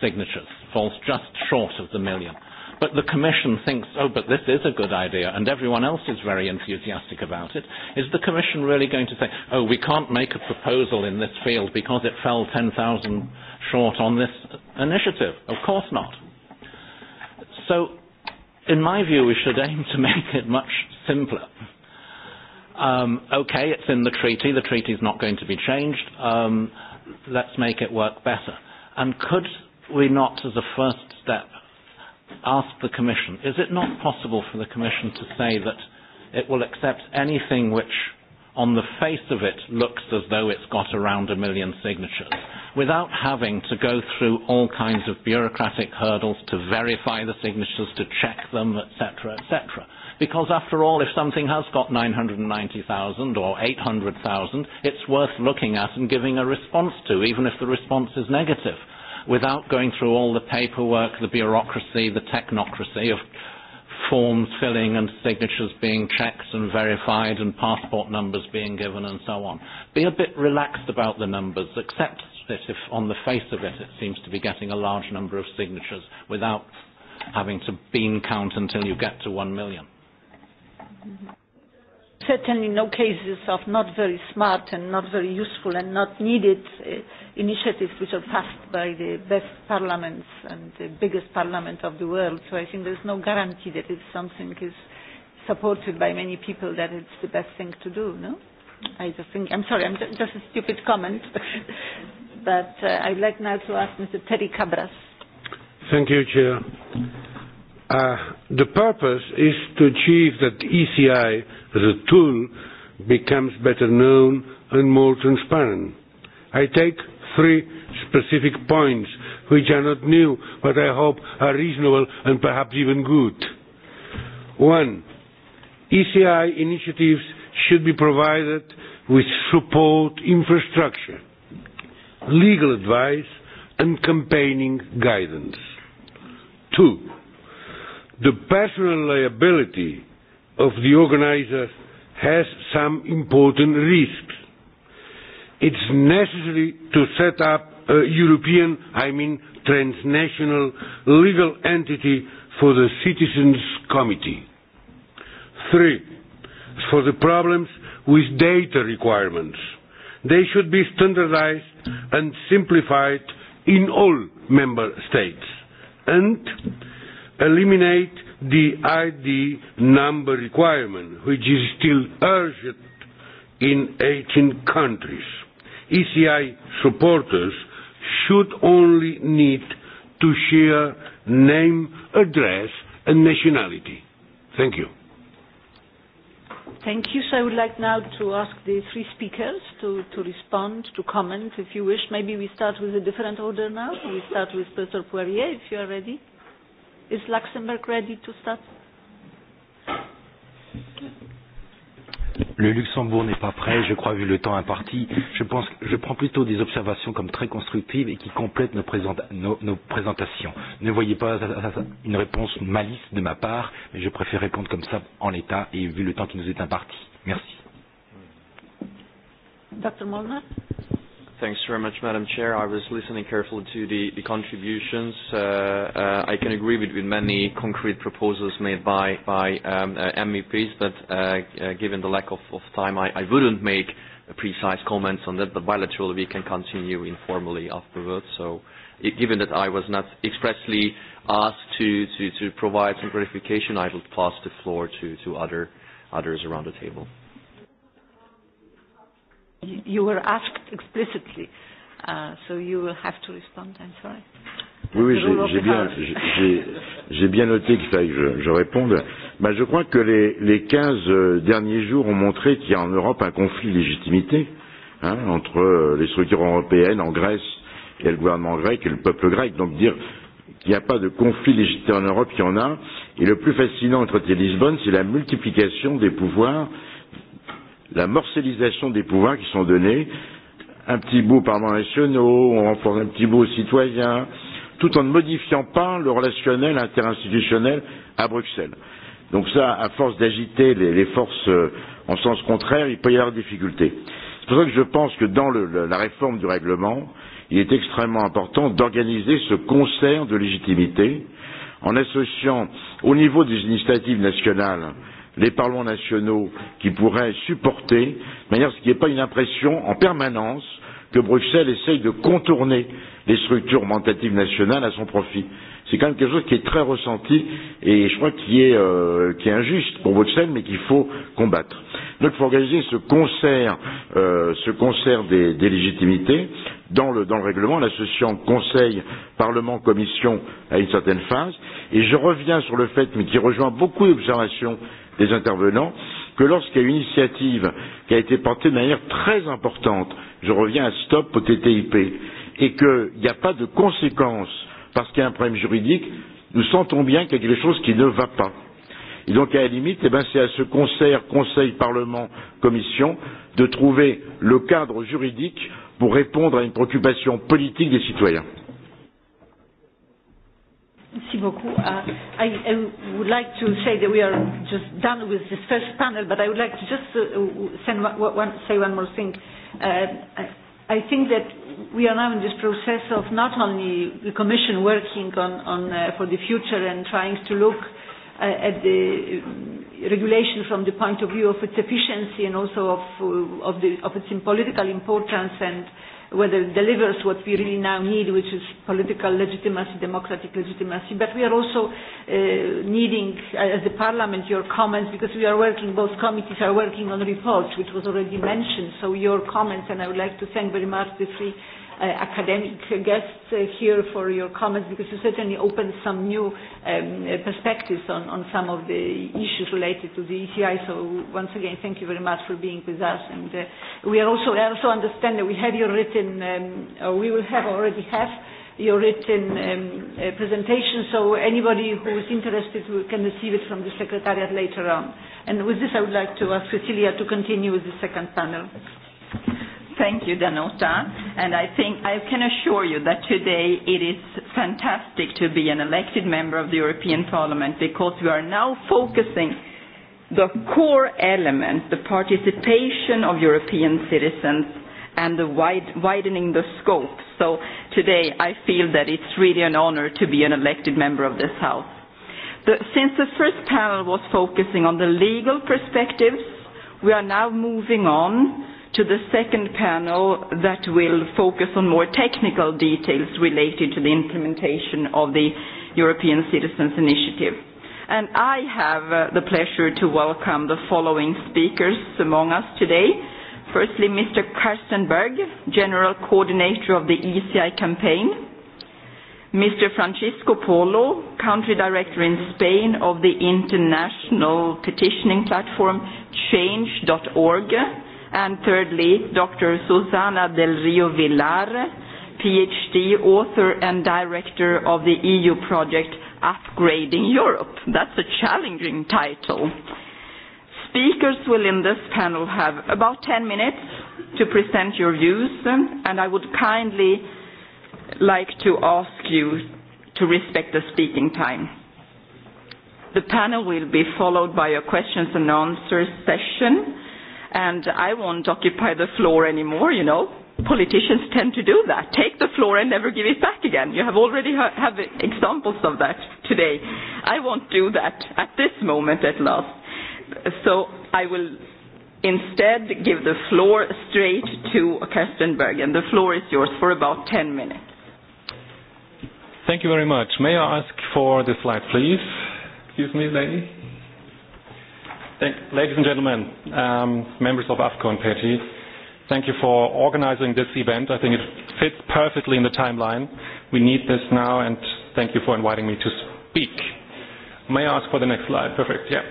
Speaker 18: signatures, falls just short of the million, but the Commission thinks, oh, but this is a good idea, and everyone else is very enthusiastic about it, is the Commission really going to say, oh, we can't make a proposal in this field because it fell 10,000 short on this initiative? Of course not. So, in my view, we should aim to make it much simpler. Um, okay, it's in the treaty. The treaty is not going to be changed. Um, let's make it work better. And could we not, as a first step, ask the Commission, is it not possible for the Commission to say that it will accept anything which on the face of it looks as though it's got around a million signatures without having to go through all kinds of bureaucratic hurdles to verify the signatures, to check them, etc., etc. Because after all, if something has got 990,000 or 800,000, it's worth looking at and giving a response to, even if the response is negative without going through all the paperwork, the bureaucracy, the technocracy of forms filling and signatures being checked and verified and passport numbers being given and so on. Be a bit relaxed about the numbers. Accept that if on the face of it it seems to be getting a large number of signatures without having to bean count until you get to one million.
Speaker 1: Mm -hmm certainly no cases of not very smart and not very useful and not needed uh, initiatives which are passed by the best parliaments and the biggest parliament of the world. So I think there's no guarantee that if something is supported by many people that it's the best thing to do, no? I just think, I'm sorry, I'm just, just a stupid comment, but uh, I'd like now to ask Mr. Terry Cabras.
Speaker 19: Thank you, Chair. Uh, the purpose is to achieve that ECI as a tool becomes better known and more transparent. I take three specific points which are not new but I hope are reasonable and perhaps even good. One, ECI initiatives should be provided with support infrastructure, legal advice and campaigning guidance. Two, The personal liability of the organizers has some important risks. It's necessary to set up a European, I mean transnational, legal entity for the Citizens Committee. Three, for the problems with data requirements. They should be standardized and simplified in all member states. And eliminate the ID number requirement, which is still urgent in 18 countries. ECI supporters should only need to share name, address, and nationality. Thank you.
Speaker 1: Thank you. So I would like now to ask the three speakers to, to respond, to comment, if you wish. Maybe we start with a different order now. We start with Professor Poirier, if you are ready. Is Luxembourg ready to start?
Speaker 12: Le Luxembourg n'est pas prêt, je crois, vu le temps imparti. Je pense, je prends plutôt des observations comme très constructives et qui complètent nos, présent nos, nos présentations. Ne voyez pas une réponse malice de ma part, mais je préfère répondre comme ça en l'état et vu le temps qui nous est imparti. Merci.
Speaker 1: Dr. Molnar?
Speaker 11: Thanks very much, Madam Chair. I was listening carefully to the, the contributions. Uh, uh, I can agree with, with many concrete proposals made by, by um, uh, MEPs, but uh, uh, given the lack of, of time, I, I wouldn't make precise comments on that, but bilaterally we can continue informally afterwards. So, it, given that I was not expressly asked to, to, to provide some clarification, I will pass the floor to, to other, others around the table.
Speaker 1: You were asked explicitly, uh, so you will have to respond. I'm sorry.
Speaker 10: Oui, oui, j'ai bien, j'ai bien noté qu'il fallait que je, je réponde. mais je crois que les, les 15 euh, derniers jours ont montré qu'il y a en Europe un conflit de légitimité hein, entre euh, les structures européennes en Grèce et le gouvernement grec et le peuple grec. Donc dire qu'il n'y a pas de conflit légitimité en Europe, il y en a. Et le plus fascinant entre les Lisbonne, c'est la multiplication des pouvoirs la morcellisation des pouvoirs qui sont donnés, un petit bout aux parlements nationaux, on renforce un petit bout aux citoyens, tout en ne modifiant pas le relationnel interinstitutionnel à Bruxelles. Donc ça, à force d'agiter les, les forces euh, en sens contraire, il peut y avoir des difficultés. C'est pour ça que je pense que dans le, la réforme du règlement, il est extrêmement important d'organiser ce concert de légitimité en associant au niveau des initiatives nationales les parlements nationaux qui pourraient supporter, de manière à ce qu'il n'y ait pas une impression en permanence que Bruxelles essaye de contourner les structures mentatives nationales à son profit. C'est quand même quelque chose qui est très ressenti et je crois qui est, euh, qui est injuste pour Bruxelles mais qu'il faut combattre. Donc il faut organiser ce concert, euh, ce concert des, des légitimités dans le, dans le règlement en associant Conseil, Parlement, Commission à une certaine phase. Et je reviens sur le fait, mais qui rejoint beaucoup d'observations des intervenants que lorsqu'il y a une initiative qui a été portée de manière très importante, je reviens à stop au TTIP, et qu'il n'y a pas de conséquences parce qu'il y a un problème juridique, nous sentons bien qu'il y a quelque chose qui ne va pas. Et donc, à la limite, eh c'est à ce concert, conseil, parlement, commission, de trouver le cadre juridique pour répondre à une préoccupation politique des citoyens.
Speaker 1: Merci beaucoup. Uh, I, I would like to say that we are just done with this first panel, but I would like to just uh, uh send one, one, say one more thing. Uh, I, I think that we are now in this process of not only the Commission working on, on uh, for the future and trying to look uh, at the regulation from the point of view of its efficiency and also of, uh, of, the, of its political importance and whether it delivers what we really now need, which is political legitimacy, democratic legitimacy. But we are also uh, needing, uh, as the Parliament, your comments, because we are working, both committees are working on reports, which was already mentioned. So your comments, and I would like to thank very much the three uh, academic guests uh, here for your comments because you certainly opened some new um, perspectives on, on some of the issues related to the ECI. So once again, thank you very much for being with us. And uh, we are also, also understand that we have your written, um, or uh, we will have already have your written um, uh, presentation, so anybody who is interested can receive it from the Secretariat later on. And with this, I would like to ask Cecilia to continue with the second panel. Thank you,
Speaker 2: Danuta. And I think I can assure you that today it is fantastic to be an elected member of the European Parliament because we are now focusing the core element, the participation of European citizens and the wide, widening the scope. So today I feel that it's really an honor to be an elected member of this House. since the first panel was focusing on the legal perspectives, we are now moving on to the second panel that will focus on more technical details related to the implementation of the European Citizens Initiative. And I have uh, the pleasure to welcome the following speakers among us today. Firstly, Mr. Carsten Berg, General Coordinator of the ECI campaign. Mr. Francisco Polo, Country Director in Spain of the International Petitioning Platform Change.org And thirdly, Dr. Susana del Rio Villar, PhD, author and director of the EU project Upgrading Europe. That's a challenging title. Speakers will in this panel have about 10 minutes to present your views, and I would kindly like to ask you to respect the speaking time. The panel will be followed by a questions and answers session and I won't occupy the floor anymore, you know. Politicians tend to do that. Take the floor and never give it back again. You have already have examples of that today. I won't do that at this moment at last. So I will instead give the floor straight to Kirsten And The floor is yours for about 10 minutes.
Speaker 20: Thank you very much. May I ask for the slide, please? Excuse me, lady. Thank, ladies and gentlemen, um, members of AFCO and PETI, thank you for organizing this event. I think it fits perfectly in the timeline. We need this now, and thank you for inviting me to speak. May I ask for the next slide? Perfect, yeah.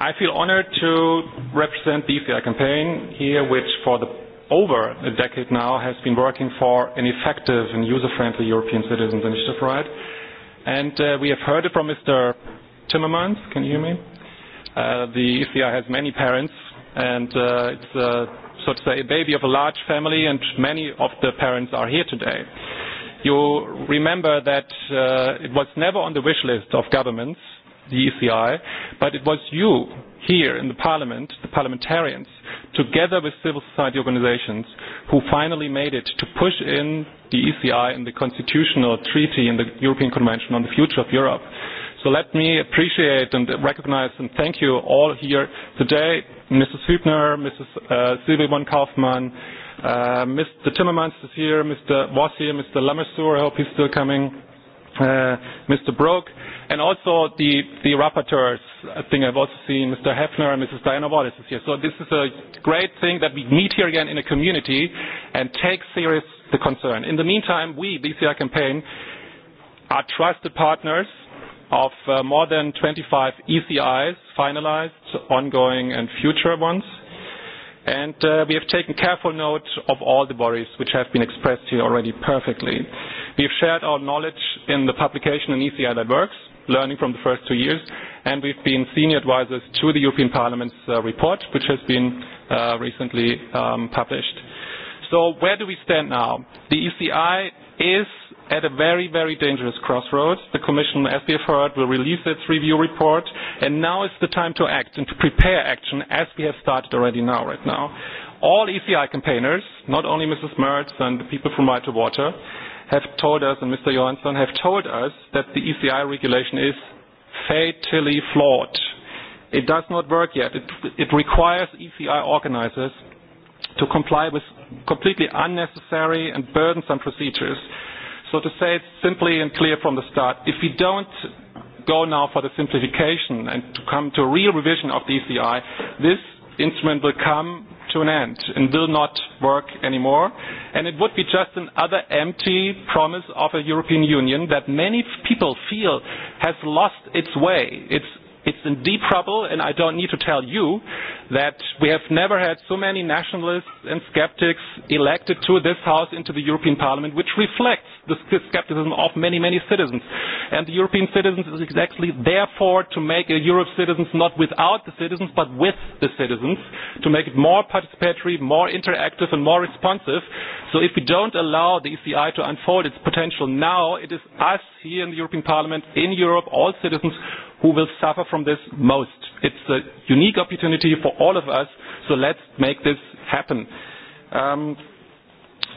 Speaker 20: I feel honored to represent the ECI campaign here, which for the over a decade now has been working for an effective and user-friendly European Citizens Initiative right. And uh, we have heard it from Mr. Timmermans. Can you hear me? Uh, the ECI has many parents, and uh, it's, a, uh, so to say, a baby of a large family, and many of the parents are here today. You remember that uh, it was never on the wish list of governments, the ECI, but it was you here in the parliament, the parliamentarians, together with civil society organizations, who finally made it to push in the ECI in the constitutional treaty in the European Convention on the Future of Europe let me appreciate and recognize and thank you all here today, Mrs. Hübner, Mrs. Uh, Sylvie von Kaufmann, uh, Mr. Timmermans is here, Mr. Was Mr. Lamassoure, I hope he's still coming, uh, Mr. Brok, and also the, the rapporteurs. I think I've also seen Mr. Hefner and Mrs. Diana Wallace is here. So this is a great thing that we meet here again in a community and take serious the concern. In the meantime, we, BCI Campaign, are trusted partners Of uh, more than 25 ECIs finalized, ongoing and future ones. And uh, we have taken careful note of all the worries which have been expressed here already perfectly. We have shared our knowledge in the publication in ECI that works, learning from the first two years, and we've been senior advisors to the European Parliament's uh, report, which has been recently um, published. So where do we stand now? The ECI is at a very, very dangerous crossroads. The Commission, as we have heard, will release its review report, and now is the time to act and to prepare action as we have started already now, right now. All ECI campaigners, not only Mrs. Mertz and the people from Right to Water, have told us, and Mr. Johansson have told us, that the ECI regulation is fatally flawed. It does not work yet. It, it requires ECI organizers to comply with completely unnecessary and burdensome procedures So to say it simply and clear from the start, if we don't go now for the simplification and to come to a real revision of the ECI, this instrument will come to an end and will not work anymore. And it would be just another empty promise of a European Union that many people feel has lost its way, its It's in deep trouble, and I don't need to tell you that we have never had so many nationalists and skeptics elected to this House into the European Parliament, which reflects the skepticism of many, many citizens. And the European citizens is exactly therefore to make a Europe citizens not without the citizens, but with the citizens, to make it more participatory, more interactive, and more responsive. So if we don't allow the ECI to unfold its potential now, it is us here in the European Parliament, in Europe, all citizens who will suffer from this most. It's a unique opportunity for all of us, so let's make this happen. Um,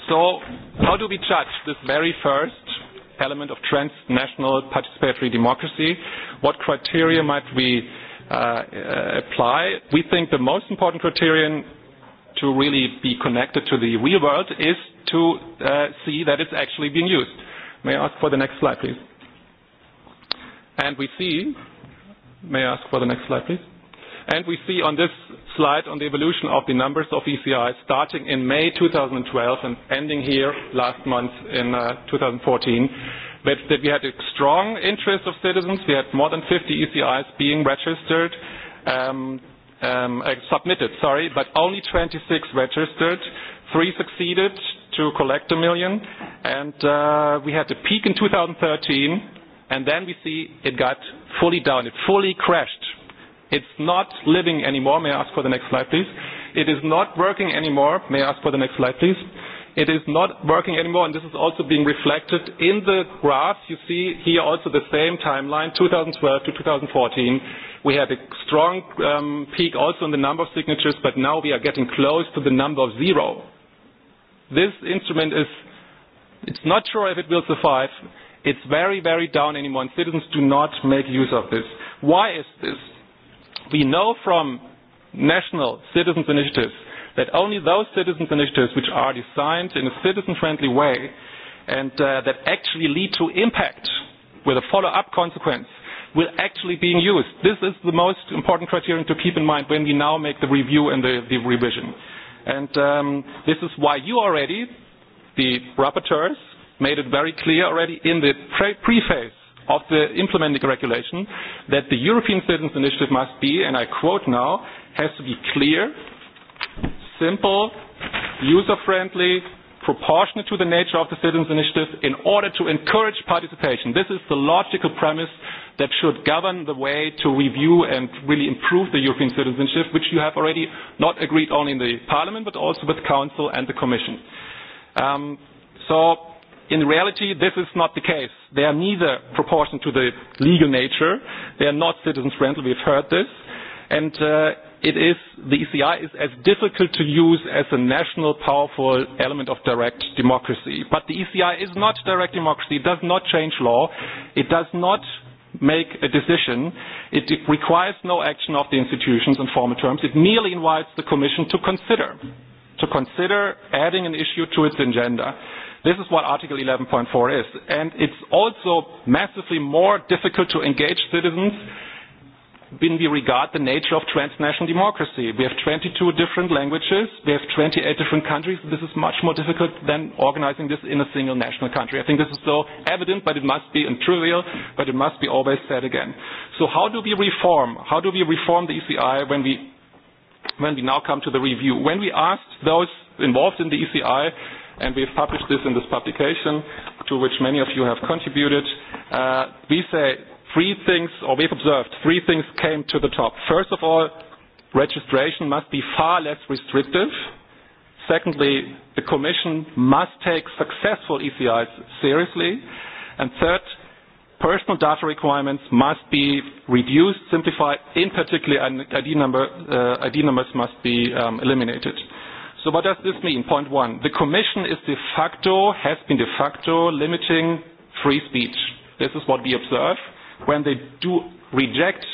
Speaker 20: so how do we judge this very first element of transnational participatory democracy? What criteria might we uh, uh apply? We think the most important criterion to really be connected to the real world is to uh, see that it's actually being used. May I ask for the next slide, please? And we see May I ask for the next slide, please? And we see on this slide on the evolution of the numbers of ECIs starting in May 2012 and ending here last month in uh, 2014 that, that we had a strong interest of citizens. We had more than 50 ECIs being registered, um, um, uh, submitted, sorry, but only 26 registered. Three succeeded to collect a million. And uh, we had a peak in 2013 and then we see it got fully down. It fully crashed. It's not living anymore. May I ask for the next slide, please? It is not working anymore. May I ask for the next slide, please? It is not working anymore, and this is also being reflected in the graph. You see here also the same timeline, 2012 to 2014. We had a strong um, peak also in the number of signatures, but now we are getting close to the number of zero. This instrument is, it's not sure if it will survive. It's very, very down anymore, and citizens do not make use of this. Why is this? We know from national citizens' initiatives that only those citizens' initiatives which are designed in a citizen-friendly way and uh, that actually lead to impact with a follow-up consequence will actually be used. This is the most important criterion to keep in mind when we now make the review and the, the revision. And um, this is why you already, the rapporteurs, made it very clear already in the preface of the implementing regulation that the European Citizens Initiative must be, and I quote now, has to be clear, simple, user-friendly, proportionate to the nature of the Citizens Initiative in order to encourage participation. This is the logical premise that should govern the way to review and really improve the European citizenship, which you have already not agreed only in the Parliament, but also with Council and the Commission. Um, so in reality, this is not the case. They are neither proportional to the legal nature. They are not citizens friendly. We've heard this. And uh, it is, the ECI is as difficult to use as a national powerful element of direct democracy. But the ECI is not direct democracy. It does not change law. It does not make a decision. it requires no action of the institutions in formal terms. It merely invites the Commission to consider, to consider adding an issue to its agenda. This is what Article 11.4 is. And it's also massively more difficult to engage citizens when we regard the nature of transnational democracy. We have 22 different languages. We have 28 different countries. This is much more difficult than organizing this in a single national country. I think this is so evident, but it must be and trivial, but it must be always said again. So how do we reform? How do we reform the ECI when we, when we now come to the review? When we asked those involved in the ECI and we've published this in this publication to which many of you have contributed. Uh, we say three things, or we've observed three things came to the top. First of all, registration must be far less restrictive. Secondly, the Commission must take successful ECIs seriously. And third, personal data requirements must be reduced, simplified, in particular ID, number, uh, ID numbers must be um, eliminated. So what does this mean? Point one, the Commission is de facto, has been de facto limiting free speech. This is what we observe when they do reject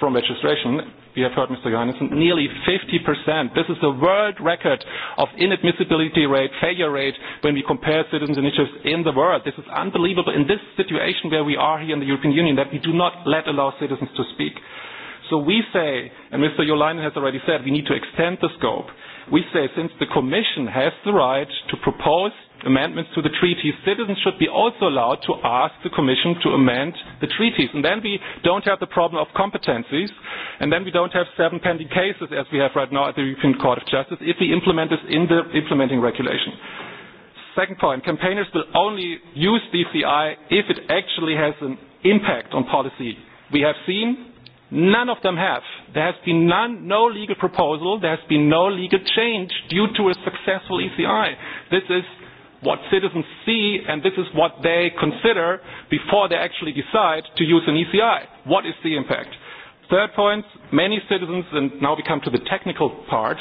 Speaker 20: from registration, we have heard Mr. Johannesson, nearly 50%. This is a world record of inadmissibility rate, failure rate, when we compare citizens' initiatives in the world. This is unbelievable in this situation where we are here in the European Union, that we do not let allow citizens to speak. So we say, and Mr. Jolainen has already said, we need to extend the scope we say since the Commission has the right to propose amendments to the treaties, citizens should be also allowed to ask the Commission to amend the treaties. And then we don't have the problem of competencies, and then we don't have seven pending cases as we have right now at the European Court of Justice if we implement this in the implementing regulation. Second point, campaigners will only use DCI if it actually has an impact on policy. We have seen None of them have. There has been none, no legal proposal. There has been no legal change due to a successful ECI. This is what citizens see and this is what they consider before they actually decide to use an ECI. What is the impact? Third point, many citizens, and now we come to the technical part,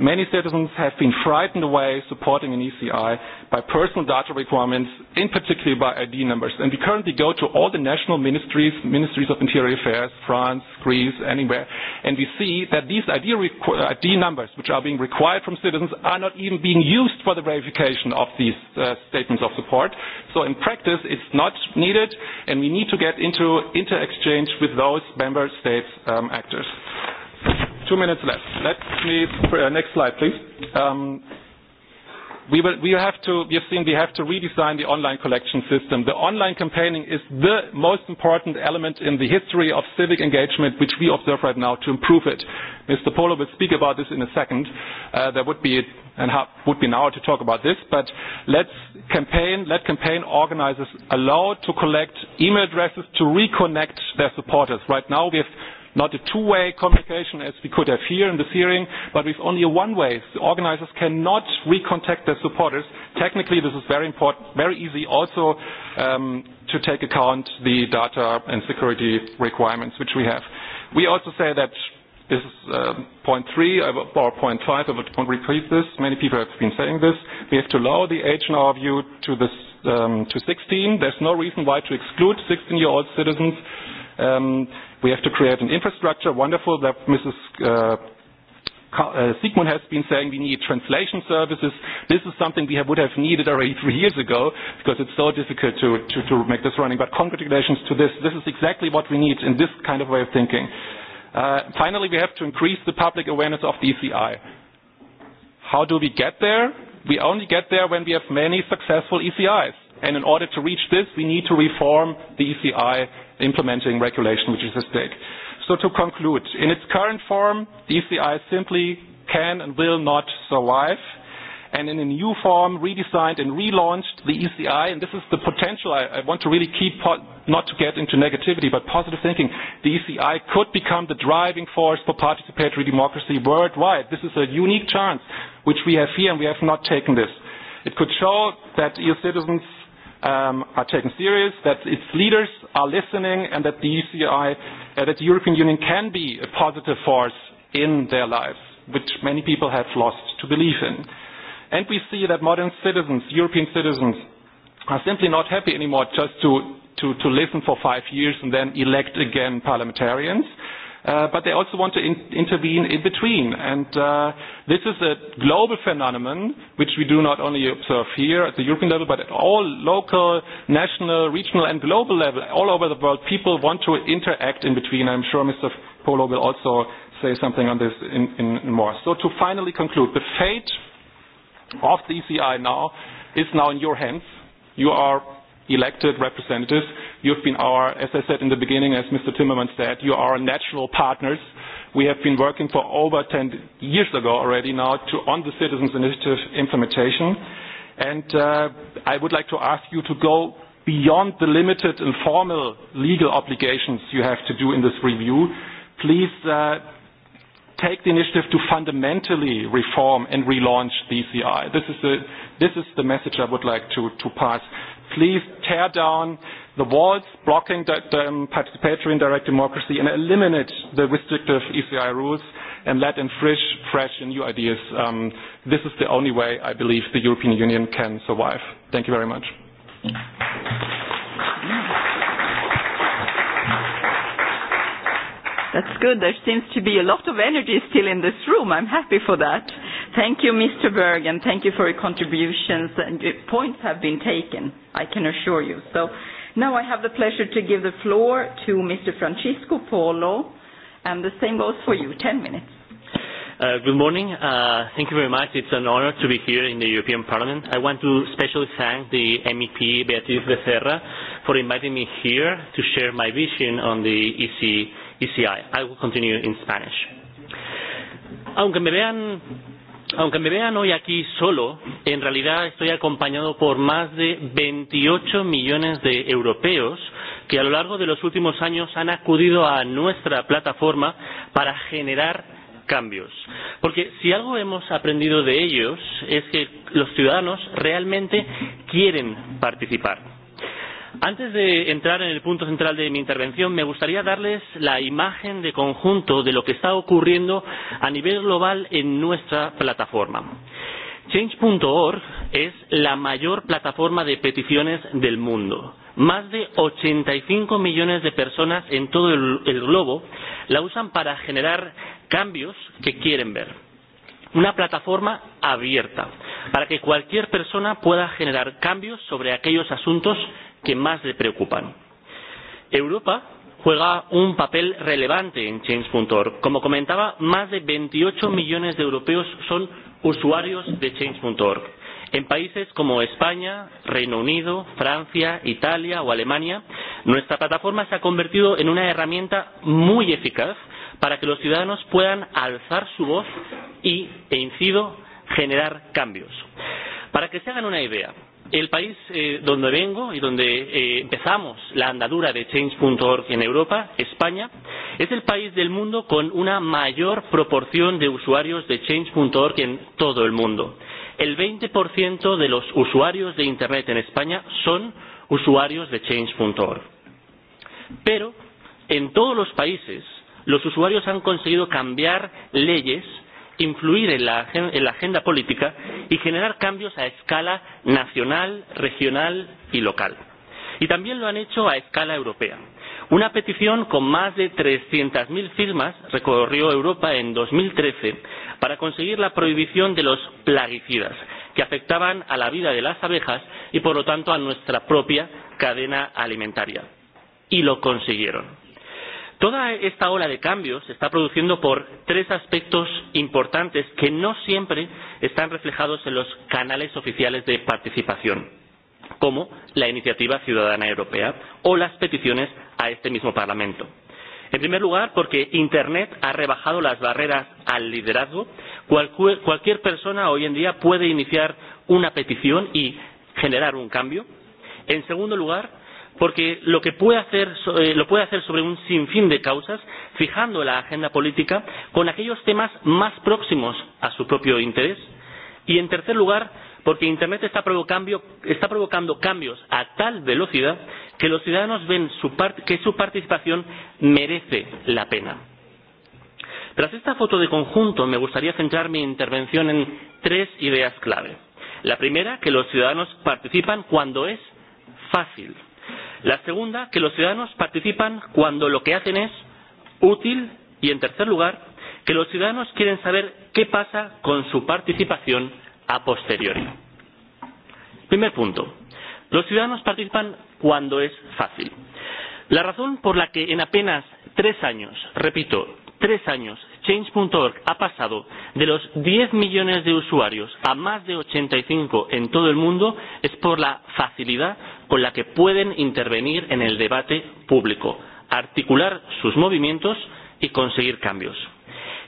Speaker 20: Many citizens have been frightened away supporting an ECI by personal data requirements, in particular by ID numbers. And we currently go to all the national ministries, ministries of interior affairs, France, Greece, anywhere, and we see that these ID, uh, ID numbers, which are being required from citizens, are not even being used for the verification of these uh, statements of support. So in practice, it's not needed, and we need to get into inter-exchange with those member states um, actors two minutes left. Let me, uh, next slide, please. Um, we, will, we have to, you've seen we have to redesign the online collection system. The online campaigning is the most important element in the history of civic engagement, which we observe right now, to improve it. Mr. Polo will speak about this in a second. Uh, there would be and how, would be an hour to talk about this, but let's campaign, let campaign organizers allow to collect email addresses to reconnect their supporters. Right now, we have not a two-way communication as we could have here in this hearing, but with only a one-way. The organizers cannot recontact their supporters. Technically, this is very important, very easy also um, to take account the data and security requirements which we have. We also say that this is uh, point three or point five. I won't repeat this. Many people have been saying this. We have to lower the age, in our view, to, this, um, to 16. There's no reason why to exclude 16-year-old citizens Um, we have to create an infrastructure. Wonderful that Mrs. Uh, uh Sigmund has been saying we need translation services. This is something we have, would have needed already three years ago because it's so difficult to, to, to make this running. But congratulations to this. This is exactly what we need in this kind of way of thinking. Uh, finally, we have to increase the public awareness of the ECI. How do we get there? We only get there when we have many successful ECIs. And in order to reach this, we need to reform the ECI implementing regulation which is at stake. So to conclude, in its current form, the ECI simply can and will not survive. And in a new form, redesigned and relaunched the ECI, and this is the potential I, I want to really keep, not to get into negativity, but positive thinking. The ECI could become the driving force for participatory democracy worldwide. This is a unique chance which we have here, and we have not taken this. It could show that EU citizens um, are taken serious, that its leaders are listening, and that the ECI, uh, that the European Union can be a positive force in their lives, which many people have lost to believe in. And we see that modern citizens, European citizens, are simply not happy anymore just to, to, to listen for five years and then elect again parliamentarians uh, but they also want to in intervene in between. And uh, this is a global phenomenon which we do not only observe here at the European level, but at all local, national, regional, and global level, all over the world. People want to interact in between. I'm sure Mr. Polo will also say something on this in, in, more. So to finally conclude, the fate of the ECI now is now in your hands. You are elected representatives. You've been our, as I said in the beginning, as Mr. Timmerman said, you are natural partners. We have been working for over 10 years ago already now to, on the Citizens Initiative implementation. And uh, I would like to ask you to go beyond the limited and formal legal obligations you have to do in this review. Please uh, take the initiative to fundamentally reform and relaunch DCI. This is, the this is the message I would like to, to pass. Please tear down the walls blocking the, um, participatory and direct democracy and eliminate the restrictive ECI rules and let in fresh, fresh and new ideas. Um, this is the only way I believe the European Union can survive. Thank you very much. Mm. That's good. There seems to be a lot of
Speaker 2: energy still in this room. I'm happy for that. Thank you, Mr. Berg, and thank you for your contributions. And your points have been taken, I can assure you. So now I have the pleasure to give the floor to Mr. Francisco Polo, and the same goes for you. Ten minutes.
Speaker 21: Uh, good morning. Uh, thank you very much. It's an honor to be here in the European Parliament. I want to specially thank the MEP Beatriz Becerra for inviting me here to share my vision on the EC ECI. I will continue in Spanish. Aunque me vean aunque me vean hoy aquí solo, en realidad estoy acompañado por más de 28 millones de europeos que a lo largo de los últimos años han acudido a nuestra plataforma para generar cambios. Porque si algo hemos aprendido de ellos es que los ciudadanos realmente quieren participar Antes de entrar en el punto central de mi intervención, me gustaría darles la imagen de conjunto de lo que está ocurriendo a nivel global en nuestra plataforma. Change.org es la mayor plataforma de peticiones del mundo. Más de 85 millones de personas en todo el, el globo la usan para generar cambios que quieren ver. Una plataforma abierta para que cualquier persona pueda generar cambios sobre aquellos asuntos que más le preocupan. Europa juega un papel relevante en Change.org. Como comentaba, más de 28 millones de europeos son usuarios de Change.org. En países como España, Reino Unido, Francia, Italia o Alemania, nuestra plataforma se ha convertido en una herramienta muy eficaz para que los ciudadanos puedan alzar su voz y, e incido, generar cambios. Para que se hagan una idea, el país eh, donde vengo y donde eh, empezamos la andadura de change.org en Europa, España, es el país del mundo con una mayor proporción de usuarios de change.org en todo el mundo. El 20% de los usuarios de Internet en España son usuarios de change.org. Pero en todos los países los usuarios han conseguido cambiar leyes influir en la, en la agenda política y generar cambios a escala nacional, regional y local. Y también lo han hecho a escala europea. Una petición con más de 300.000 firmas recorrió Europa en 2013 para conseguir la prohibición de los plaguicidas, que afectaban a la vida de las abejas y, por lo tanto, a nuestra propia cadena alimentaria. Y lo consiguieron Toda esta ola de cambios se está produciendo por tres aspectos importantes que no siempre están reflejados en los canales oficiales de participación, como la iniciativa ciudadana europea o las peticiones a este mismo Parlamento. En primer lugar, porque Internet ha rebajado las barreras al liderazgo. Cualquier, persona hoy en día puede iniciar una petición y generar un cambio. En segundo lugar, porque lo que puede hacer eh, lo puede hacer sobre un sinfín de causas fijando la agenda política con aquellos temas más próximos a su propio interés y en tercer lugar porque internet está provocando está provocando cambios a tal velocidad que los ciudadanos ven su part, que su participación merece la pena. Tras esta foto de conjunto me gustaría centrar mi intervención en tres ideas clave. La primera que los ciudadanos participan cuando es fácil La segunda, que los ciudadanos participan cuando lo que hacen es útil. Y en tercer lugar, que los ciudadanos quieren saber qué pasa con su participación a posteriori. Primer punto. Los ciudadanos participan cuando es fácil. La razón por la que en apenas tres años, repito, tres años, Change.org ha pasado de los 10 millones de usuarios a más de 85 en todo el mundo es por la facilidad con la que pueden intervenir en el debate público, articular sus movimientos y conseguir cambios.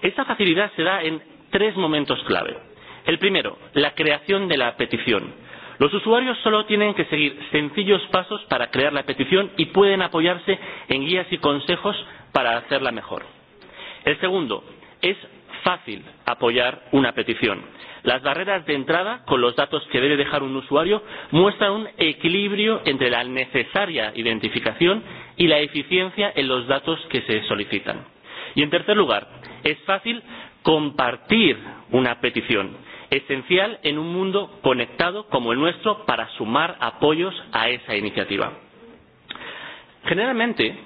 Speaker 21: Esta facilidad se da en tres momentos clave. El primero, la creación de la petición. Los usuarios solo tienen que seguir sencillos pasos para crear la petición y pueden apoyarse en guías y consejos para hacerla mejor. El segundo, es fácil apoyar una petición. Las barreras de entrada, con los datos que debe dejar un usuario, muestran un equilibrio entre la necesaria identificación y la eficiencia en los datos que se solicitan. Y en tercer lugar, es fácil compartir una petición, esencial en un mundo conectado como el nuestro para sumar apoyos a esa iniciativa. Generalmente,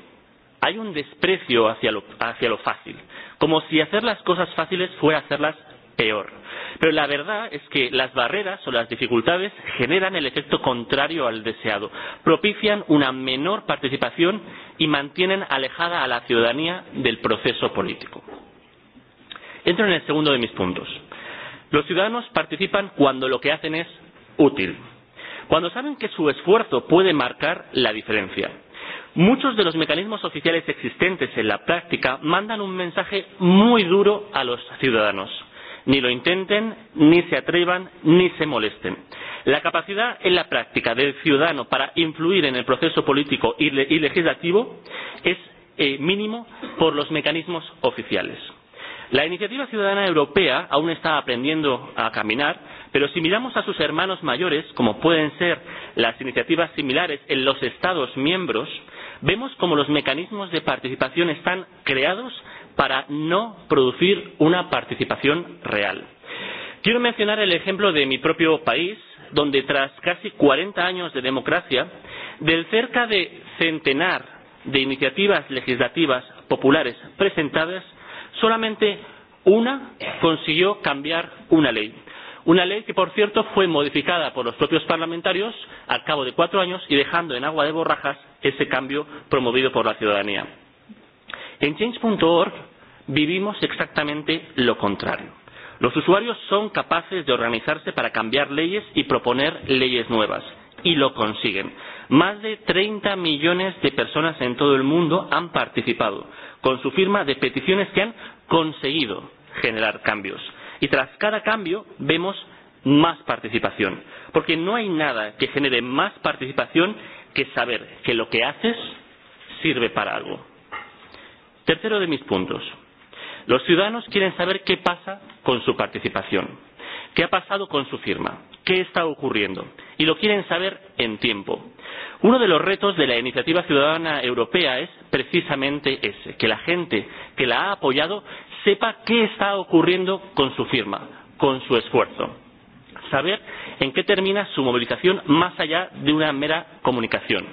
Speaker 21: hay un desprecio hacia lo, hacia lo fácil, como si hacer las cosas fáciles fuera hacerlas peor. Pero la verdad es que las barreras o las dificultades generan el efecto contrario al deseado, propician una menor participación y mantienen alejada a la ciudadanía del proceso político. Entro en el segundo de mis puntos. Los ciudadanos participan cuando lo que hacen es útil, cuando saben que su esfuerzo puede marcar la diferencia Muchos de los mecanismos oficiales existentes en la práctica mandan un mensaje muy duro a los ciudadanos. Ni lo intenten, ni se atrevan, ni se molesten. La capacidad en la práctica del ciudadano para influir en el proceso político y legislativo es eh, mínimo por los mecanismos oficiales La iniciativa ciudadana europea aún está aprendiendo a caminar, pero si miramos a sus hermanos mayores, como pueden ser las iniciativas similares en los Estados miembros, vemos como los mecanismos de participación están creados para no producir una participación real. Quiero mencionar el ejemplo de mi propio país, donde tras casi 40 años de democracia, del cerca de centenar de iniciativas legislativas populares presentadas, Solamente una consiguió cambiar una ley. Una ley que, por cierto, fue modificada por los propios parlamentarios al cabo de cuatro años y dejando en agua de borrajas ese cambio promovido por la ciudadanía. En change.org vivimos exactamente lo contrario. Los usuarios son capaces de organizarse para cambiar leyes y proponer leyes nuevas. Y lo consiguen. Más de 30 millones de personas en todo el mundo han participado con su firma de peticiones que han conseguido generar cambios. Y tras cada cambio vemos más participación, porque no hay nada que genere más participación que saber que lo que haces sirve para algo. Tercero de mis puntos. Los ciudadanos quieren saber qué pasa con su participación qué ha pasado con su firma qué está ocurriendo y lo quieren saber en tiempo uno de los retos de la iniciativa ciudadana europea es precisamente ese que la gente que la ha apoyado sepa qué está ocurriendo con su firma con su esfuerzo saber en qué termina su movilización más allá de una mera comunicación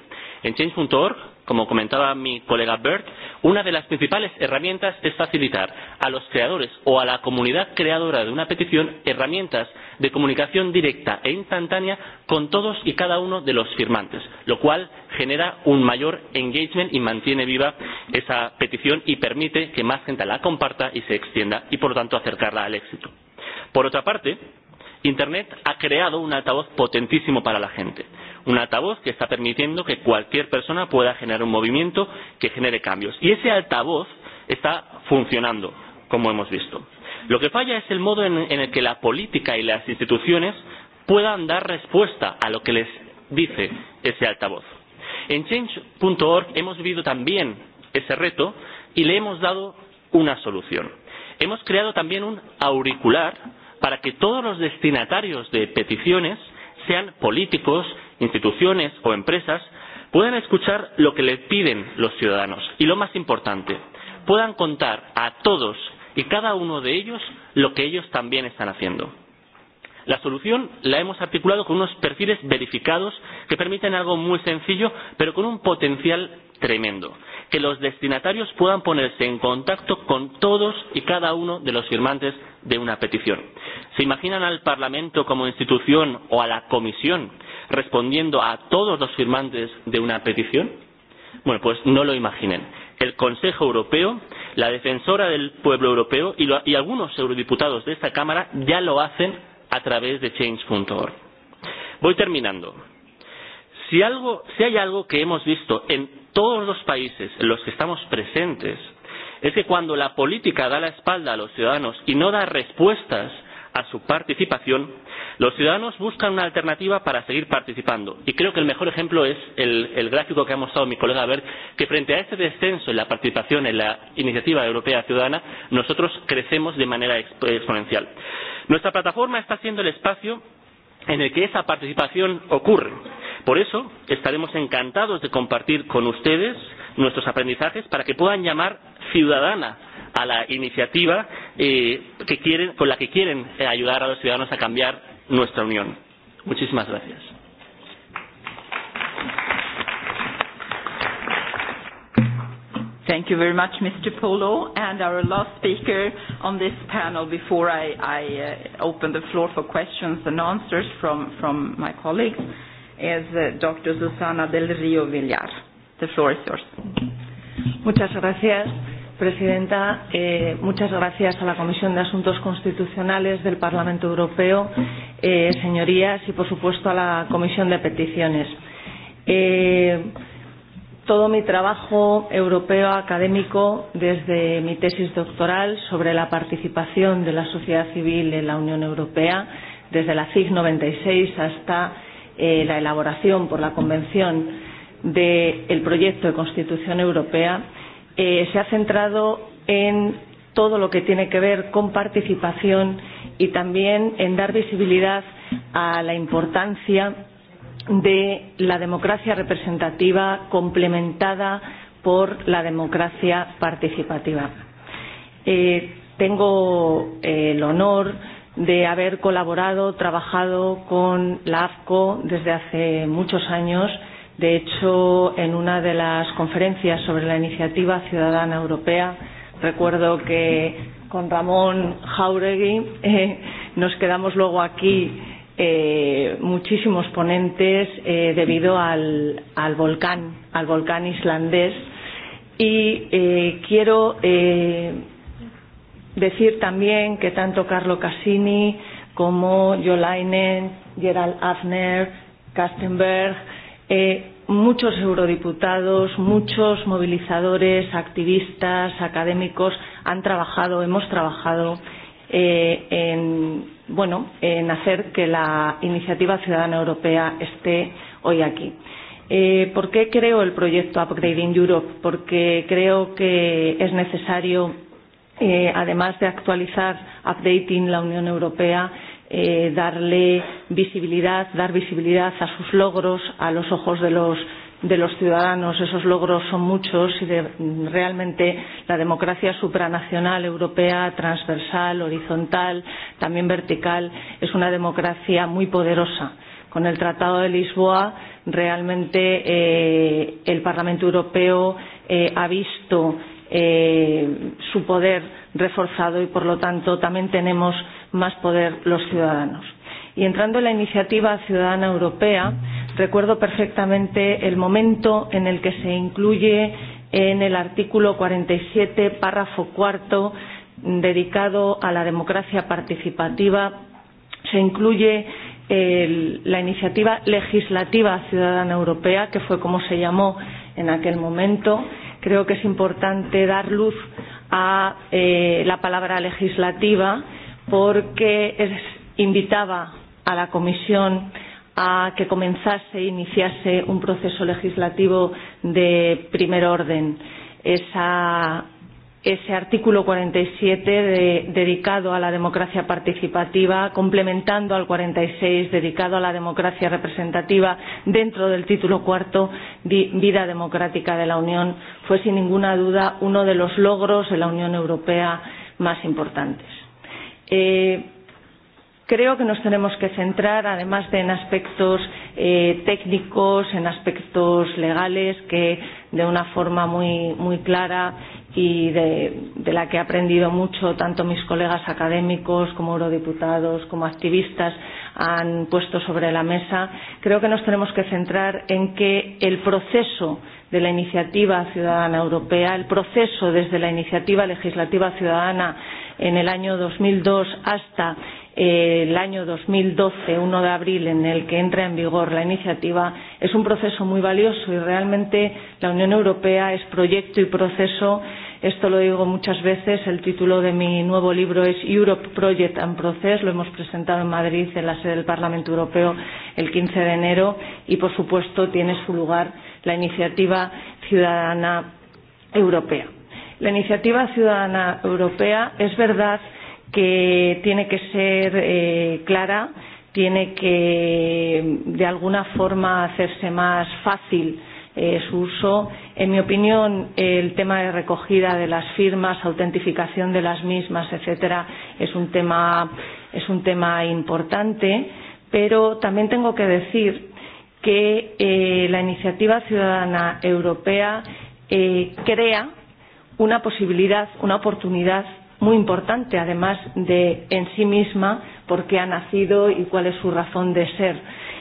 Speaker 21: en change.org como comentaba mi colega Bert, una de las principales herramientas es facilitar a los creadores o a la comunidad creadora de una petición herramientas de comunicación directa e instantánea con todos y cada uno de los firmantes, lo cual genera un mayor engagement y mantiene viva esa petición y permite que más gente la comparta y se extienda y, por lo tanto, acercarla al éxito. Por otra parte, Internet ha creado un altavoz potentísimo para la gente, un altavoz que está permitiendo que cualquier persona pueda generar un movimiento que genere cambios. Y ese altavoz está funcionando, como hemos visto. Lo que falla es el modo en, en el que la política y las instituciones puedan dar respuesta a lo que les dice ese altavoz. En change.org hemos vivido también ese reto y le hemos dado una solución. Hemos creado también un auricular para que todos los destinatarios de peticiones, sean políticos, instituciones o empresas, puedan escuchar lo que les piden los ciudadanos y, lo más importante, puedan contar a todos y cada uno de ellos lo que ellos también están haciendo. La solución la hemos articulado con unos perfiles verificados que permiten algo muy sencillo, pero con un potencial tremendo que los destinatarios puedan ponerse en contacto con todos y cada uno de los firmantes de una petición. ¿Se imaginan al Parlamento como institución o a la Comisión respondiendo a todos los firmantes de una petición? Bueno, pues no lo imaginen. El Consejo Europeo, la defensora del pueblo europeo y, y algunos eurodiputados de esta Cámara ya lo hacen a través de change.org. Voy terminando. Si, algo, si hay algo que hemos visto en todos los países en los que estamos presentes es que cuando la política da la espalda a los ciudadanos y no da respuestas a su participación, los ciudadanos buscan una alternativa para seguir participando. Y creo que el mejor ejemplo es el, el gráfico que ha mostrado mi colega Bert, que frente a este descenso en la participación en la iniciativa europea ciudadana, nosotros crecemos de manera exponencial. Nuestra plataforma está siendo el espacio en el que esa participación ocurre. Por eso estaremos encantados de compartir con ustedes nuestros aprendizajes para que puedan llamar ciudadana a la iniciativa eh, que quieren, con la que quieren eh, ayudar a los ciudadanos a cambiar nuestra Unión. Muchísimas gracias.
Speaker 2: Thank you very much, Mr. Polo. And our last speaker on this panel before I, I uh, open the floor for questions and answers from, from my colleagues is uh, Dr. Susana del Rio Villar. The floor is yours.
Speaker 22: Muchas gracias, Presidenta. Eh, muchas gracias a la Comisión de Asuntos Constitucionales del Parlamento Europeo, eh, señorías, y por supuesto a la Comisión de Peticiones. Eh, todo mi trabajo europeo académico desde mi tesis doctoral sobre la participación de la sociedad civil en la Unión Europea, desde la CIG 96 hasta eh, la elaboración por la Convención del de proyecto de Constitución Europea, eh, se ha centrado en todo lo que tiene que ver con participación y también en dar visibilidad a la importancia de la democracia representativa complementada por la democracia participativa. Eh, tengo eh, el honor de haber colaborado, trabajado con la AFCO desde hace muchos años. De hecho, en una de las conferencias sobre la iniciativa ciudadana europea, recuerdo que con Ramón Jauregui eh, nos quedamos luego aquí eh, muchísimos ponentes eh, debido al, al volcán, al volcán islandés. Y eh, quiero eh, decir también que tanto Carlo Cassini como Jolainen, Gerald Afner, Kastenberg, eh, muchos eurodiputados, muchos movilizadores, activistas, académicos han trabajado, hemos trabajado eh, en bueno, en hacer que la iniciativa ciudadana europea esté hoy aquí. Eh, ¿Por qué creo el proyecto Upgrading Europe? Porque creo que es necesario, eh, además de actualizar Updating la Unión Europea, eh, darle visibilidad, dar visibilidad a sus logros a los ojos de los de los ciudadanos, esos logros son muchos y de, realmente la democracia supranacional, europea, transversal, horizontal, también vertical, es una democracia muy poderosa. Con el Tratado de Lisboa, realmente eh, el Parlamento Europeo eh, ha visto eh, su poder reforzado y, por lo tanto, también tenemos más poder los ciudadanos Y entrando en la iniciativa ciudadana europea, recuerdo perfectamente el momento en el que se incluye en el artículo 47, párrafo cuarto, dedicado a la democracia participativa, se incluye la iniciativa legislativa ciudadana europea, que fue como se llamó en aquel momento. Creo que es importante dar luz a eh, la palabra legislativa porque es, invitaba a la Comisión a que comenzase e iniciase un proceso legislativo de primer orden. Esa, ese artículo 47 de, dedicado a la democracia participativa, complementando al 46 dedicado a la democracia representativa dentro del título cuarto Vida Democrática de la Unión, fue sin ninguna duda uno de los logros de la Unión Europea más importantes. Eh, Creo que nos tenemos que centrar, además de en aspectos eh, técnicos, en aspectos legales, que de una forma muy, muy clara y de, de la que he aprendido mucho tanto mis colegas académicos como eurodiputados, como activistas, han puesto sobre la mesa. Creo que nos tenemos que centrar en que el proceso de la iniciativa ciudadana europea, el proceso desde la iniciativa legislativa ciudadana en el año 2002 hasta el año 2012, 1 de abril, en el que entra en vigor la iniciativa, es un proceso muy valioso y realmente la Unión Europea es proyecto y proceso. Esto lo digo muchas veces. El título de mi nuevo libro es Europe Project and Process. Lo hemos presentado en Madrid, en la sede del Parlamento Europeo, el 15 de enero. Y, por supuesto, tiene su lugar la iniciativa ciudadana europea. La iniciativa ciudadana europea es verdad que tiene que ser eh, clara, tiene que de alguna forma hacerse más fácil eh, su uso. En mi opinión, el tema de recogida de las firmas, autentificación de las mismas, etcétera, es un tema, es un tema importante, pero también tengo que decir que eh, la iniciativa ciudadana europea eh, crea una posibilidad, una oportunidad muy importante además de en sí misma por qué ha nacido y cuál es su razón de ser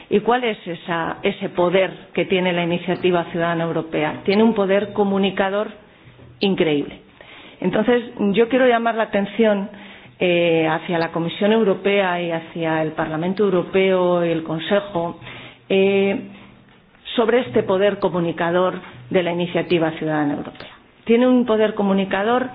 Speaker 22: y cuál es esa ese poder que tiene la iniciativa ciudadana europea tiene un poder comunicador increíble entonces yo quiero llamar la atención eh hacia la Comisión Europea y hacia el Parlamento Europeo y el Consejo eh sobre este poder comunicador de la iniciativa ciudadana europea tiene un poder comunicador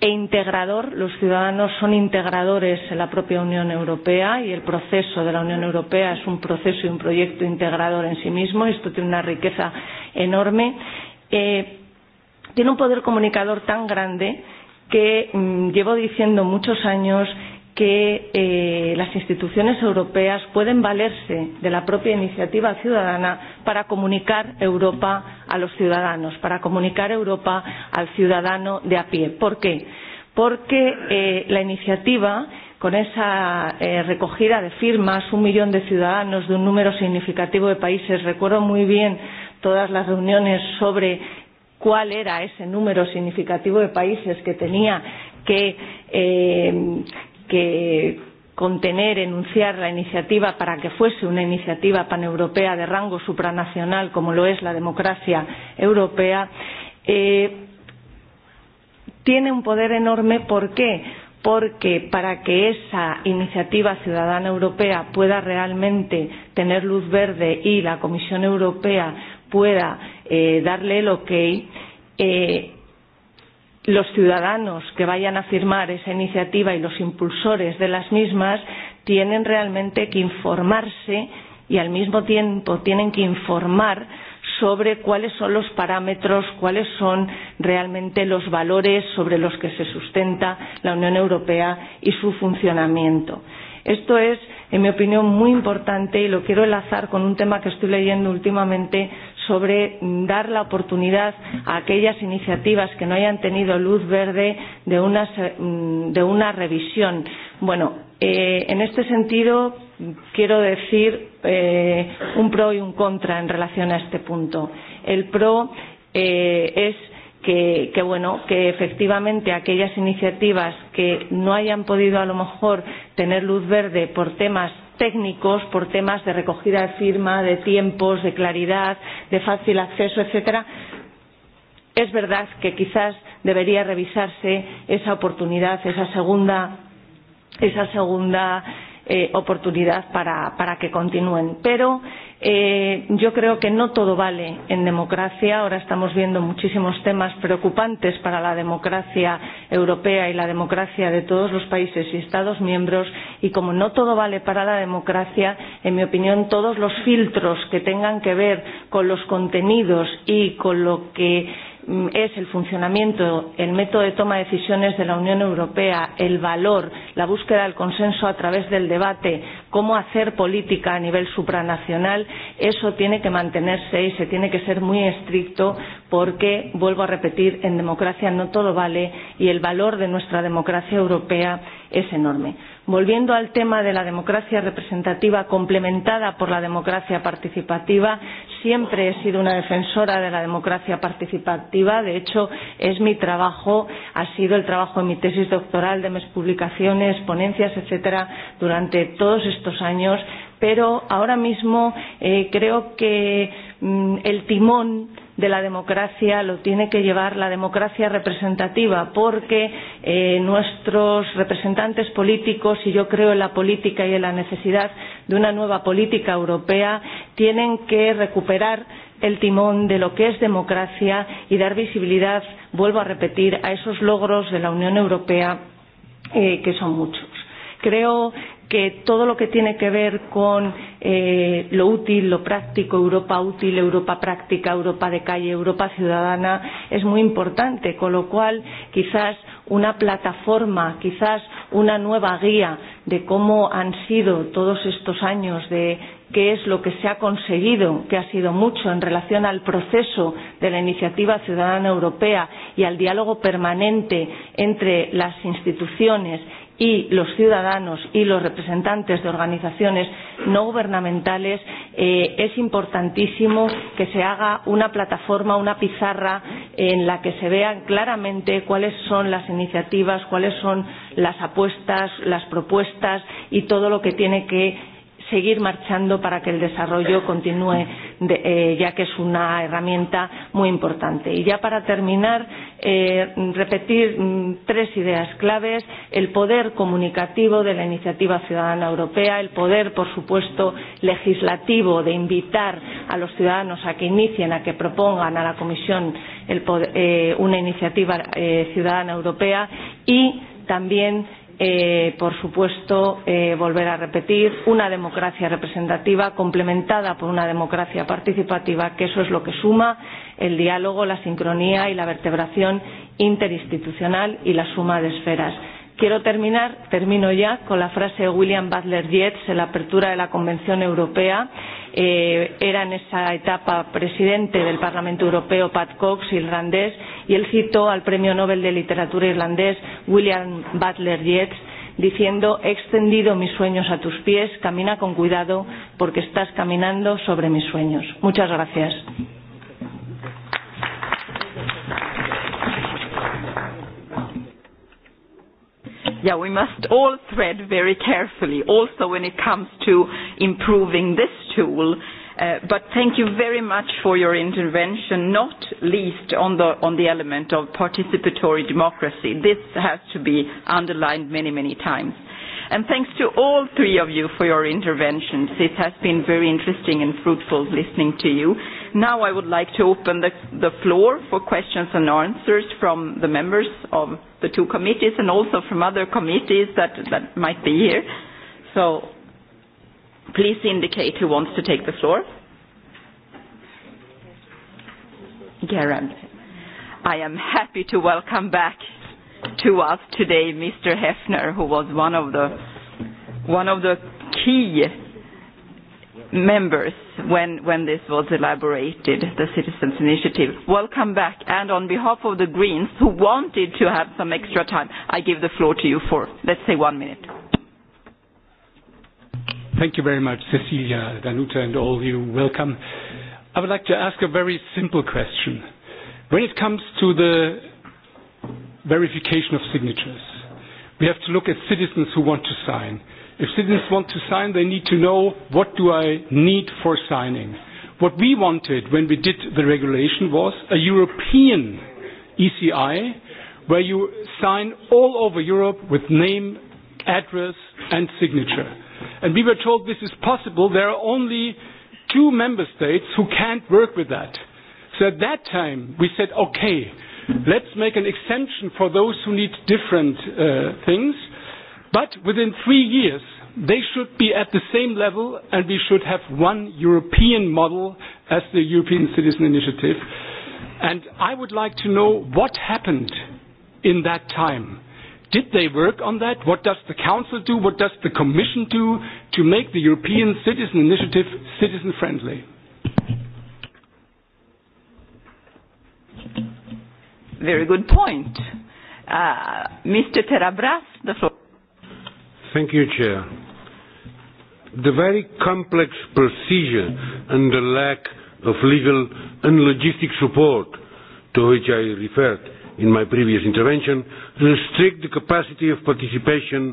Speaker 22: e integrador. Los ciudadanos son integradores en la propia Unión Europea y el proceso de la Unión Europea es un proceso y un proyecto integrador en sí mismo. Esto tiene una riqueza enorme. Eh, tiene un poder comunicador tan grande que mm, llevo diciendo muchos años que eh, las instituciones europeas pueden valerse de la propia iniciativa ciudadana para comunicar Europa a los ciudadanos, para comunicar Europa al ciudadano de a pie. ¿Por qué? Porque eh, la iniciativa con esa eh, recogida de firmas, un millón de ciudadanos de un número significativo de países. Recuerdo muy bien todas las reuniones sobre cuál era ese número significativo de países que tenía que eh, que contener, enunciar la iniciativa para que fuese una iniciativa paneuropea de rango supranacional como lo es la democracia europea, eh, tiene un poder enorme. ¿Por qué? Porque para que esa iniciativa ciudadana europea pueda realmente tener luz verde y la Comisión Europea pueda eh, darle el ok, eh, los ciudadanos que vayan a firmar esa iniciativa y los impulsores de las mismas tienen realmente que informarse y al mismo tiempo tienen que informar sobre cuáles son los parámetros, cuáles son realmente los valores sobre los que se sustenta la Unión Europea y su funcionamiento. Esto es en mi opinión, muy importante y lo quiero enlazar con un tema que estoy leyendo últimamente sobre dar la oportunidad a aquellas iniciativas que no hayan tenido luz verde de una, mm, de una revisión. Bueno, eh, en este sentido quiero decir eh, un pro y un contra en relación a este punto. El pro eh, es que, que bueno que efectivamente aquellas iniciativas que no hayan podido a lo mejor tener luz verde por temas técnicos por temas de recogida de firma de tiempos de claridad de fácil acceso etcétera es verdad que quizás debería revisarse esa oportunidad esa segunda esa segunda eh, oportunidad para, para que continúen. Pero eh, yo creo que no todo vale en democracia. Ahora estamos viendo muchísimos temas preocupantes para la democracia europea y la democracia de todos los países y Estados miembros. Y como no todo vale para la democracia, en mi opinión, todos los filtros que tengan que ver con los contenidos y con lo que Mm, es el funcionamiento, el método de toma de decisiones de la Unión Europea, el valor, la búsqueda del consenso a través del debate, cómo hacer política a nivel supranacional, eso tiene que mantenerse y se tiene que ser muy estricto porque, vuelvo a repetir, en democracia no todo vale y el valor de nuestra democracia europea es enorme. Volviendo al tema de la democracia representativa complementada por la democracia participativa, siempre he sido una defensora de la democracia participativa. De hecho, es mi trabajo, ha sido el trabajo en mi tesis doctoral, de mis publicaciones, ponencias, etcétera, durante todos estos años. Pero ahora mismo eh, creo que mm, el timón de la democracia lo tiene que llevar la democracia representativa porque eh, nuestros representantes políticos y yo creo en la política y en la necesidad de una nueva política europea tienen que recuperar el timón de lo que es democracia y dar visibilidad vuelvo a repetir a esos logros de la Unión Europea eh, que son muchos creo que todo lo que tiene que ver con eh, lo útil, lo práctico, Europa útil, Europa práctica, Europa de calle, Europa ciudadana, es muy importante, con lo cual quizás una plataforma, quizás una nueva guía de cómo han sido todos estos años de qué es lo que se ha conseguido, que ha sido mucho en relación al proceso de la iniciativa ciudadana europea y al diálogo permanente entre las instituciones y los ciudadanos y los representantes de organizaciones no gubernamentales eh, es importantísimo que se haga una plataforma una pizarra en la que se vean claramente cuáles son las iniciativas cuáles son las apuestas las propuestas y todo lo que tiene que seguir marchando para que el desarrollo continúe, de, eh, ya que es una herramienta muy importante. Y ya para terminar, eh, repetir mm, tres ideas claves. El poder comunicativo de la iniciativa ciudadana europea, el poder, por supuesto, legislativo de invitar a los ciudadanos a que inicien, a que propongan a la Comisión el eh, una iniciativa eh, ciudadana europea y también eh, por supuesto, eh, volver a repetir, una democracia representativa complementada por una democracia participativa, que eso es lo que suma el diálogo, la sincronía y la vertebración interinstitucional y la suma de esferas Quiero terminar, termino ya con la frase de William Butler Yeats en la apertura de la Convención Europea. Eh, era en esa etapa presidente del Parlamento Europeo Pat Cox, irlandés, y él citó al Premio Nobel de Literatura irlandés William Butler Yeats diciendo he extendido mis sueños a tus pies, camina con cuidado porque estás caminando sobre mis sueños. Muchas gracias.
Speaker 2: yeah, we must all thread very carefully, also when it comes to improving this tool. Uh, but thank you very much for your intervention, not least on the, on the element of participatory democracy. This has to be underlined many, many times. And thanks to all three of you for your interventions. It has been very interesting and fruitful listening to you. Now I would like to open the, the floor for questions and answers from the members of the two committees and also from other committees that, that might be here. So please indicate who wants to take the floor. Gerard, I am happy to welcome back to us today Mr. Hefner, who was one of the, one of the key members when, when this was elaborated, the Citizens Initiative. Welcome back. And on behalf of the Greens, who wanted to have some extra time, I give the floor to you for, let's say, one minute.
Speaker 23: Thank you very much, Cecilia, Danuta, and all you. Welcome. I would like to ask a very simple question. When it comes to the verification of signatures, we have to look at citizens who want to sign. If citizens want to sign, they need to know what do I need for signing. What we wanted when we did the regulation was a European ECI where you sign all over Europe with name, address and signature. And we were told this is possible. There are only two member states who can't work with that. So at that time we said, okay, let's make an exemption for those who need different uh, things But within three years, they should be at the same level and we should have one European model as the European Citizen Initiative. And I would like to know what happened in that time. Did they work on that? What does the Council do? What does the Commission do to make the European Citizen Initiative citizen friendly?
Speaker 2: Very good point. Uh, Mr. Terabras, the floor.
Speaker 19: Thank you, Chair. The very complex procedure and the lack of legal and logistic support to which I referred in my previous intervention restrict the capacity of participation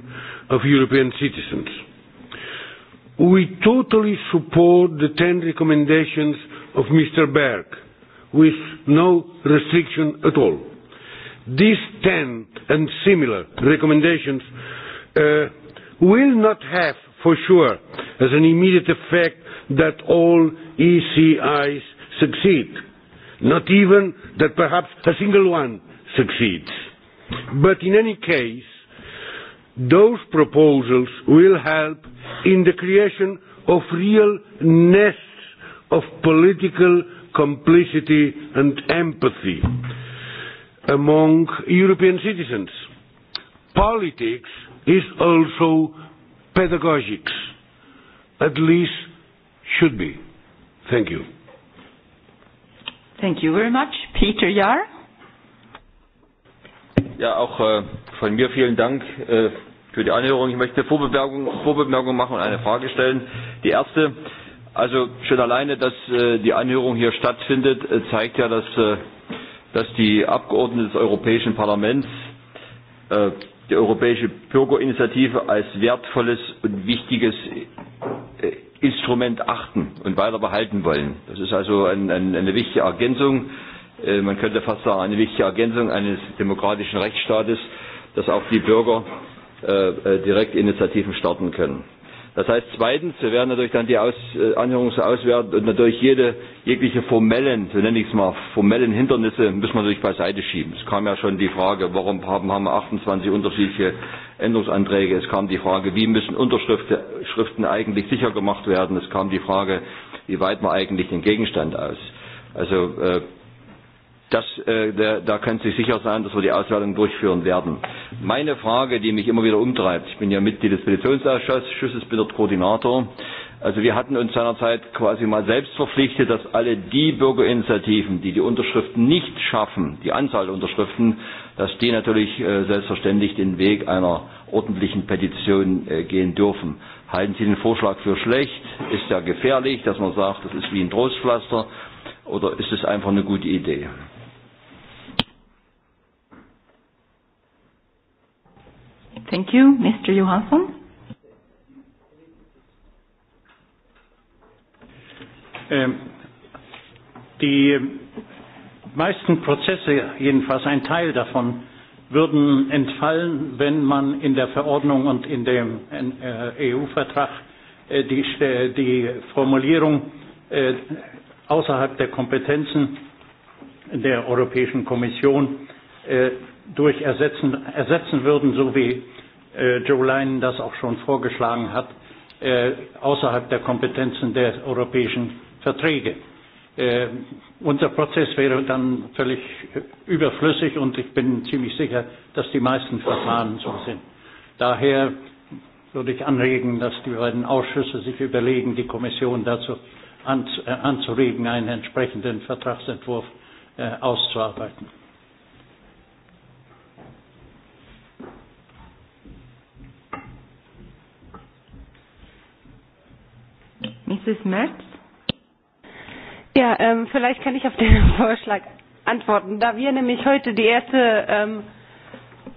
Speaker 19: of European citizens. We totally support the ten recommendations of Mr. Berg with no restriction at all. These ten and similar recommendations uh, will not have for sure as an immediate effect that all ECIs succeed, not even that perhaps a single one succeeds. But in any case, those proposals will help in the creation of real nests of political complicity and empathy among European citizens. Politics is also pedagogics. At least should be. Thank you. Thank you very much. Peter Jahr.
Speaker 24: Ja, auch äh, von mir vielen Dank äh, für die Anhörung. Ich möchte Vorbemerkungen Vorbemerkung machen und eine Frage stellen. Die erste, also schon alleine, dass äh, die Anhörung hier stattfindet, äh, zeigt ja, dass, äh, dass die Abgeordneten des Europäischen Parlaments äh, die Europäische Bürgerinitiative als wertvolles und wichtiges äh, Instrument achten und weiter behalten wollen. Das ist also eine wichtige Ergänzung, äh, man könnte fast sagen, eine wichtige Ergänzung eines demokratischen Rechtsstaates, dass auch die Bürger Direktinitiativen äh, direkt Initiativen starten können. Das heißt zweitens, wir werden natürlich dann die Aus, äh, Anhörungsauswertung und äh, natürlich jede, jegliche formellen, so nenne ich es mal, formellen Hindernisse müssen wir natürlich beiseite schieben. Es kam ja schon die Frage, warum haben, haben wir 28 unterschiedliche Änderungsanträge? Es kam die Frage, wie müssen Unterschriften eigentlich sicher gemacht werden? Es kam die Frage, wie weit man eigentlich den Gegenstand aus? Also äh, das, äh, da, da können Sie sicher sein, dass wir die Auswertung durchführen werden. Meine Frage, die mich immer wieder umtreibt, ich bin ja Mitglied des Petitionsausschusses, bin dort Koordinator, also wir hatten uns seinerzeit quasi mal selbst verpflichtet, dass alle die Bürgerinitiativen, die die Unterschriften nicht schaffen, die Anzahl der Unterschriften, dass die natürlich äh, selbstverständlich den Weg einer ordentlichen Petition äh, gehen dürfen. Halten Sie den Vorschlag für schlecht? Ist ja er gefährlich, dass man sagt, das ist wie ein Trostpflaster? Oder ist es einfach eine gute Idee?
Speaker 2: Thank you. Mr. Johansson?
Speaker 7: Ähm, die ähm, meisten Prozesse, jedenfalls ein Teil davon, würden entfallen, wenn man in der Verordnung und in dem äh, EU-Vertrag äh, die, äh, die Formulierung außerhalb der Kompetenzen der Europäischen Kommission durch ersetzen, ersetzen würden, so wie äh, Joe Leinen das auch schon vorgeschlagen hat, äh, außerhalb der Kompetenzen der europäischen Verträge. Äh, unser Prozess wäre dann völlig äh, überflüssig und ich bin ziemlich sicher, dass die meisten Verfahren so sind. Daher würde ich anregen, dass die beiden Ausschüsse sich überlegen, die Kommission dazu äh, anzuregen, einen entsprechenden Vertragsentwurf äh, auszuarbeiten.
Speaker 2: Mrs. Metz?
Speaker 5: Ja, ähm, vielleicht kann ich auf den Vorschlag antworten. Da wir nämlich heute die erste ähm,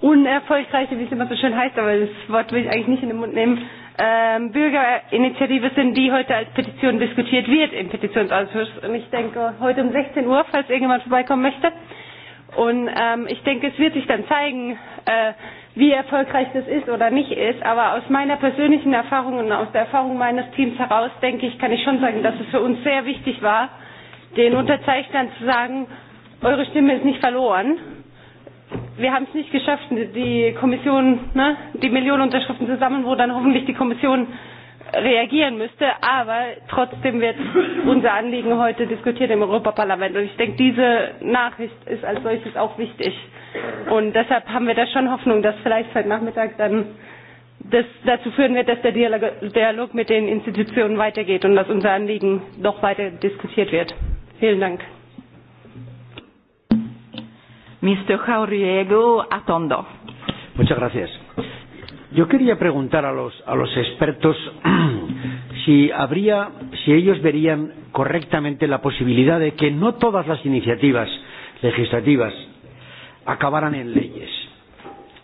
Speaker 5: unerfolgreiche, wie es immer so schön heißt, aber das Wort will ich eigentlich nicht in den Mund nehmen, ähm, Bürgerinitiative sind, die heute als Petition diskutiert wird im Petitionsausschuss. Und ich denke, heute um 16 Uhr, falls irgendjemand vorbeikommen möchte. Und ähm, ich denke, es wird sich dann zeigen, äh, wie erfolgreich das ist oder nicht ist. Aber aus meiner persönlichen Erfahrung und aus der Erfahrung meines Teams heraus, denke ich, kann ich schon sagen, dass es für uns sehr wichtig war, den Unterzeichnern zu sagen, eure Stimme ist nicht verloren. Wir haben es nicht geschafft, die Kommission, ne, die Millionen Unterschriften zu sammeln, wo dann hoffentlich die Kommission reagieren müsste. Aber trotzdem wird unser Anliegen heute diskutiert im Europaparlament. Und ich denke, diese Nachricht ist als solches auch wichtig. Und deshalb haben wir da schon Hoffnung, dass vielleicht heute Nachmittag dann das dazu führen wird, dass der Dialog mit den Institutionen weitergeht und dass unser Anliegen noch
Speaker 2: weiter diskutiert wird. Vielen Dank. Mr. Jauriego Atondo.
Speaker 25: Muchas gracias. Yo quería preguntar a los, a los expertos si habría, si ellos verían correctamente la posibilidad de que no todas las iniciativas legislativas acabaran en leyes.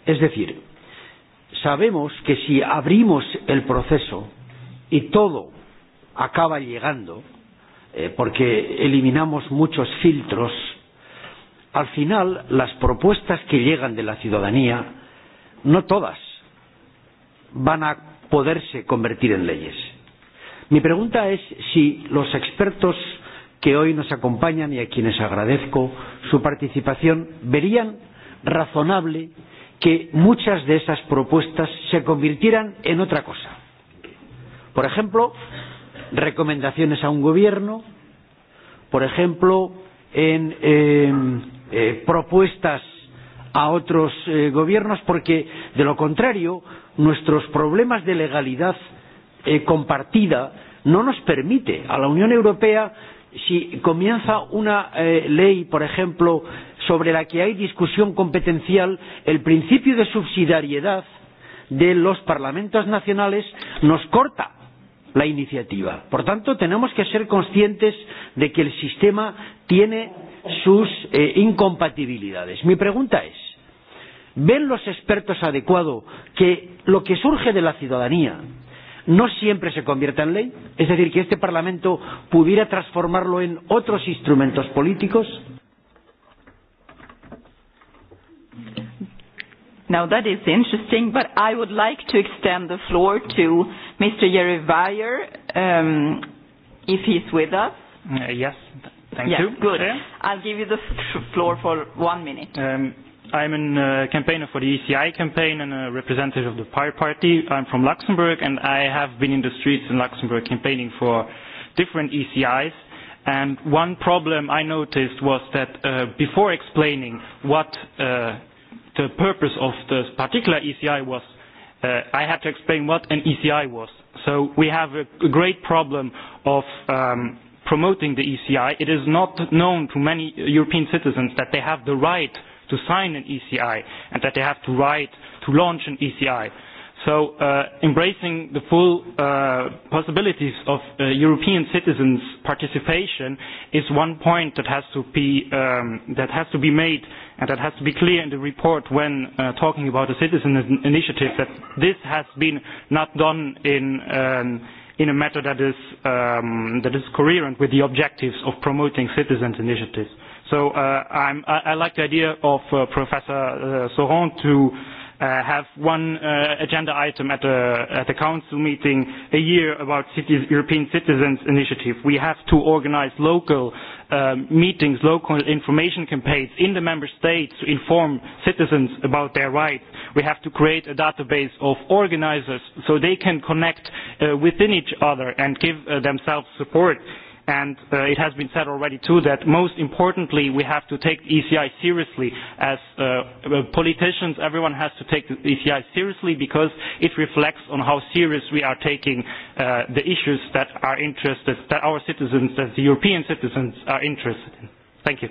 Speaker 25: Es decir, sabemos que si abrimos el proceso y todo acaba llegando, eh, porque eliminamos muchos filtros, al final las propuestas que llegan de la ciudadanía, no todas van a poderse convertir en leyes. Mi pregunta es si los expertos que hoy nos acompañan y a quienes agradezco su participación verían razonable que muchas de esas propuestas se convirtieran en otra cosa. Por ejemplo, recomendaciones a un gobierno, por ejemplo, en eh, eh propuestas a otros eh, gobiernos porque de lo contrario nuestros problemas de legalidad eh, compartida no nos permite a la Unión Europea si comienza una eh, ley por ejemplo sobre la que hay discusión competencial el principio de subsidiariedad de los parlamentos nacionales nos corta la iniciativa. Por tanto, tenemos que ser conscientes de que el sistema tiene sus eh, incompatibilidades. Mi pregunta es, ¿ven los expertos adecuado que lo que surge de la ciudadanía no siempre se convierta en ley? Es decir, que este Parlamento pudiera transformarlo en otros instrumentos políticos? Now that is interesting, but I would like to extend
Speaker 2: the floor to Mr. Jerry Weyer, um, if he's with us. Uh, yes, thank you. Good.
Speaker 26: I'll give you the floor for one minute. Um, I'm a uh, campaigner for the ECI campaign and a representative of the Pirate party. I'm from Luxembourg and I have been in the streets in Luxembourg campaigning for different ECIs. And one problem I noticed was that uh, before explaining what uh, the purpose of this particular ECI was, uh, I had to explain what an ECI was. So we have a, a great problem of um, promoting the ECI, it is not known to many European citizens that they have the right to sign an ECI and that they have the right to launch an ECI. So uh, embracing the full uh, possibilities of uh, European citizens' participation is one point that has to be um, that has to be made and that has to be clear in the report when talking about the citizen initiative that this has been not done in um, in a matter that is, um, that is coherent with the objectives of promoting citizens' initiatives. So uh, I'm, I, I like the idea of uh, Professor uh, Soron to uh, have one uh, agenda item at a, at a council meeting a year about cities, European Citizens Initiative. We have to organize local uh, meetings, local information campaigns in the member states to inform citizens about their rights We have to create a database of organizers so they can connect uh, within each other and give uh, themselves support. And uh, it has been said already too that most importantly we have to take ECI seriously. As politicians, everyone has to take the ECI seriously because it reflects on how serious we are taking the issues that are interested, that our citizens, that the European citizens are interested in. Thank you.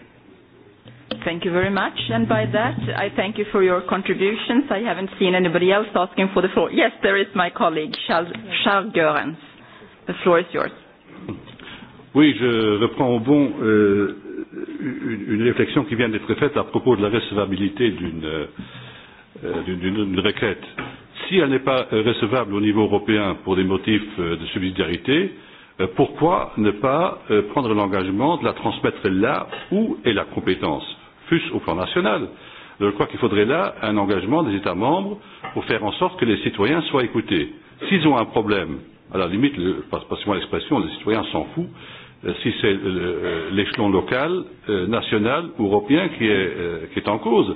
Speaker 2: Thank you very much. And by that, I thank you for your contributions. I haven't seen anybody else asking for the floor. Yes, there is my colleague, Charles, Charles Goerens. The floor is yours.
Speaker 27: Oui, je reprends au bon euh, une, une réflexion qui vient d'être faite à propos de la recevabilité d'une euh, d'une requête. Si elle n'est pas recevable au niveau européen pour des motifs euh, de subsidiarité, Euh, pourquoi ne pas euh, prendre l'engagement de la transmettre là où est la compétence, fût-ce au plan national Je crois qu'il faudrait là un engagement des États membres pour faire en sorte que les citoyens soient écoutés. S'ils ont un problème, à la limite, passez-moi l'expression, les citoyens s'en foutent, euh, si c'est l'échelon local, national ou européen qui est, qui est en cause.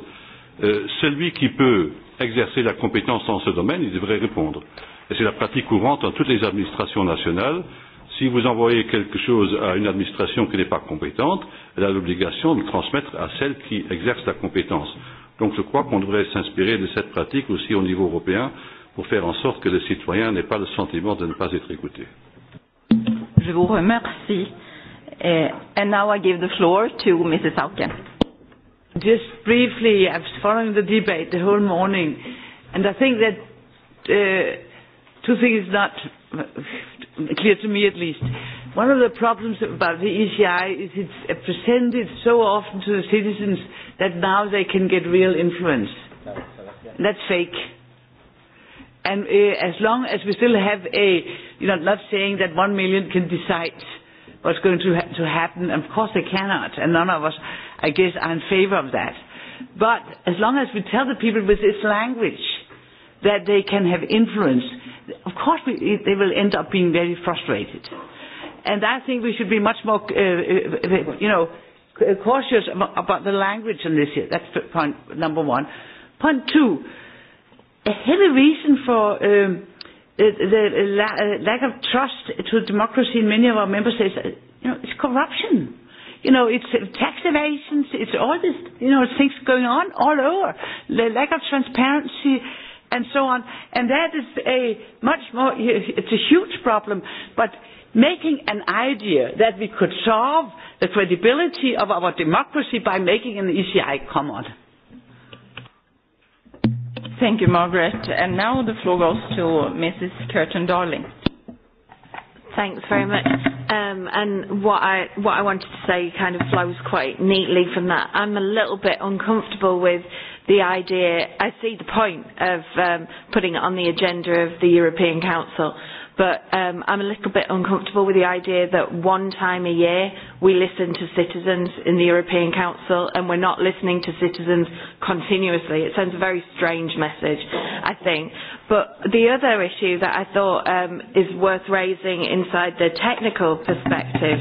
Speaker 27: Celui qui peut exercer la compétence dans ce domaine, il devrait répondre. Et c'est la pratique courante dans toutes les administrations nationales si vous envoyez quelque chose à une administration qui n'est pas compétente, elle a l'obligation de le transmettre à celle qui exerce la compétence. Donc je crois qu'on devrait s'inspirer de cette pratique aussi au niveau européen pour faire en sorte que le citoyen n'ait pas le sentiment de ne pas être écouté.
Speaker 2: Je vous remercie. Uh, and now I give the floor to Mrs. Auken. Just briefly,
Speaker 28: I was following the debate the whole morning, and I think that uh, two things not clear to me at least. One of the problems about the ECI is it's presented so often to the citizens that now they can get real influence.
Speaker 6: That's fake.
Speaker 28: And uh, as long as we still have a, you know, not saying that one million can decide what's going to, ha- to happen, of course they cannot, and none of us, I guess, are in favor of that. But as long as we tell the people with this language, that they can have influence, of course we, they will end up being very frustrated. And I think we should be much more, uh, uh you know, cautious about the language in this here. That's point number one. Point two, a heavy reason for um, the, uh, lack of trust to democracy in many of our member states, uh, you know, it's corruption you know, it's tax evasions, it's all this, you know, things going on all over. The lack of transparency and so on. And that is a much more, it's a huge problem, but making an idea that we could solve the credibility of our democracy by making an ECI on. Thank you, Margaret.
Speaker 2: And now the floor goes to Mrs. Curtin Darling. Thanks very much. Um, and what
Speaker 29: I what I wanted to say kind of flows quite neatly from that. I'm a little bit uncomfortable with the idea, I see the point of um, putting it on the agenda of the European Council, but um, I'm a little bit uncomfortable with the idea that one time a year we listen to citizens in the European Council and we're not listening to citizens continuously. It sends a very strange message, I think. But the other issue that I thought um, is worth raising inside the technical perspective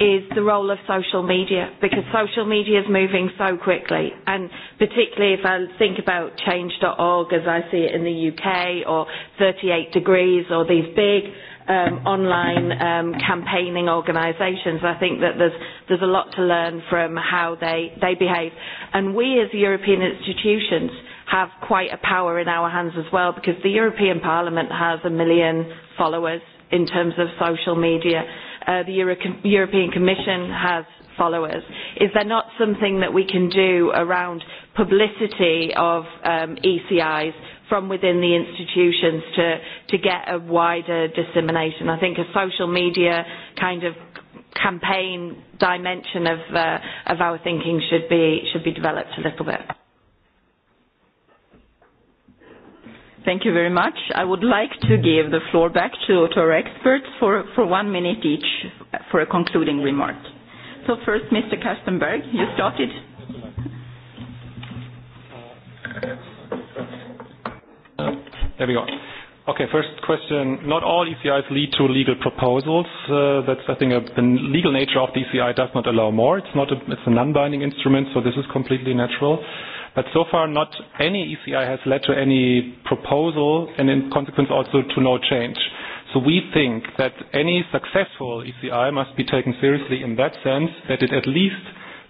Speaker 29: is the role of social media because social media is moving so quickly and particularly if I think about change.org as I see it in the UK or 38 degrees or these big um, online um, campaigning organisations. I think that there's, there's a lot to learn from how they, they behave. And we as European institutions have quite a power in our hands as well because the European Parliament has a million followers in terms of social media uh, the Euro European Commission has followers. Is there not something that we can do around publicity of um, ECIs from within the institutions to, to get a wider dissemination? I think a social media kind of campaign dimension of, uh, of our thinking should be, should be developed a little bit.
Speaker 2: Thank you very much. I would like to give the floor back to, our experts for, for one minute each for a concluding remark. So first, Mr. Kastenberg, you started.
Speaker 20: Uh, there we go. Okay, first question. Not all ECIs lead to legal proposals. Uh, that's, I think, the legal nature of the ECI does not allow more. It's not a, it's a non-binding instrument, so this is completely natural. But so far, not any ECI has led to any proposal and in consequence also to no change. So we think that any successful ECI must be taken seriously in that sense that it at least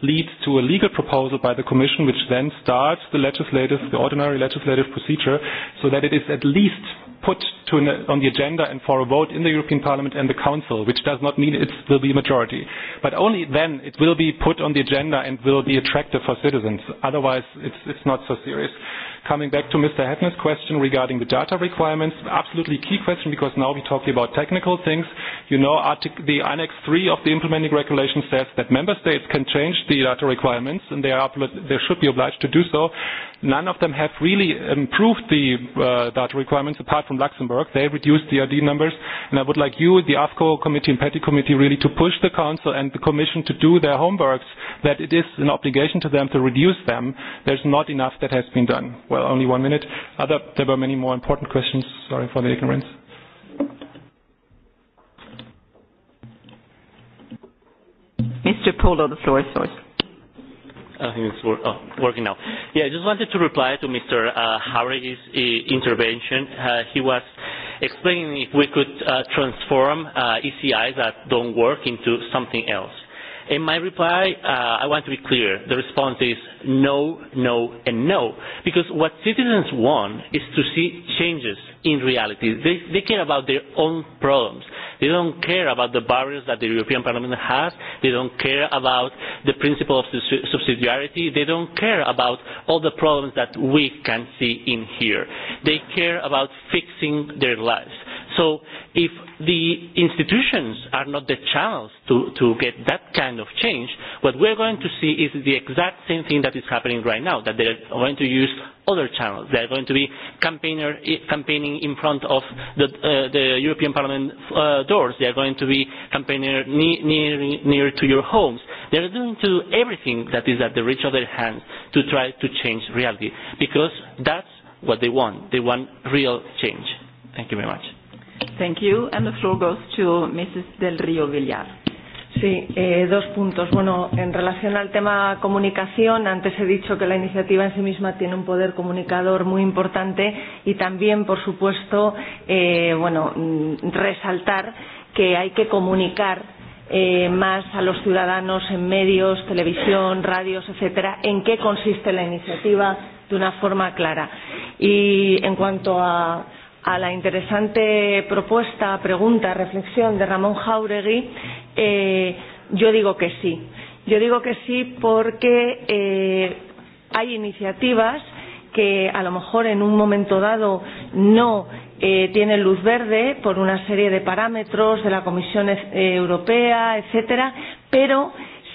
Speaker 20: leads to a legal proposal by the Commission which then starts the legislative, the ordinary legislative procedure so that it is at least put to an, on the agenda and for a vote in the European Parliament and the Council, which does not mean it will be a majority. But only then it will be put on the agenda and will be attractive for citizens. Otherwise, it's, it's not so serious. Coming back to Mr. Hefner's question regarding the data requirements, absolutely key question because now we talk about technical things. You know, artic the Annex 3 of the implementing regulation says that member states can change the data requirements and they, are, they should be obliged to do so. None of them have really improved the uh, data requirements apart from Luxembourg. They reduced the ID numbers. And I would like you, the AFCO committee and PETI committee, really to push the Council and the Commission to do their homeworks, that it is an obligation to them to reduce them. There's not enough that has been done. Well, only one minute. Other, there were many more important questions. Sorry for the ignorance.
Speaker 2: Mr. Polo, the floor is yours.
Speaker 21: I think it's wor oh, working now. Yeah, I just wanted to reply to Mr. Uh, Harry's uh, intervention. Uh, he was explaining if we could uh, transform uh, ECIs that don't work into something else In my reply, uh, I want to be clear. The response is no, no, and no. Because what citizens want is to see changes in reality. They, they care about their own problems. They don't care about the barriers that the European Parliament has. They don't care about the principle of subsidiarity. They don't care about all the problems that we can see in here. They care about fixing their lives So if the institutions are not the channels to, to get that kind of change, what we're going to see is the exact same thing that is happening right now, that they are going to use other channels. They are going to be campaigner, campaigning in front of the, uh, the European Parliament uh, doors. are going to be campaigning near, near, near to your homes. They're going to do everything that is at the reach of their hands to try to change reality, because that's what they want. They want real change. Thank you very much.
Speaker 2: Thank you. And the floor goes to Mrs. Del Villar. Sí,
Speaker 22: eh, dos puntos. Bueno, en relación al tema comunicación, antes he dicho que la iniciativa en sí misma tiene un poder comunicador muy importante y también, por supuesto, eh, bueno, mm, resaltar que hay que comunicar eh, más a los ciudadanos en medios, televisión, radios, etcétera, en qué consiste la iniciativa de una forma clara. Y en cuanto a a la interesante propuesta, pregunta, reflexión de Ramón Jauregui, eh, yo digo que sí. Yo digo que sí porque eh, hay iniciativas que a lo mejor en un momento dado no eh, tienen luz verde por una serie de parámetros de la Comisión eh, Europea, etcétera, pero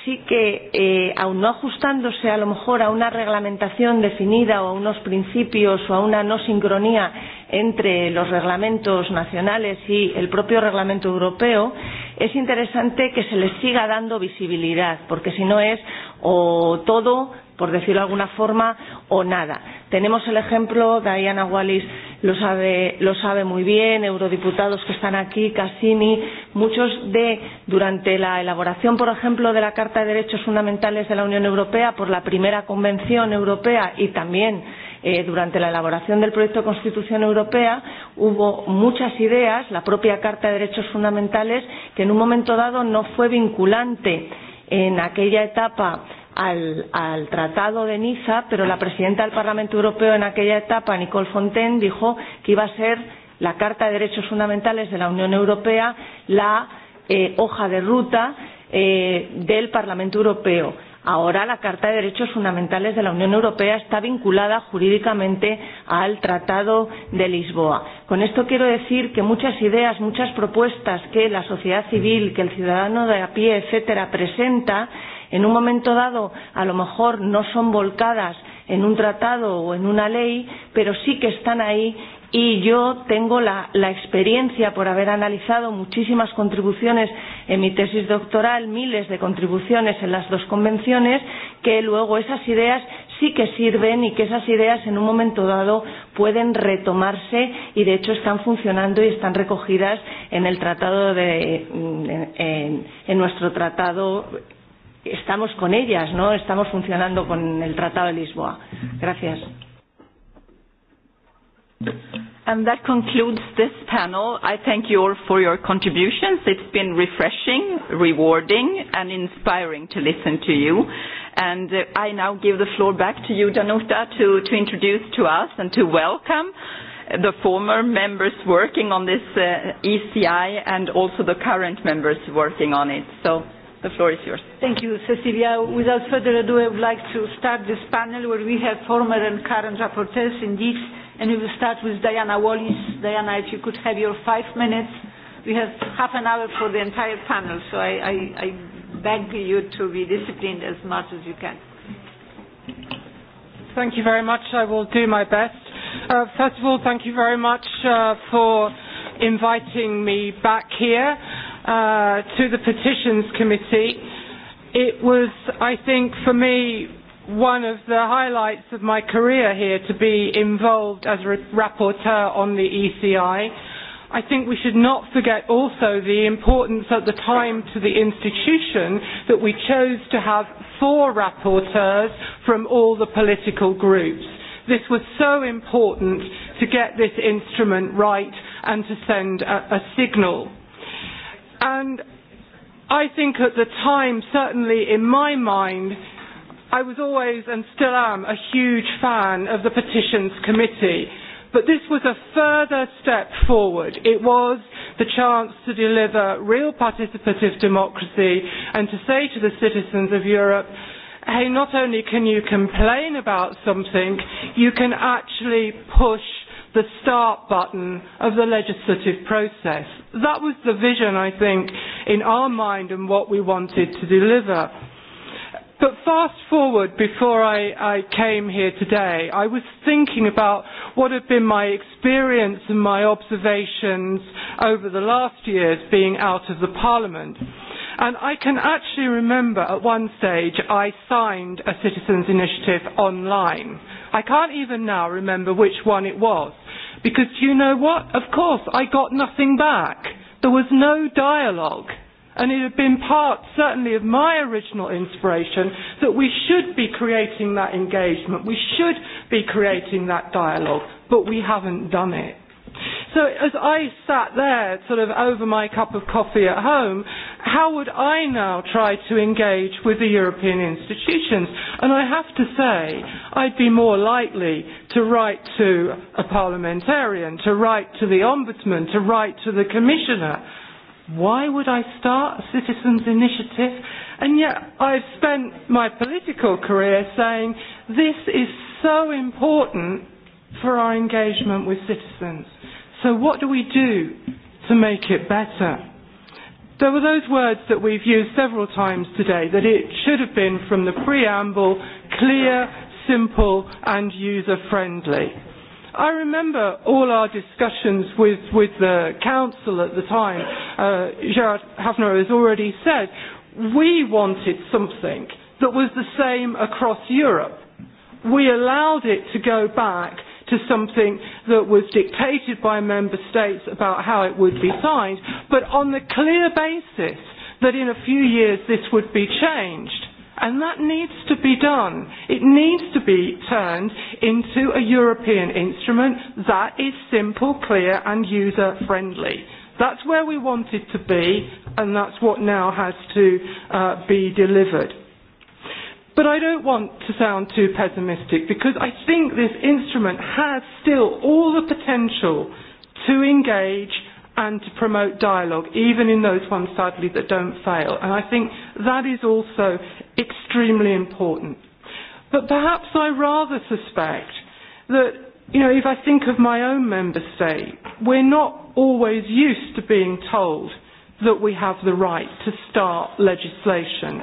Speaker 22: sí que, eh, aun no ajustándose a lo mejor a una reglamentación definida o a unos principios o a una no sincronía entre los reglamentos nacionales y el propio reglamento europeo, es interesante que se les siga dando visibilidad, porque si no es o todo por decirlo de alguna forma, o nada. Tenemos el ejemplo, Diana Wallis lo sabe, lo sabe muy bien, eurodiputados que están aquí, Cassini, muchos de, durante la elaboración, por ejemplo, de la Carta de Derechos Fundamentales de la Unión Europea, por la primera Convención Europea y también eh, durante la elaboración del proyecto de Constitución Europea hubo muchas ideas, la propia Carta de Derechos Fundamentales, que en un momento dado no fue vinculante en aquella etapa al, al Tratado de Niza, pero la presidenta del Parlamento Europeo en aquella etapa, Nicole Fontaine, dijo que iba a ser la Carta de Derechos Fundamentales de la Unión Europea la eh, hoja de ruta eh, del Parlamento Europeo. Ahora la Carta de Derechos Fundamentales de la Unión Europea está vinculada jurídicamente al Tratado de Lisboa. Con esto quiero decir que muchas ideas, muchas propuestas que la sociedad civil, que el ciudadano de a pie, etcétera, presenta en un momento dado a lo mejor no son volcadas en un tratado o en una ley, pero sí que están ahí y yo tengo la, la experiencia por haber analizado muchísimas contribuciones en mi tesis doctoral, miles de contribuciones en las dos convenciones, que luego esas ideas sí que sirven y que esas ideas en un momento dado pueden retomarse y de hecho están funcionando y están recogidas en el tratado de en, en, en nuestro tratado estamos con ellas, ¿no? Estamos funcionando con el Tratado de Lisboa.
Speaker 6: Gracias.
Speaker 2: And that concludes this panel. I thank you all for your contributions. It's been refreshing, rewarding, and inspiring to listen to you. And uh, I now give the floor back to you, Danuta, to, to introduce to us and to welcome the former members working on this uh, ECI and also the current members working on it. So The floor is yours.
Speaker 1: Thank you, Cecilia. Without further ado, I would like to start this panel where we have former and current rapporteurs indeed, and we will start with Diana Wallis. Diana, if you could have your five minutes. We have half an hour for the entire panel, so I, I, I beg you to be disciplined as
Speaker 30: much as you can. Thank you very much. I will do my best. Uh, first of all, thank you very much uh, for inviting me back here uh, to the Petitions Committee. It was, I think, for me, one of the highlights of my career here to be involved as a rapporteur on the ECI. I think we should not forget also the importance at the time to the institution that we chose to have four rapporteurs from all the political groups. This was so important to get this instrument right and to send a, a signal. And I think at the time, certainly in my mind, I was always and still am a huge fan of the Petitions Committee. But this was a further step forward. It was the chance to deliver real participative democracy and to say to the citizens of Europe, hey, not only can you complain about something, you can actually push the start button of the legislative process. That was the vision, I think, in our mind and what we wanted to deliver. But fast forward before I, I came here today, I was thinking about what had been my experience and my observations over the last years being out of the Parliament. And I can actually remember at one stage I signed a citizens' initiative online i can't even now remember which one it was. Because you know what? Of course, I got nothing back. There was no dialogue. And it had been part, certainly, of my original inspiration that we should be creating that engagement. We should be creating that dialogue. But we haven't done it. So as I sat there, sort of over my cup of coffee at home, how would I now try to engage with the European institutions? And I have to say, I'd be more likely to write to a parliamentarian, to write to the ombudsman, to write to the commissioner. Why would I start a citizens' initiative? And yet I've spent my political career saying this is so important for our engagement with citizens. So what do we do to make it better? There were those words that we've used several times today, that it should have been from the preamble, clear, simple and user-friendly. I remember all our discussions with, with the council at the time. Uh, Gerard Hafner has already said, we wanted something that was the same across Europe. We allowed it to go back to something that was dictated by member states about how it would be signed, but on the clear basis that in a few years this would be changed. And that needs to be done. It needs to be turned into a European instrument that is simple, clear and user friendly. That's where we it to be and that's what now has to uh, be delivered. But I don't want to sound too pessimistic because I think this instrument has still all the potential to engage and to promote dialogue, even in those ones, sadly, that don't fail. And I think that is also extremely important. But perhaps I rather suspect that, you know, if I think of my own member state, we're not always used to being told that we have the right to start legislation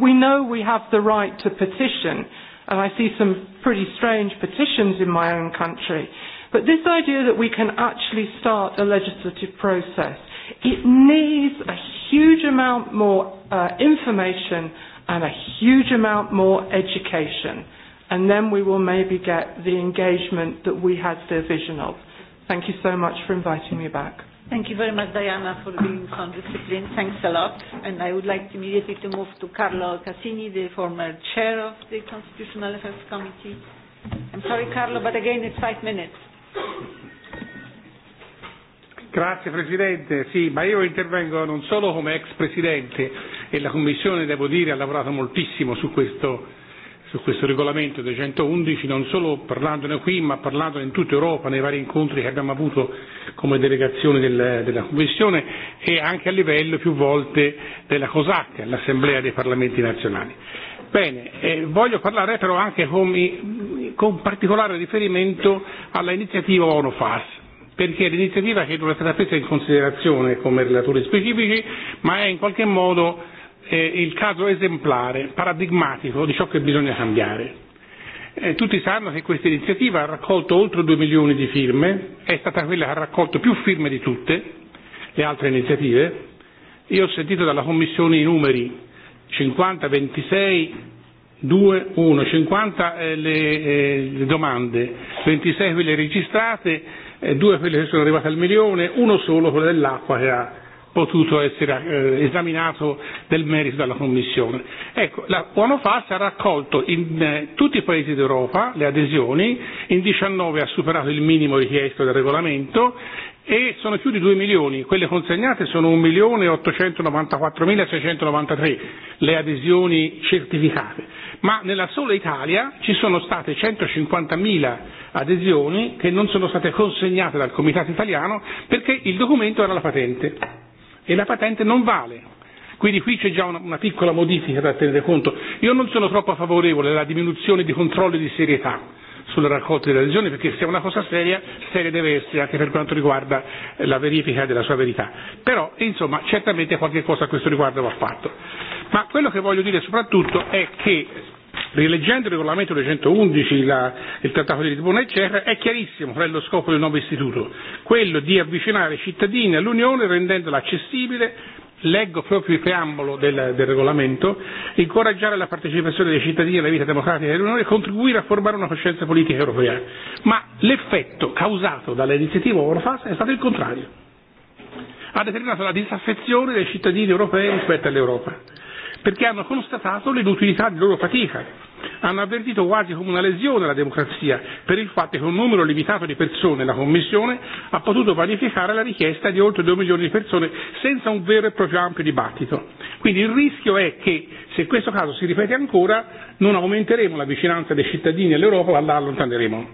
Speaker 30: We know we have the right to petition, and I see some pretty strange petitions in my own country. But this idea that we can actually start a legislative process, it needs a huge amount more uh, information and a huge amount more education. And then we will maybe get the engagement that we had the vision of. Thank you so much for inviting me back.
Speaker 1: Thank you very much, Diana, for being so disciplined. Thanks a lot. And I would like immediately to move to Carlo Cassini, the former chair of the Constitutional Affairs Committee. I'm sorry, Carlo, but again, it's five minutes.
Speaker 31: Grazie Presidente, sì, ma io intervengo non solo come ex Presidente e la Commissione, devo dire, ha lavorato moltissimo su questo su questo regolamento 211 non solo parlandone qui ma parlandone in tutta Europa nei vari incontri che abbiamo avuto come delegazione del, della Commissione e anche a livello più volte della COSAC, l'Assemblea dei Parlamenti Nazionali. Bene, eh, voglio parlare però anche con, con particolare riferimento alla iniziativa ONUFAS perché è l'iniziativa che non è stata presa in considerazione come relatori specifici, ma è in qualche modo è il caso esemplare, paradigmatico di ciò che bisogna cambiare. Eh, tutti sanno che questa iniziativa ha raccolto oltre 2 milioni di firme, è stata quella che ha raccolto più firme di tutte le altre iniziative. Io ho sentito dalla Commissione i numeri 50, 26, 2, 1, 50 le, eh, le domande, 26 quelle registrate, eh, quelle che sono arrivate al milione, uno solo quello dell'acqua che ha potuto essere eh, esaminato del merito dalla Commissione. Ecco, la ONUFAS ha raccolto in eh, tutti i paesi d'Europa le adesioni, in 19 ha superato il minimo richiesto dal regolamento e sono più di 2 milioni, quelle consegnate sono milione 1.894.693 le adesioni certificate, ma nella sola Italia ci sono state 150.000 adesioni che non sono state consegnate dal Comitato italiano perché il documento era la patente e la patente non vale. Quindi qui c'è già una, una piccola modifica da tenere conto. Io non sono troppo favorevole alla diminuzione di controlli di serietà sulla raccolta delle lesioni perché se è una cosa seria, seria deve essere anche per quanto riguarda eh, la verifica della sua verità. Però, insomma, certamente qualche cosa a questo riguardo va fatto. Ma quello che voglio dire soprattutto è che rileggendo il regolamento 211, la, il Trattato di Lisbona, eccetera, è chiarissimo qual lo scopo del nuovo istituto, quello di avvicinare i cittadini all'Unione rendendola accessibile, leggo proprio il preambolo del, del regolamento, incoraggiare la partecipazione dei cittadini alla vita democratica dell'Unione e contribuire a formare una coscienza politica europea. Ma l'effetto causato dall'iniziativa Orfas è stato il contrario. Ha determinato la disaffezione dei cittadini europei rispetto all'Europa perché hanno constatato l'inutilità di loro fatica, hanno avvertito quasi come una lesione alla democrazia per il fatto che un numero limitato di persone, la Commissione, ha potuto vanificare la richiesta di oltre 2 milioni di persone senza un vero e proprio ampio dibattito. Quindi il rischio è che se questo caso si ripete ancora non aumenteremo la vicinanza dei cittadini all'Europa ma la allontaneremo.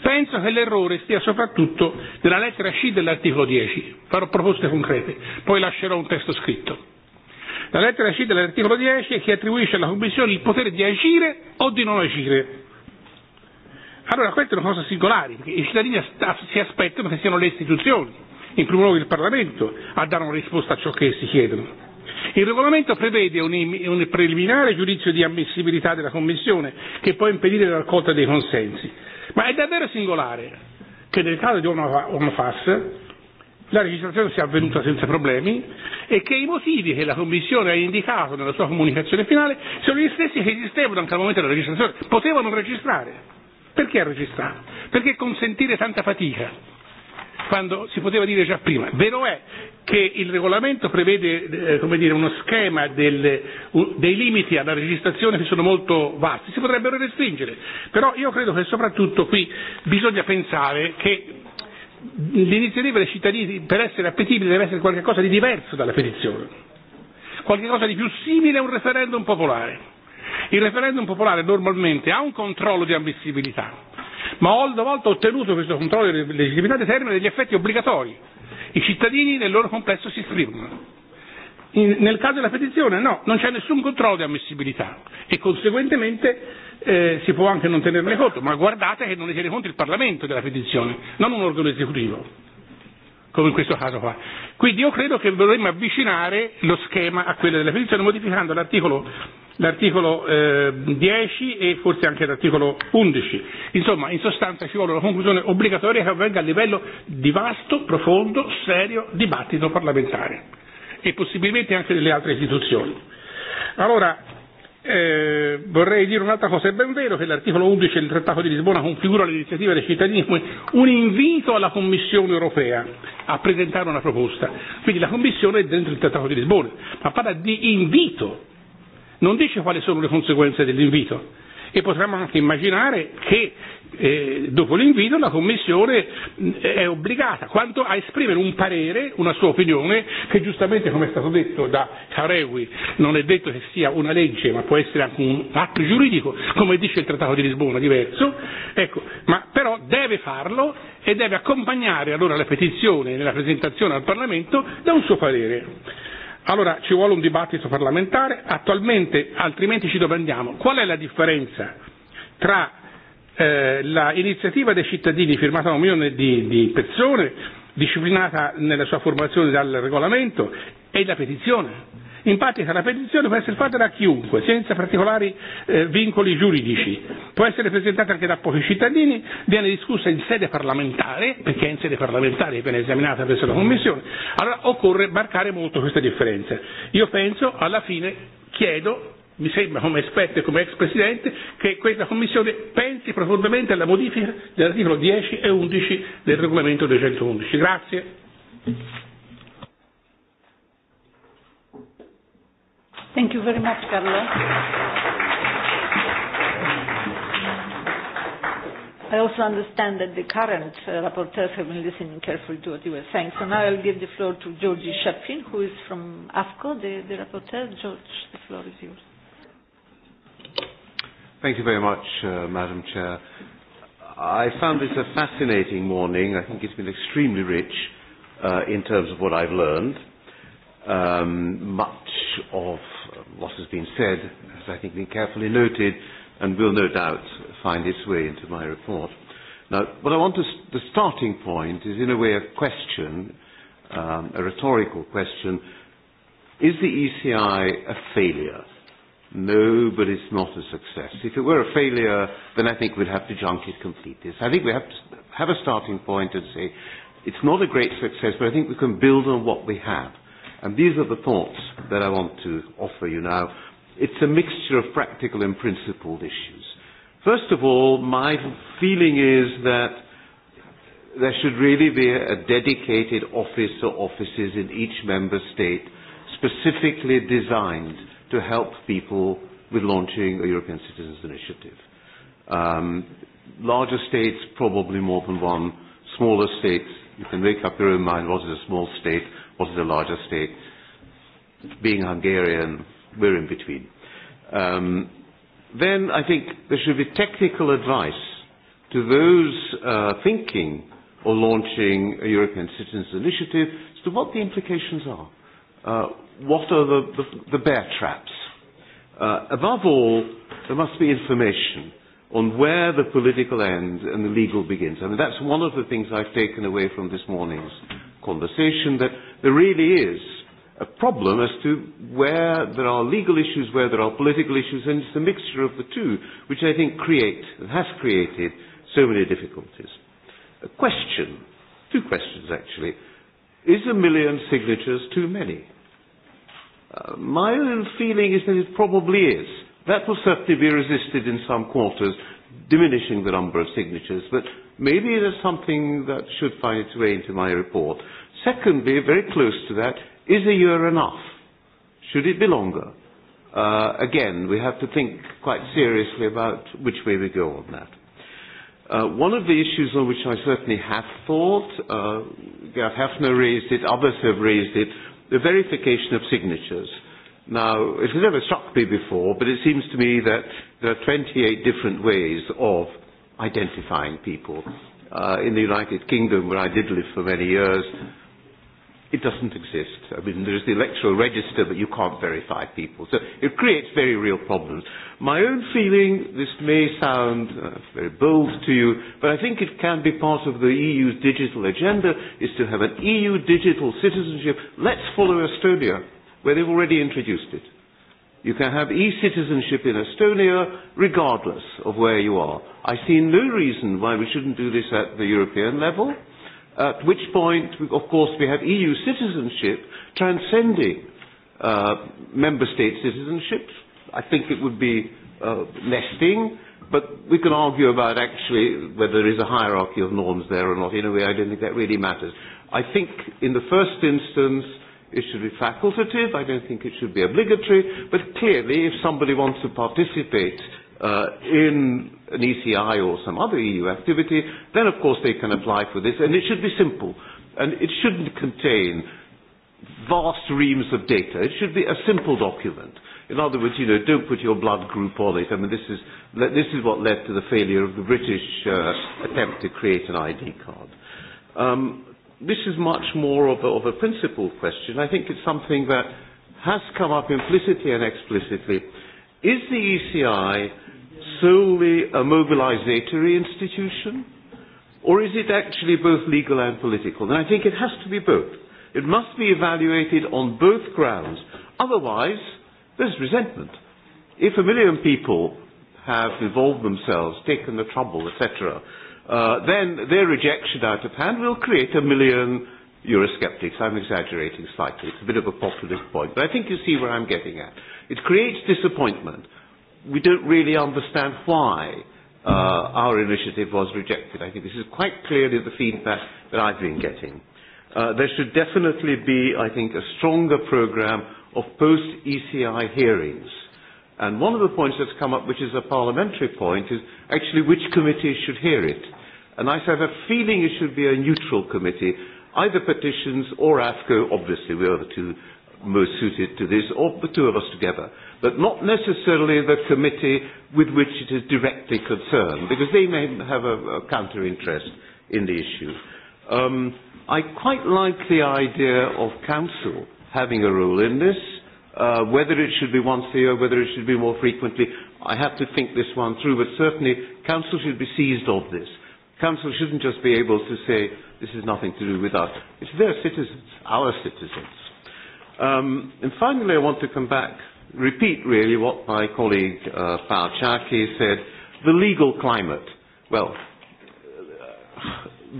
Speaker 31: Penso che l'errore stia soprattutto nella lettera C dell'articolo 10, farò proposte concrete, poi lascerò un testo scritto La lettera C dell'articolo 10 che attribuisce alla Commissione il potere di agire o di non agire. Allora questa è una cosa singolare, perché i cittadini si aspettano che siano le istituzioni, in primo luogo il Parlamento, a dare una risposta a ciò che essi chiedono. Il regolamento prevede un, un preliminare giudizio di ammissibilità della Commissione che può impedire la raccolta dei consensi, ma è davvero singolare che nel caso di una, la registrazione sia avvenuta senza problemi e che i motivi che la Commissione ha indicato nella sua comunicazione finale sono gli stessi che esistevano anche al momento della registrazione. Potevano registrare. Perché ha Perché consentire tanta fatica? quando si poteva dire già prima. Vero è che il regolamento prevede eh, come dire, uno schema del, dei limiti alla registrazione che sono molto vasti, si potrebbero restringere, però io credo che soprattutto qui bisogna pensare che l'iniziativa dei cittadini per essere appetibile deve essere qualcosa di diverso dalla petizione, qualcosa di più simile a un referendum popolare. Il referendum popolare normalmente ha un controllo di ammissibilità, ma una volta ottenuto questo controllo di legittimità e determina degli effetti obbligatori. I cittadini nel loro complesso si esprimono nel caso della petizione no, non c'è nessun controllo di ammissibilità e conseguentemente eh, si può anche non tenerne conto, ma guardate che non ne tiene conto il Parlamento della petizione, non un organo esecutivo, come in questo caso qua. Quindi io credo che dovremmo avvicinare lo schema a quello della petizione modificando l'articolo, l'articolo 10 eh, e forse anche l'articolo 11. Insomma, in sostanza ci vuole una conclusione obbligatoria che avvenga a livello di vasto, profondo, serio dibattito parlamentare e possibilmente anche delle altre istituzioni. Allora, eh, vorrei dire un'altra cosa, è ben vero che l'articolo 11 del Trattato di Lisbona configura l'iniziativa dei cittadini come un invito alla Commissione europea a presentare una proposta, quindi la Commissione è dentro il Trattato di Lisbona, ma parla di invito, non dice quali sono le conseguenze dell'invito e potremmo anche immaginare che E, dopo l'invito la Commissione eh, è obbligata quanto a esprimere un parere, una sua opinione, che giustamente come è stato detto da Carewi non è detto che sia una legge ma può essere anche un atto giuridico, come dice il Trattato di Lisbona diverso, ecco, ma però deve farlo e deve accompagnare allora la petizione nella presentazione al Parlamento da un suo parere. Allora ci vuole un dibattito parlamentare, attualmente altrimenti ci domandiamo qual è la differenza tra Eh, la l'iniziativa dei cittadini firmata da un milione di, di persone, disciplinata nella sua formazione dal regolamento, e la petizione. In pratica la petizione può essere fatta da chiunque, senza particolari eh, vincoli giuridici, può essere presentata anche da pochi cittadini, viene discussa in sede parlamentare, perché è in sede parlamentare viene esaminata presso la Commissione, allora occorre marcare molto queste differenze. Io penso alla fine chiedo mi sembra come esperto e come ex Presidente che questa Commissione pensi profondamente alla modifica dell'articolo 10 e 11 del regolamento 211. Grazie.
Speaker 6: Thank you very much,
Speaker 1: Carlo. I also understand that the current uh, rapporteurs have been listening carefully to what you were saying. So now I'll give the floor to Georgi Shapin, who is from AFCO, the, the rapporteur. George, the floor is yours.
Speaker 17: Thank you very much, uh, Madam Chair. I found this a fascinating morning. I think it's been extremely rich uh, in terms of what I've learned. Um, much of what has been said has, I think, been carefully noted and will no doubt find its way into my report. Now, what I want to, the starting point is, in a way, a question, um, a rhetorical question. Is the ECI a failure? no, but it's not a success. If it were a failure, then I think we'd have to junk it completely. So I think we have to have a starting point and say, it's not a great success, but I think we can build on what we have. And these are the thoughts that I want to offer you now. It's a mixture of practical and principled issues. First of all, my feeling is that there should really be a dedicated office or offices in each member state specifically designed to help people with launching a European Citizens Initiative. Um, larger states, probably more than one. Smaller states, you can make up your own mind, what is a small state, what is a larger state. Being Hungarian, we're in between. Um, then I think there should be technical advice to those uh, thinking or launching a European Citizens Initiative as to what the implications are. Uh, what are the, the, the bear traps? Uh, above all, there must be information on where the political end and the legal begins. I mean, that's one of the things I've taken away from this morning's conversation, that there really is a problem as to where there are legal issues, where there are political issues, and it's a mixture of the two, which I think create, and has created, so many difficulties. A question, two questions actually. Is a million signatures too many? my own feeling is that it probably is. That will certainly be resisted in some quarters, diminishing the number of signatures, but maybe it is something that should find its way into my report. Secondly, very close to that, is a year enough? Should it be longer? Uh, again, we have to think quite seriously about which way we go on that. Uh, one of the issues on which I certainly have thought, uh, Gerd Hefner raised it, others have raised it, the verification of signatures. Now, it has never struck me before, but it seems to me that there are 28 different ways of identifying people. Uh, in the United Kingdom, where I did live for many years, it doesn't exist. I mean, there's the electoral register, but you can't verify people. So it creates very real problems. My own feeling, this may sound uh, very bold to you, but I think it can be part of the EU's digital agenda, is to have an EU digital citizenship. Let's follow Estonia, where they've already introduced it. You can have e-citizenship in Estonia regardless of where you are. I see no reason why we shouldn't do this at the European level at which point, of course, we have EU citizenship transcending uh, member state citizenship. I think it would be uh, nesting, but we can argue about actually whether there is a hierarchy of norms there or not. In a way, I don't think that really matters. I think in the first instance, it should be facultative. I don't think it should be obligatory, but clearly, if somebody wants to participate uh, in an ECI or some other EU activity, then of course they can apply for this. And it should be simple. And it shouldn't contain vast reams of data. It should be a simple document. In other words, you know, don't put your blood group on it. I mean, this is, this is what led to the failure of the British uh, attempt to create an ID card. Um, this is much more of a, of a principle question. I think it's something that has come up implicitly and explicitly. Is the ECI solely a mobilisatory institution? Or is it actually both legal and political? And I think it has to be both. It must be evaluated on both grounds. Otherwise, there's resentment. If a million people have involved themselves, taken the trouble, etc., uh, then their rejection out of hand will create a million Eurosceptics. I'm exaggerating slightly. It's a bit of a populist point. But I think you see where I'm getting at. It creates disappointment we don't really understand why uh, our initiative was rejected. I think this is quite clearly the feedback that I've been getting. Uh, there should definitely be, I think, a stronger program of post-ECI hearings. And one of the points that's come up, which is a parliamentary point, is actually which committee should hear it. And I have a feeling it should be a neutral committee, either petitions or AFCO, obviously we are the two most suited to this, or the two of us together but not necessarily the committee with which it is directly concerned, because they may have a, a counter interest in the issue. Um, I quite like the idea of council having a role in this. Uh, whether it should be once a year, whether it should be more frequently, I have to think this one through, but certainly council should be seized of this. Council shouldn't just be able to say, this has nothing to do with us. It's their citizens, our citizens. Um, and finally, I want to come back repeat really what my colleague uh, Chaki said, the legal climate. Well,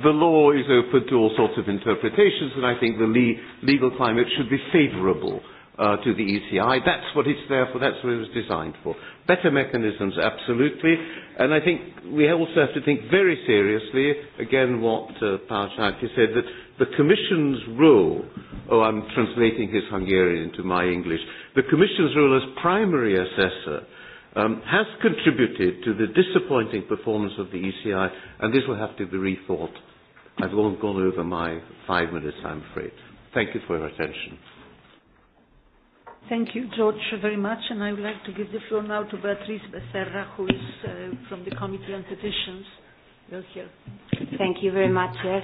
Speaker 17: the law is open to all sorts of interpretations, and I think the le legal climate should be favorable uh, to the ECI. That's what it's there for. That's what it was designed for. Better mechanisms, absolutely. And I think we also have to think very seriously, again, what uh, Pawczynski said, that the Commission's role, oh, I'm translating his Hungarian into my English, the Commission's role as primary assessor um, has contributed to the disappointing performance of the ECI, and this will have to be rethought. I've long gone over my five minutes, I'm afraid. Thank you for your attention.
Speaker 1: Thank you, George, very much. And I would like to give the floor now to Beatriz Becerra, who is uh, from the Committee on Petitions. You're here.
Speaker 32: Thank you very much. Yes.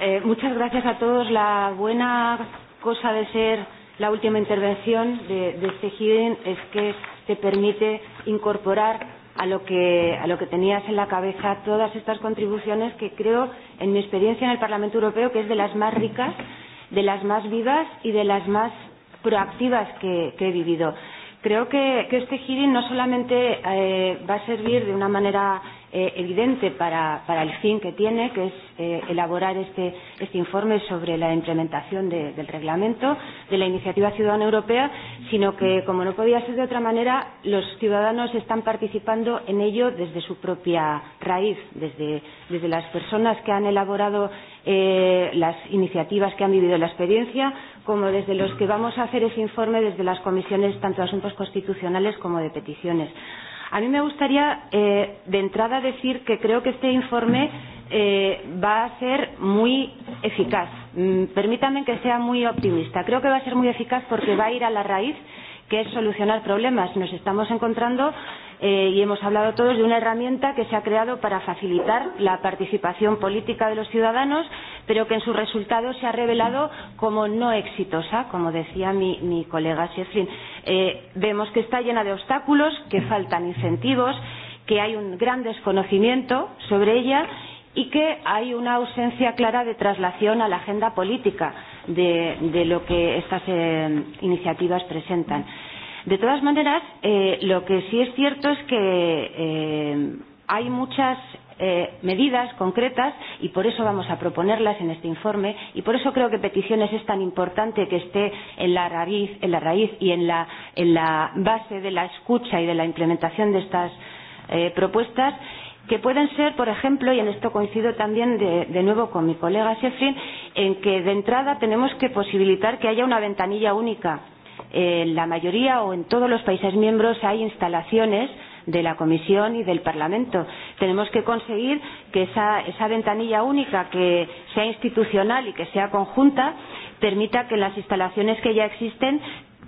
Speaker 32: Eh, muchas gracias a todos. La buena cosa de ser la última intervención de, de este hearing es que te permite incorporar a lo, que, a lo que tenías en la cabeza todas estas contribuciones que creo, en mi experiencia en el Parlamento Europeo, que es de las más ricas, de las más vivas y de las más proactivas que, que he vivido. Creo que, que este hearing no solamente eh, va a servir de una manera eh, evidente para, para el fin que tiene, que es eh, elaborar este, este informe sobre la implementación de, del reglamento de la iniciativa ciudadana europea, sino que, como no podía ser de otra manera, los ciudadanos están participando en ello desde su propia raíz, desde, desde las personas que han elaborado eh, las iniciativas que han vivido la experiencia, como desde los que vamos a hacer ese informe desde las comisiones tanto de asuntos constitucionales como de peticiones. A mí me gustaría, eh, de entrada, decir que creo que este informe eh, va a ser muy eficaz. Mm, permítanme que sea muy optimista. Creo que va a ser muy eficaz porque va a ir a la raíz que es solucionar problemas. Nos estamos encontrando eh, y hemos hablado todos de una herramienta que se ha creado para facilitar la participación política de los ciudadanos, pero que en sus resultados se ha revelado como no exitosa, como decía mi, mi colega Sheffrin. Eh, vemos que está llena de obstáculos, que faltan incentivos, que hay un gran desconocimiento sobre ella y que hay una ausencia clara de traslación a la agenda política de, de lo que estas eh, iniciativas presentan. De todas maneras, eh, lo que sí es cierto es que eh, hay muchas eh, medidas concretas y por eso vamos a proponerlas en este informe y por eso creo que peticiones es tan importante que esté en la raíz, en la raíz y en la, en la base de la escucha y de la implementación de estas eh, propuestas que pueden ser, por ejemplo, y en esto coincido también de, de nuevo con mi colega Sheffrin en que de entrada tenemos que posibilitar que haya una ventanilla única. En eh, la mayoría o en todos los países miembros hay instalaciones de la Comisión y del Parlamento. Tenemos que conseguir que esa, esa ventanilla única, que sea institucional y que sea conjunta, permita que las instalaciones que ya existen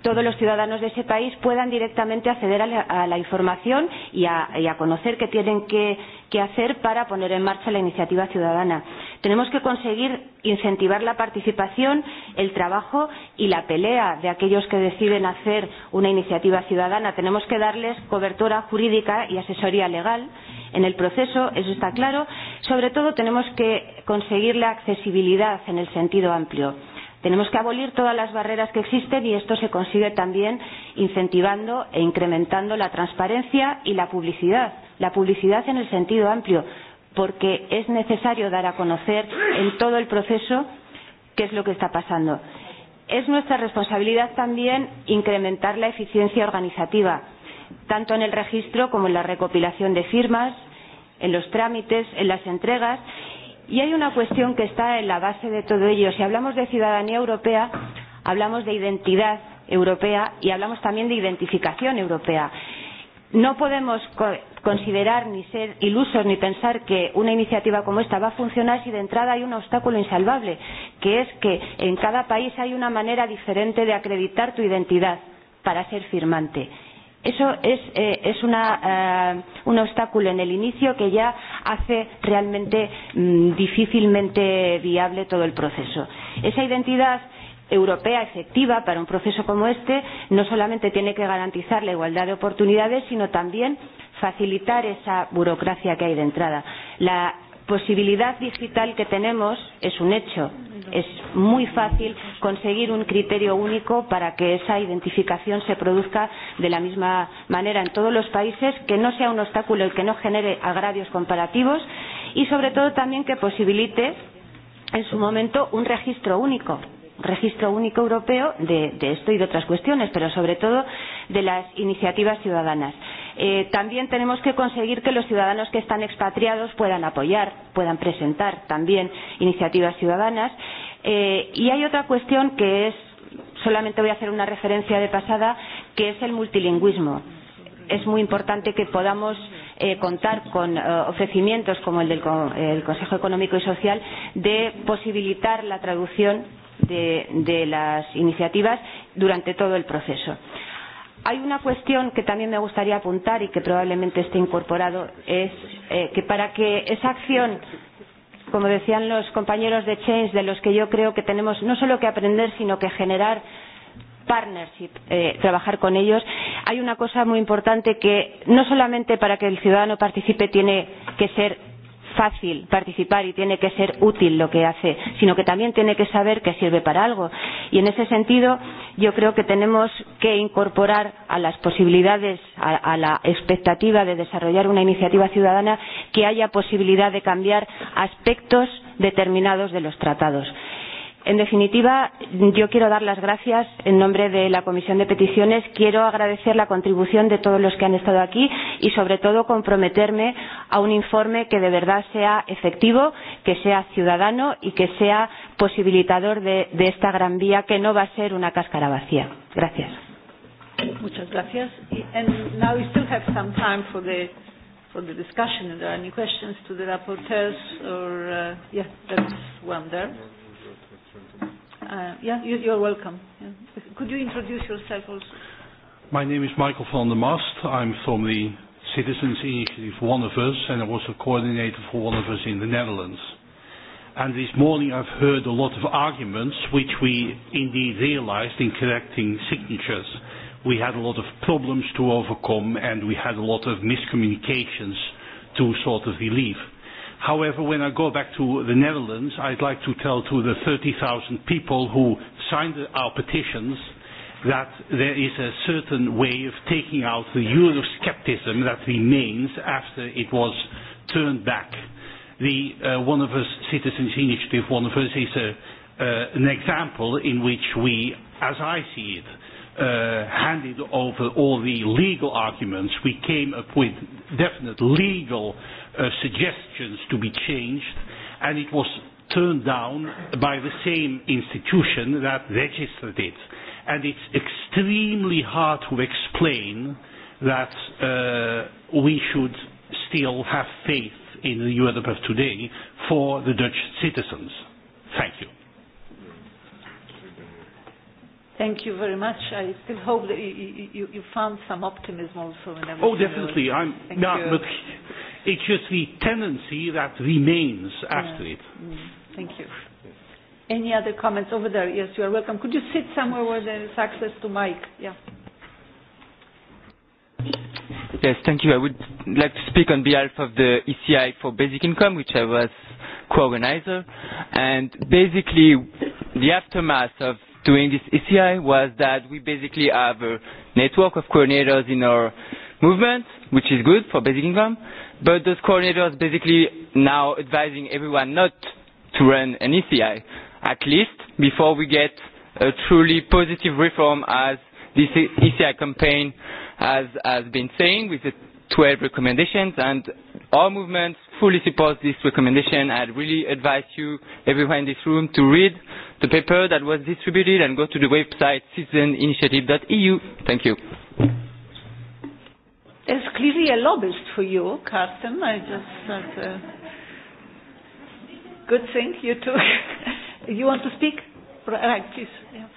Speaker 32: todos los ciudadanos de ese país puedan directamente acceder a la, a la información y a, y a conocer qué tienen que, que hacer para poner en marcha la iniciativa ciudadana. Tenemos que conseguir incentivar la participación, el trabajo y la pelea de aquellos que deciden hacer una iniciativa ciudadana. Tenemos que darles cobertura jurídica y asesoría legal en el proceso, eso está claro. Sobre todo tenemos que conseguir la accesibilidad en el sentido amplio Tenemos que abolir todas las barreras que existen y esto se consigue también incentivando e incrementando la transparencia y la publicidad, la publicidad en el sentido amplio, porque es necesario dar a conocer en todo el proceso qué es lo que está pasando. Es nuestra responsabilidad también incrementar la eficiencia organizativa, tanto en el registro como en la recopilación de firmas, en los trámites, en las entregas Y hay una cuestión que está en la base de todo ello. Si hablamos de ciudadanía europea, hablamos de identidad europea y hablamos también de identificación europea. No podemos considerar ni ser ilusos ni pensar que una iniciativa como esta va a funcionar si de entrada hay un obstáculo insalvable, que es que en cada país hay una manera diferente de acreditar tu identidad para ser firmante eso es, eh, es una, eh, un obstáculo en el inicio que ya hace realmente mmm, difícilmente viable todo el proceso. Esa identidad europea efectiva para un proceso como este no solamente tiene que garantizar la igualdad de oportunidades, sino también facilitar esa burocracia que hay de entrada. La posibilidad digital que tenemos es un hecho. Es muy fácil conseguir un criterio único para que esa identificación se produzca de la misma manera en todos los países, que no sea un obstáculo y que no genere agravios comparativos y sobre todo también que posibilite en su momento un registro único registro único europeo de, de esto y de otras cuestiones, pero sobre todo de las iniciativas ciudadanas. Eh, también tenemos que conseguir que los ciudadanos que están expatriados puedan apoyar, puedan presentar también iniciativas ciudadanas. Eh, y hay otra cuestión que es, solamente voy a hacer una referencia de pasada, que es el multilingüismo. Es muy importante que podamos eh, contar con eh, ofrecimientos como el del el Consejo Económico y Social de posibilitar la traducción de, de las iniciativas durante todo el proceso. Hay una cuestión que también me gustaría apuntar y que probablemente esté incorporado, es eh, que para que esa acción, como decían los compañeros de Change, de los que yo creo que tenemos no solo que aprender, sino que generar partnership, eh, trabajar con ellos, hay una cosa muy importante que no solamente para que el ciudadano participe tiene que ser fácil participar y tiene que ser útil lo que hace, sino que también tiene que saber que sirve para algo. Y en ese sentido, yo creo que tenemos que incorporar a las posibilidades, a, a la expectativa de desarrollar una iniciativa ciudadana, que haya posibilidad de cambiar aspectos determinados de los tratados En definitiva, yo quiero dar las gracias en nombre de la Comisión de Peticiones. Quiero agradecer la contribución de todos los que han estado aquí y, sobre todo, comprometerme a un informe que de verdad sea efectivo, que sea ciudadano y que sea posibilitador de, de esta gran vía que no va a ser una cáscara vacía. Gracias.
Speaker 1: Muchas gracias. And now we still have some time for the, for the discussion. Are there any questions to the rapporteurs? Or, uh, yeah, that's one there. Uh, yeah, you, you're welcome. Could you introduce yourself also?
Speaker 33: My name is Michael van der Mast. I'm from the Citizens Initiative One of Us, and I was a coordinator for One of Us in the Netherlands. And this morning I've heard a lot of arguments which we indeed realized in collecting signatures. We had a lot of problems to overcome and we had a lot of miscommunications to sort of relieve. However, when I go back to the Netherlands, I'd like to tell to the 30,000 people who signed our petitions that there is a certain way of taking out the Euroscepticism that remains after it was turned back. The uh, One of Us Citizens Initiative, One of Us, is a, uh, an example in which we, as I see it, uh, handed over all the legal arguments. We came up with definite legal uh, suggestions to be changed, and it was turned down by the same institution that registered it. And it's extremely hard to explain that uh, we should still have faith in the Europe of today for the Dutch citizens. Thank you.
Speaker 1: Thank you very much. I still hope that you, you, you found some optimism also oh, in everything. Oh, definitely. I'm, not but
Speaker 33: it's just the tendency that remains after it. Mm. Thank you.
Speaker 1: Any other comments over there? Yes, you are welcome. Could you sit somewhere where there is access to mic? Yeah.
Speaker 12: Yes, thank you. I would like to speak on behalf of the ECI for Basic Income, which I was co-organizer. And basically, the aftermath of doing this ECI was that we basically have a network of coordinators in our movement, which is good for basic income, but those coordinators basically now advising everyone not to run an ECI, at least before we get a truly positive reform as this ECI campaign has, has been saying with the 12 recommendations and our movements fully support this recommendation. I really advise you, everyone in this room, to read the paper that was distributed and go to the website citizeninitiative.eu.
Speaker 21: Thank you.
Speaker 1: There's clearly a lobbyist for you, Carsten. I just thought, uh, good thing you took. you want to speak? Right, please.
Speaker 34: Yeah.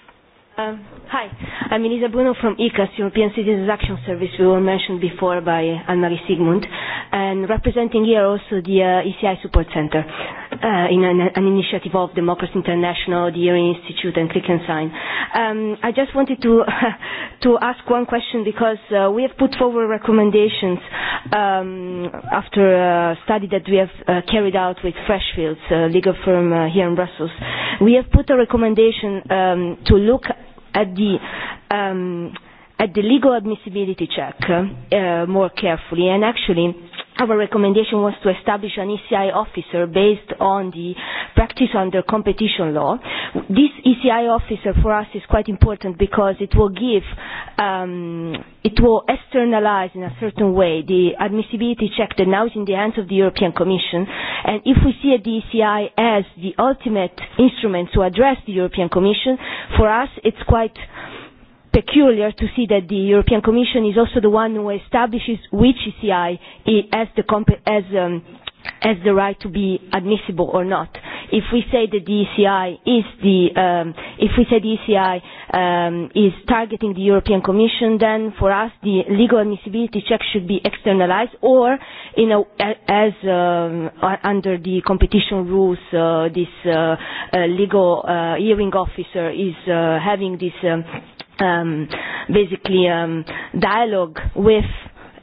Speaker 34: Um, hi, I'm Elisa Bruno from ICAS, European Citizens Action Service, we were mentioned before by Anne-Marie Sigmund, and representing here also the uh, ECI Support Center uh, in an, an initiative of Democracy International, the Erie Institute, and Click and Sign. Um, I just wanted to, to ask one question because uh, we have put forward recommendations um, after a study that we have uh, carried out with Freshfields, a legal firm uh, here in Brussels. We have put a recommendation um, to look at the um, at the legal admissibility check uh, more carefully and actually Our recommendation was to establish an ECI officer based on the practice under competition law. This ECI officer for us is quite important because it will give, um, it will externalize in a certain way the admissibility check that now is in the hands of the European Commission. And if we see the ECI as the ultimate instrument to address the European Commission, for us it's quite peculiar to see that the European Commission is also the one who establishes which ECI has the, as, um, has the right to be admissible or not. If we say that the ECI is the, um, if we say the ECI um, is targeting the European Commission, then for us the legal admissibility check should be externalized or, in know, as um, under the competition rules, uh, this uh, uh, legal uh, hearing officer is uh, having this. Um, um, basically um, dialogue with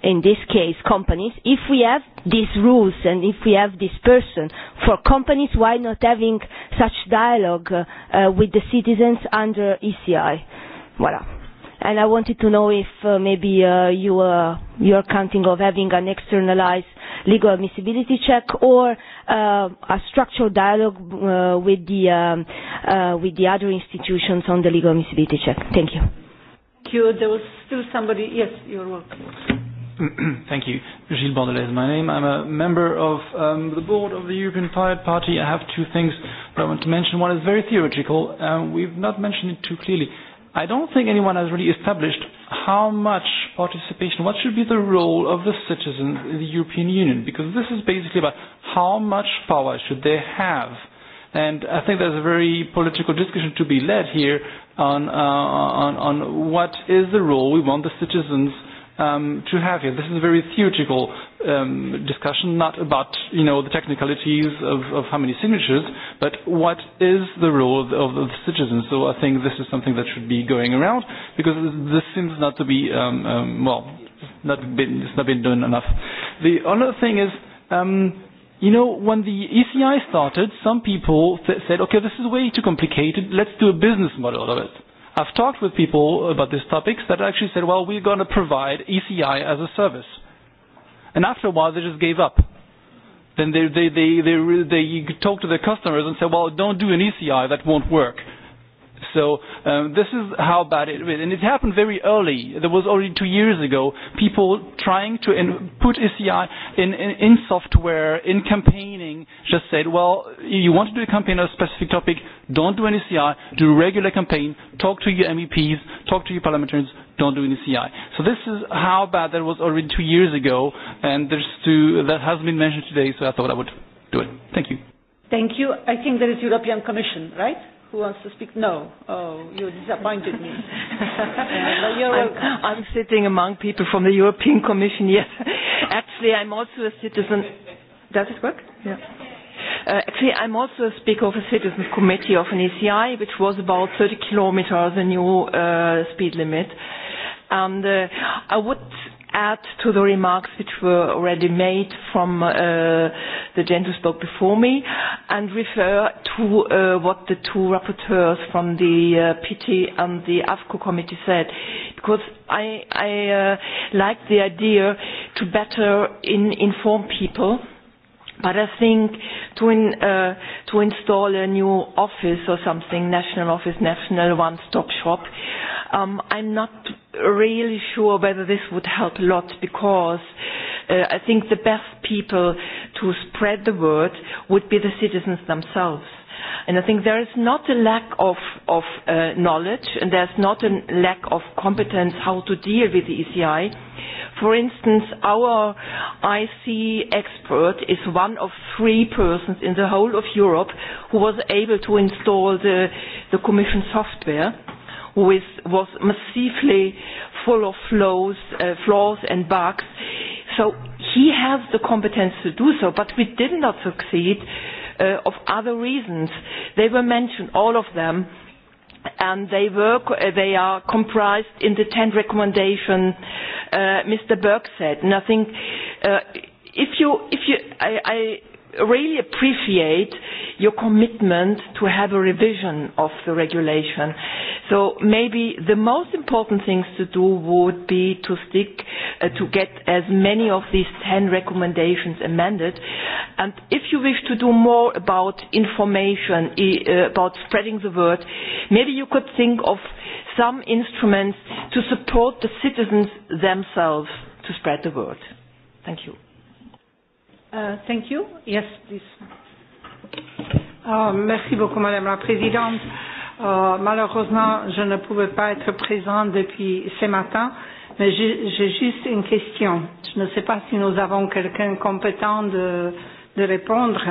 Speaker 34: in this case companies if we have these rules and if we have this person for companies why not having such dialogue uh, uh, with the citizens under ECI voilà and i wanted to know if uh, maybe uh, you uh, you are counting of having an externalized legal admissibility check or uh a structural dialogue uh with the um, uh with the other institutions on the legal admissibility check. Thank you.
Speaker 1: Thank you. There was still somebody. Yes, you're welcome.
Speaker 35: Thank you. Gilles Bordelais is my name. I'm a member of um, the board of the European Pirate Party. I have two things that I want to mention. One is very theoretical. Um, we've not mentioned it too clearly. I don't think anyone has really established how much participation, what should be the role of the citizens in the European Union, because this is basically about how much power should they have. And I think there's a very political discussion to be led here on, uh, on, on what is the role we want the citizens um, to have here. This is a very theoretical um, discussion, not about you know the technicalities of, of how many signatures, but what is the role of, of, of the citizens. So I think this is something that should be going around because this seems not to be um, um, well, not been, it's not been done enough. The other thing is. Um, you know, when the ECI started, some people th said, okay, this is way too complicated, let's do a business model of it. I've talked with people about these topics that actually said, well, we're going to provide ECI as a service. And after a while, they just gave up. Then they, they, they, they, they, they talk to their customers and say, well, don't do an ECI, that won't work. So um, this is how bad it is. And it happened very early. There was already two years ago people trying to in, put ECI in, in, in software, in campaigning, just said, well, you want to do a campaign on a specific topic, don't do an ECI, do a regular campaign, talk to your MEPs, talk to your parliamentarians, don't do an ECI. So this is how bad that was already two years ago, and there's two, that has been mentioned today, so I thought I would do it. Thank you.
Speaker 1: Thank you. I think there is European Commission, right? Who wants to speak? No. Oh, you disappointed me. I'm,
Speaker 36: I'm sitting among people from the European Commission, yes. Actually, I'm also a citizen. Does it work? Yeah. Uh, actually, I'm also a speaker of a citizens committee of an ECI, which was about 30 kilometers, the new uh, speed limit. And uh, I would add to the remarks which were already made from uh, the gentleman who spoke before me and refer to uh, what the two rapporteurs from the uh, PT and the AFCO committee said because I, I like the idea to better inform people But I think to, to install a new office or something, national office, national one-stop shop, um, I'm not really sure whether this would help a lot because uh, I think the best people to spread the word would be the citizens themselves. And I think there is not a lack of, of uh, knowledge and there's not a lack of competence how to deal with the ECI. For instance, our IC expert is one of three persons in the whole of Europe who was able to install the, the Commission software with, was massively full of flaws, uh, flaws and bugs. So he has the competence to do so, but we did not succeed uh, of other reasons. They were mentioned, all of them, and they, were, uh, they are comprised in the 10 recommendation uh, Mr. Burke said. And I think uh, if you, if you, I, I really appreciate your commitment to have a revision of the regulation. So maybe the most important things to do would be to stick uh, to get as many of these 10 recommendations amended. And if you wish to do more about information, uh, about spreading the word, maybe you could think of some instruments to support the citizens themselves to spread the word. Thank you.
Speaker 1: Uh, thank you. Yes, please.
Speaker 6: Oh, merci beaucoup, Madame la Présidente. Oh, malheureusement, je ne pouvais pas être présente depuis ce matin, mais j'ai juste une question. Je ne sais pas si nous avons quelqu'un compétent de, de répondre,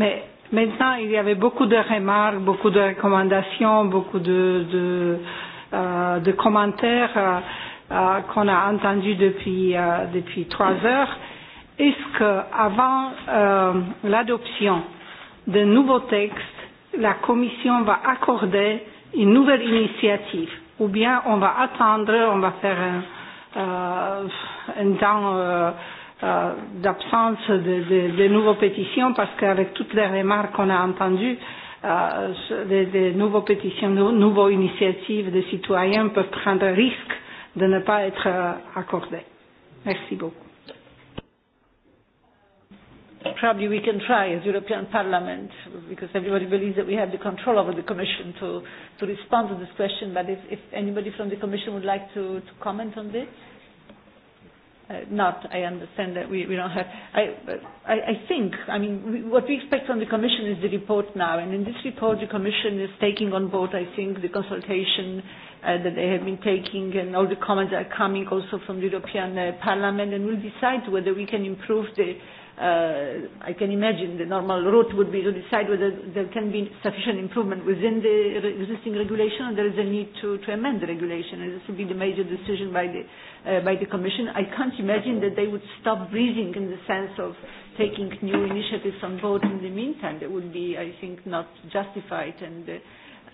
Speaker 6: mais maintenant, il y avait beaucoup de remarques, beaucoup de recommandations, beaucoup de, de, euh, de commentaires euh, euh qu'on a entendus depuis, euh, depuis trois heures est-ce qu'avant euh, l'adoption de nouveau texte, la Commission va accorder une nouvelle initiative ou bien on va attendre, on va faire un, euh, un temps euh, euh, d'absence de, de, de nouvelles pétitions parce qu'avec toutes les remarques qu'on a entendues, euh, des, des nouvelles pétitions, de nouvelles initiatives des citoyens peuvent prendre risque de ne pas être euh, accordées.
Speaker 1: Merci beaucoup probably we can try as European Parliament, because everybody believes that we have the control over the Commission to, to respond to this question, but if, if anybody from the Commission would like to, to comment on this? Uh, not, I understand that we, we don't have, I, I, I think, I mean, we, what we expect from the Commission is the report now, and in this report the Commission is taking on board, I think, the consultation uh, that they have been taking and all the comments are coming also from the European uh, Parliament, and we'll decide whether we can improve the uh, I can imagine the normal route would be to decide whether there can be sufficient improvement within the re existing regulation or there is a need to, to amend the regulation. And this would be the major decision by the, uh, by the Commission. I can't imagine that they would stop breathing in the sense of taking new initiatives on board in the meantime. That would be, I think, not justified and uh,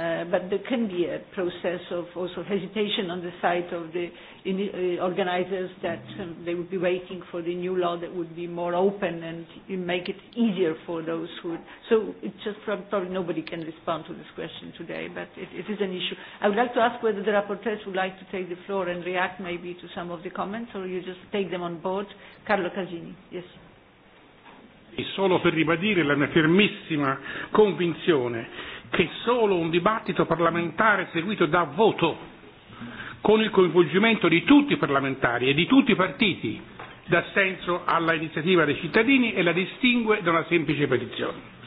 Speaker 1: Uh, but there can be a process of also hesitation on the side of the in, uh, organizers that um, they would be waiting for the new law that would be more open and make it easier for those who. So it's just probably nobody can respond to this question today, but it, it is an issue. I would like to ask whether the rapporteurs would like to take the floor and react maybe to some of the comments, or you just take them on board. Carlo Casini, yes.
Speaker 31: E solo per ribadire la mia fermissima convinzione che solo un dibattito parlamentare seguito da voto, con il coinvolgimento di tutti i parlamentari e di tutti i partiti, dà senso alla iniziativa dei cittadini e la distingue da una semplice petizione.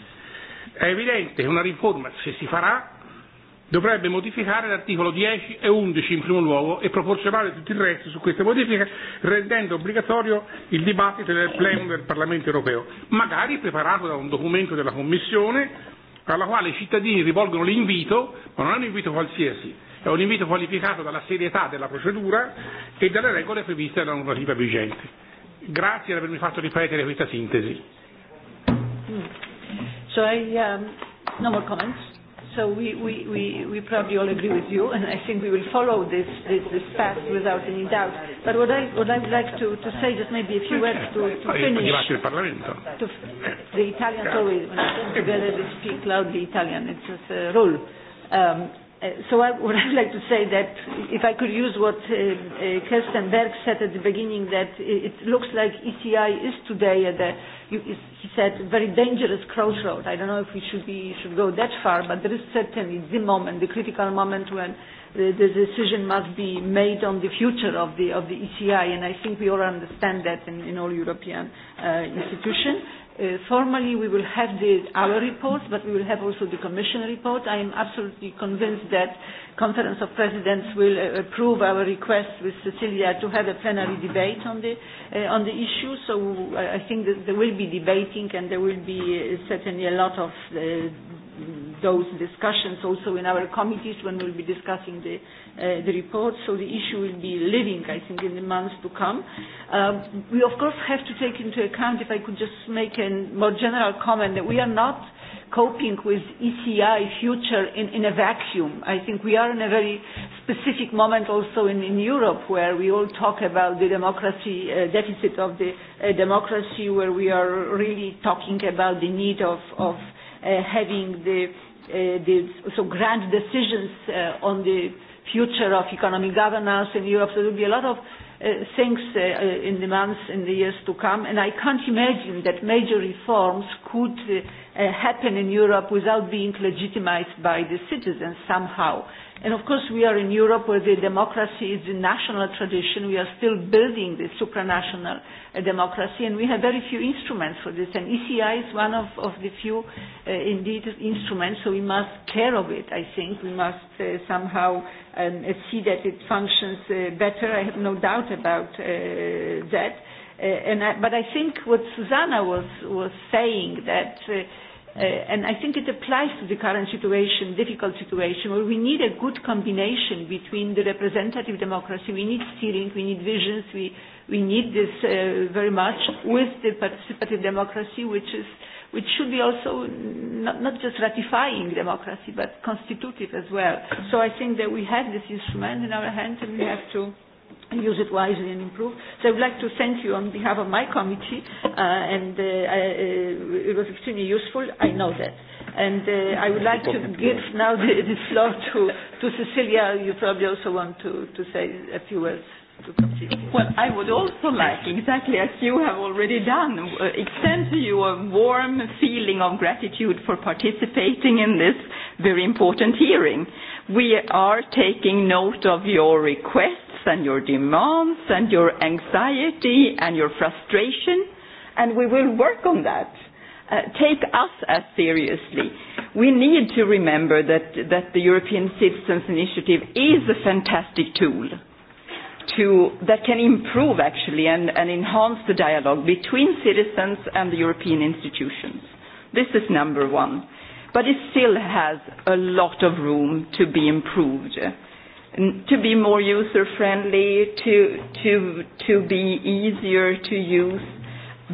Speaker 31: È evidente che una riforma, se si farà, dovrebbe modificare l'articolo 10 e 11 in primo luogo e proporzionare tutto il resto su queste modifiche rendendo obbligatorio il dibattito del plenum del Parlamento europeo, magari preparato da un documento della Commissione per la quale i cittadini rivolgono l'invito, ma non è un invito qualsiasi, è un invito qualificato dalla serietà della procedura e dalle regole previste dalla normativa vigente. Grazie per avermi fatto ripetere questa sintesi.
Speaker 1: So I, um, no more comments. So we, we, we, we probably all agree with you, and I think we will follow this, this, this path without any doubt. But what I, what I would like to, to say, just maybe a few words to, to finish.
Speaker 31: To,
Speaker 1: the Italians always, when I come together, they speak loudly Italian. It's just a rule. Um, Uh, so I would like to say that if I could use what uh, uh, Kirsten Berg said at the beginning, that it, it looks like ECI is today at the, you, is, he said, very dangerous crossroad. I don't know if we should, be, should go that far, but there is certainly the moment, the critical moment when the, the decision must be made on the future of the, of the ECI, and I think we all understand that in, in all European uh, institutions Uh, formally, we will have the, our reports, but we will have also the Commission report. I am absolutely convinced that Conference of Presidents will uh, approve our request with Cecilia to have a plenary debate on the, uh, on the issue. So uh, I think that there will be debating and there will be uh, certainly a lot of uh, those discussions also in our committees when we'll be discussing the, uh, the report. So the issue will be living, I think, in the months to come. Um, we, of course, have to take into account, if I could just make a more general comment, that we are not coping with ECI future in, in a vacuum. I think we are in a very specific moment also in, in Europe where we all talk about the democracy, uh, deficit of the uh, democracy, where we are really talking about the need of, of uh, having the, uh, the so grand decisions uh, on the future of economic governance in Europe. So there will be a lot of Uh, things uh, uh, in the months and the years to come. And I can't imagine that major reforms could happen in Europe without being legitimized by the citizens somehow. And of course, we are in Europe where the democracy is a national tradition. We are still building the supranational uh, democracy, and we have very few instruments for this. And ECI is one of, of the few, uh, indeed, instruments, so we must care of it, I think. We must uh, somehow um, see that it functions uh, better. I have no doubt about uh, that. Uh, and I, but I think what Susanna was, was saying, that uh, Uh, and I think it applies to the current situation, difficult situation, where we need a good combination between the representative democracy, we need steering, we need visions, we, we need this uh, very much, with the participative democracy, which, is, which should be also not, not just ratifying democracy, but constitutive as well. So I think that we have this instrument in our hands and we have to use it wisely and improve. So I would like to thank you on behalf of my committee, uh, and uh, I, uh, it was extremely useful. I know that. And uh, I would like to give now the, the floor to, to Cecilia. You probably also want to, to say a few words. Well, I would also
Speaker 2: like, exactly as you have already done, uh, extend to you a warm feeling of gratitude for participating in this very important hearing. We are taking note of your request and your demands and your anxiety and your frustration, and we will work on that. Uh, take us as seriously. We need to remember that, that the European Citizens Initiative is a fantastic tool to, that can improve actually and, and enhance the dialogue between citizens and the European institutions. This is number one. But it still has a lot of room to be improved to be more user friendly, to, to, to be easier to use,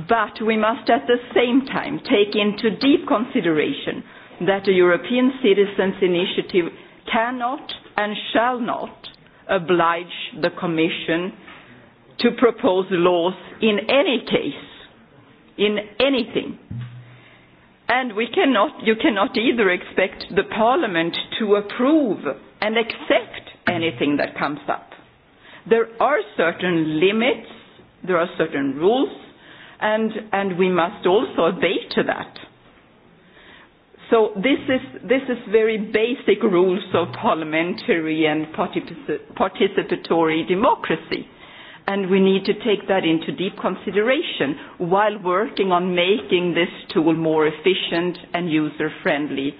Speaker 2: but we must at the same time take into deep consideration that the European Citizens Initiative cannot and shall not oblige the Commission to propose laws in any case, in anything. And we cannot, you cannot either expect the Parliament to approve and accept anything that comes up. There are certain limits, there are certain rules, and, and we must also obey to that. So this is, this is very basic rules of parliamentary and participatory democracy. And we need to take that into deep consideration while working on making this tool more efficient and user friendly.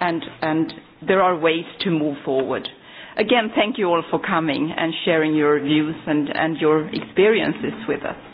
Speaker 2: And, and there are ways to move forward. Again, thank you all for coming and sharing your views and, and your experiences with us.